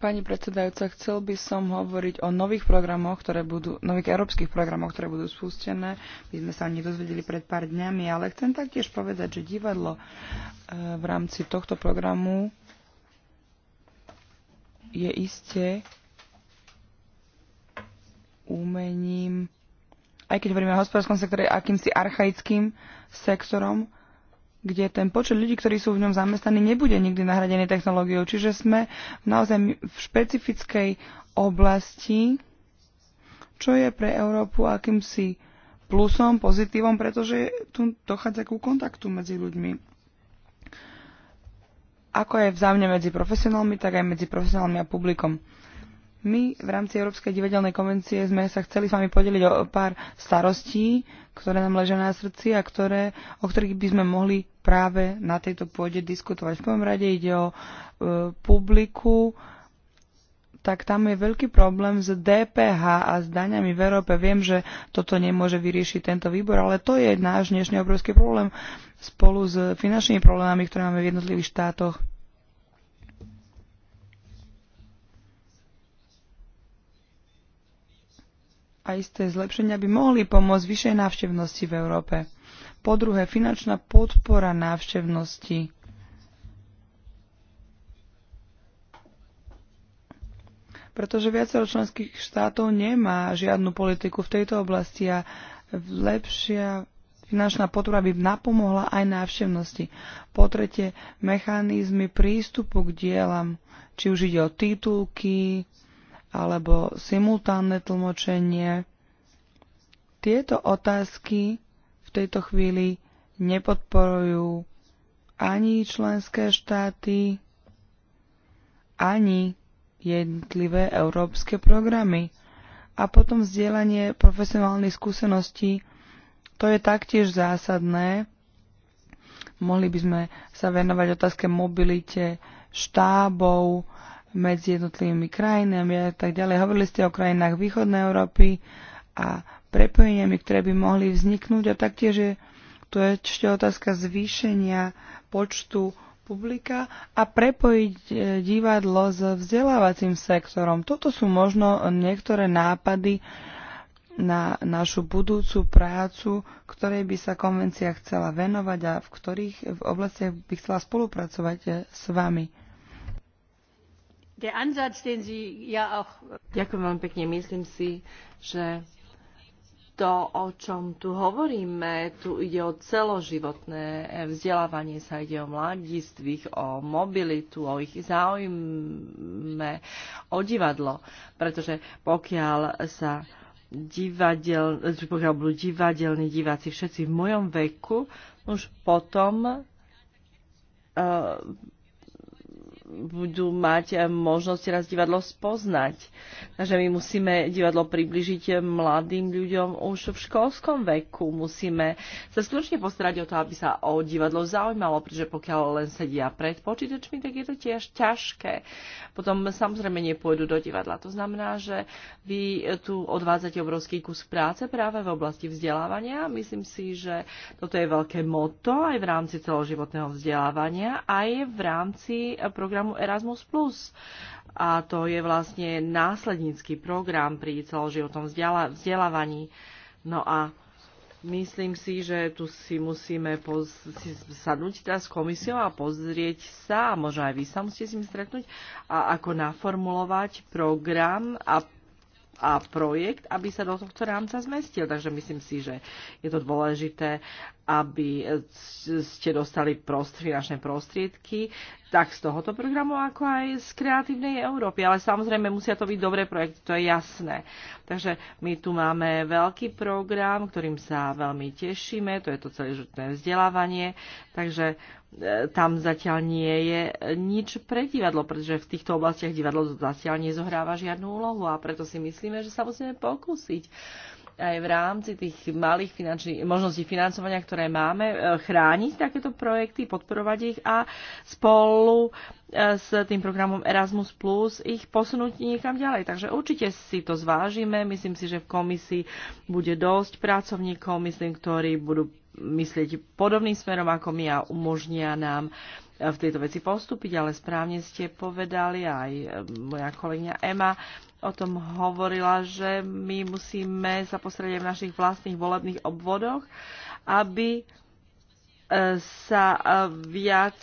Pani predsedajúca, chcel by som hovoriť o nových programoch, ktoré budú, nových európskych programoch, ktoré budú spustené. My sme sa o nich dozvedeli pred pár dňami, ale chcem taktiež povedať, že divadlo e, v rámci tohto programu je iste umením, aj keď hovoríme o hospodárskom sektore, akýmsi archaickým sektorom, kde ten počet ľudí, ktorí sú v ňom zamestnaní, nebude nikdy nahradený technológiou. Čiže sme naozaj v špecifickej oblasti, čo je pre Európu akýmsi plusom, pozitívom, pretože tu dochádza ku kontaktu medzi ľuďmi ako je vzájomne medzi profesionálmi, tak aj medzi profesionálmi a publikom. My v rámci Európskej divadelnej konvencie sme sa chceli s vami podeliť o pár starostí, ktoré nám ležia na srdci a ktoré, o ktorých by sme mohli práve na tejto pôde diskutovať. V prvom rade ide o e, publiku, tak tam je veľký problém s DPH a s daňami v Európe. Viem, že toto nemôže vyriešiť tento výbor, ale to je náš dnešný obrovský problém spolu s finančnými problémami, ktoré máme v jednotlivých štátoch. A isté zlepšenia by mohli pomôcť vyššej návštevnosti v Európe. Po druhé, finančná podpora návštevnosti. Pretože viacero členských štátov nemá žiadnu politiku v tejto oblasti a lepšia Finančná podpora by napomohla aj návštevnosti. Po tretie, mechanizmy prístupu k dielam, či už ide o titulky alebo simultánne tlmočenie. Tieto otázky v tejto chvíli nepodporujú ani členské štáty, ani jednotlivé európske programy. A potom vzdielanie profesionálnych skúseností to je taktiež zásadné. Mohli by sme sa venovať otázke mobilite štábov medzi jednotlivými krajinami a tak ďalej. Hovorili ste o krajinách východnej Európy a prepojeniami, ktoré by mohli vzniknúť a taktiež je tu je ešte otázka zvýšenia počtu publika a prepojiť e, divadlo s vzdelávacím sektorom. Toto sú možno niektoré nápady, na našu budúcu prácu, ktorej by sa konvencia chcela venovať a v ktorých v oblastiach by chcela spolupracovať eh, s vami. Ďakujem veľmi pekne. Myslím si, že to, o čom tu hovoríme, tu ide o celoživotné eh, vzdelávanie, sa ide o mladistvých, o mobilitu, o ich záujme, o divadlo. Pretože pokiaľ sa divadel, divadelní diváci všetci v mojom veku, už potom eh, budú mať možnosť raz divadlo spoznať. Takže my musíme divadlo približiť mladým ľuďom už v školskom veku. Musíme sa skutočne postarať o to, aby sa o divadlo zaujímalo, pretože pokiaľ len sedia pred počítačmi, tak je to tiež ťažké. Potom samozrejme nepôjdu do divadla. To znamená, že vy tu odvádzate obrovský kus práce práve v oblasti vzdelávania. Myslím si, že toto je veľké moto aj v rámci celoživotného vzdelávania, aj v rámci programu programu Erasmus+. A to je vlastne následnícky program pri celoživotnom vzdelávaní. No a Myslím si, že tu si musíme poz- sadnúť teraz s komisiou a pozrieť sa, a možno aj vy sa musíte s ním stretnúť, a ako naformulovať program a a projekt, aby sa do tohto rámca zmestil. Takže myslím si, že je to dôležité aby ste dostali prost, finančné prostriedky, tak z tohoto programu, ako aj z kreatívnej Európy. Ale samozrejme musia to byť dobré projekty, to je jasné. Takže my tu máme veľký program, ktorým sa veľmi tešíme, to je to celoživotné vzdelávanie, takže e, tam zatiaľ nie je nič pre divadlo, pretože v týchto oblastiach divadlo zatiaľ nezohráva žiadnu úlohu a preto si myslíme, že sa musíme pokúsiť aj v rámci tých malých finančných možností financovania, ktoré máme, e, chrániť takéto projekty, podporovať ich a spolu e, s tým programom Erasmus Plus ich posunúť niekam ďalej. Takže určite si to zvážime. Myslím si, že v komisii bude dosť pracovníkov, myslím, ktorí budú myslieť podobným smerom ako my a umožnia nám uh, E, v tejto veci postúpiť, ale správne ste povedali, aj e, moja kolegyňa Ema o tom hovorila, že my musíme sa postrediť v našich vlastných volebných obvodoch, aby e, sa viac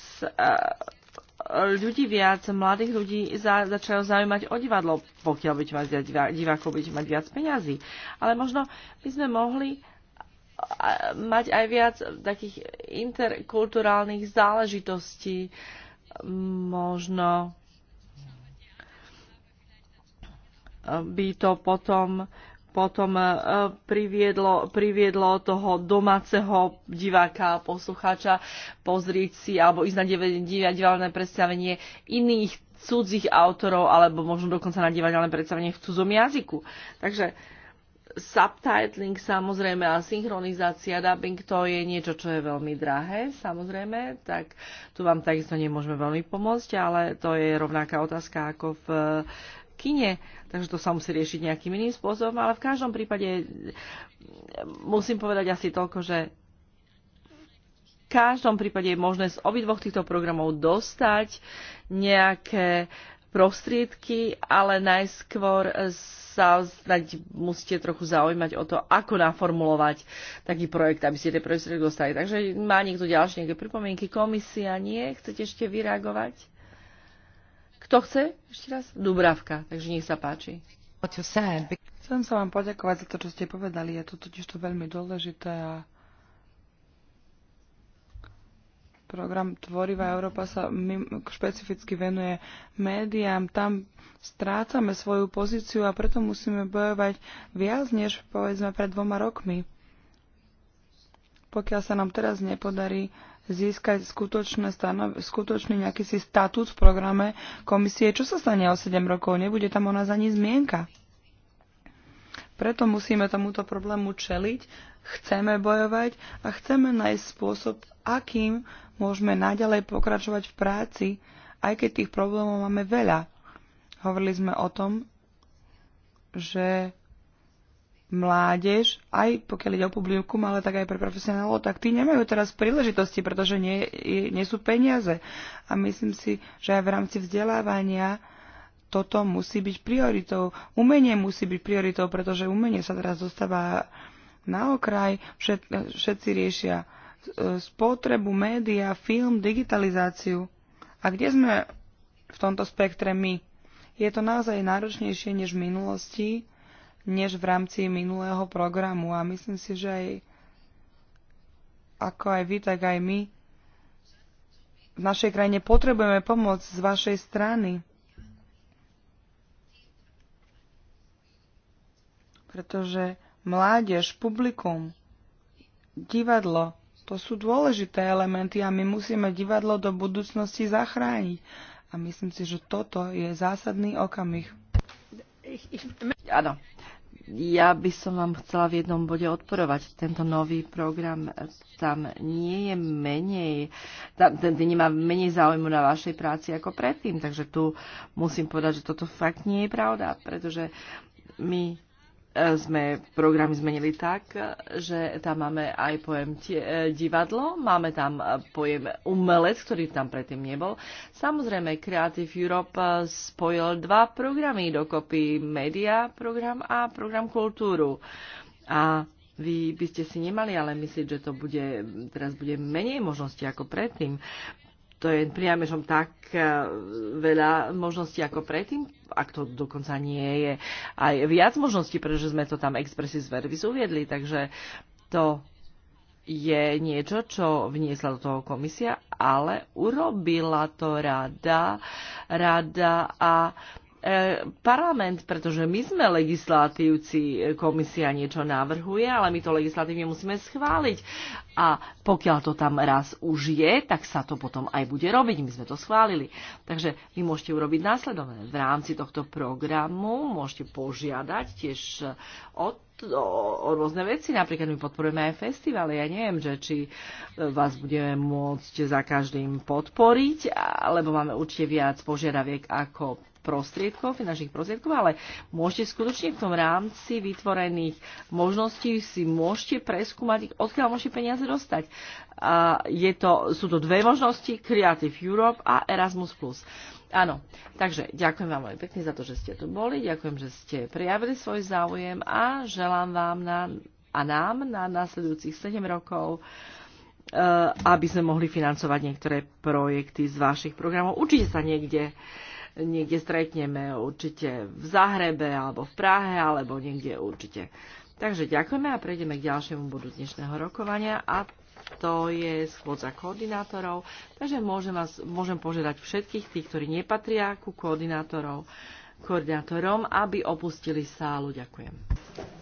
ľudí viac, mladých ľudí za, začajú zaujímať o divadlo, pokiaľ budete mať viac divákov, budete mať viac peňazí. Ale možno by sme mohli mať aj viac takých interkulturálnych záležitostí, možno by to potom, potom e, priviedlo, priviedlo toho domáceho diváka, poslucháča pozrieť si alebo ísť na divadelné predstavenie iných cudzích autorov alebo možno dokonca na divadelné predstavenie v cudzom jazyku. Takže subtitling samozrejme a synchronizácia, dubbing to je niečo, čo je veľmi drahé samozrejme, tak tu vám takisto nemôžeme veľmi pomôcť, ale to je rovnaká otázka ako v eh, kine, takže to sa musí riešiť nejakým iným spôsobom, ale v každom prípade eh, musím povedať asi toľko, že v každom prípade je možné z obidvoch týchto programov dostať nejaké prostriedky, ale najskôr sa snať musíte trochu zaujímať o to, ako naformulovať taký projekt, aby ste tie prostriedky dostali. Takže má niekto ďalšie nejaké pripomienky? Komisia nie? Chcete ešte vyreagovať? Kto chce? Ešte raz? Dubravka, takže nech sa páči. Chcem sa vám poďakovať za to, čo ste povedali. Je to totiž to veľmi dôležité a program Tvorivá Európa sa špecificky venuje médiám. Tam strácame svoju pozíciu a preto musíme bojovať viac než povedzme pred dvoma rokmi. Pokiaľ sa nám teraz nepodarí získať skutočné stanov, skutočný nejaký si statút v programe komisie, čo sa stane o 7 rokov? Nebude tam ona za ani zmienka. Preto musíme tomuto problému čeliť, chceme bojovať a chceme nájsť spôsob, akým môžeme naďalej pokračovať v práci, aj keď tých problémov máme veľa. Hovorili sme o tom, že mládež, aj pokiaľ ide o publikum, ale tak aj pre profesionálov, tak tí nemajú teraz príležitosti, pretože nie, nie sú peniaze. A myslím si, že aj v rámci vzdelávania toto musí byť prioritou. Umenie musí byť prioritou, pretože umenie sa teraz dostáva na okraj, všet, všetci riešia E, spotrebu média, film, digitalizáciu. A kde sme v tomto spektre my? Je to naozaj náročnejšie než v minulosti, než v rámci minulého programu a myslím si, že aj ako aj vy, tak aj my v našej krajine potrebujeme pomoc z vašej strany. Pretože mládež, publikum, divadlo, to sú dôležité elementy a my musíme divadlo do budúcnosti zachrániť. A myslím si, že toto je zásadný okamih. Áno. Ja by som vám chcela v jednom bode odporovať. Tento nový program tam nie je menej, tam, ten, ten nemá menej záujmu na vašej práci ako predtým. Takže tu musím povedať, že toto fakt nie je pravda, pretože my sme programy zmenili tak, že tam máme aj pojem e, divadlo, máme tam pojem umelec, ktorý tam predtým nebol. Samozrejme, Creative Europe e, spojil dva programy dokopy, media program a program kultúru. A vy by ste si nemali ale myslieť, že to bude, teraz bude menej možností ako predtým to je priamežom tak eh, veľa možností ako predtým, ak to dokonca nie je aj viac možností, pretože sme to tam expressis verbis uviedli, takže to je niečo, čo vniesla do toho komisia, ale urobila to rada, rada a parlament, pretože my sme legislatívci, komisia niečo navrhuje, ale my to legislatívne musíme schváliť. A pokiaľ to tam raz už je, tak sa to potom aj bude robiť. My sme to schválili. Takže vy môžete urobiť následovné. V rámci tohto programu môžete požiadať tiež o o, o rôzne veci. Napríklad my podporujeme aj festivaly. Ja neviem, že či vás budeme môcť za každým podporiť, lebo máme určite viac požiadaviek ako prostriedkov, finančných prostriedkov, ale môžete skutočne v tom rámci vytvorených možností si môžete preskúmať, odkiaľ môžete peniaze dostať. A je to, sú to dve možnosti, Creative Europe a Erasmus+. Áno, takže ďakujem vám veľmi pekne za to, že ste tu boli, ďakujem, že ste prijavili svoj záujem a želám vám na, a nám na následujúcich 7 rokov eh, aby sme mohli financovať niektoré projekty z vašich programov. Určite sa niekde uh, niekde stretneme určite v Zahrebe alebo v Prahe alebo niekde určite. Takže ďakujeme a prejdeme k ďalšiemu bodu dnešného rokovania a to je schôdza koordinátorov. Takže môžem, vás, môžem požiadať všetkých tých, ktorí nepatria ku koordinátorom, aby opustili sálu. Ďakujem.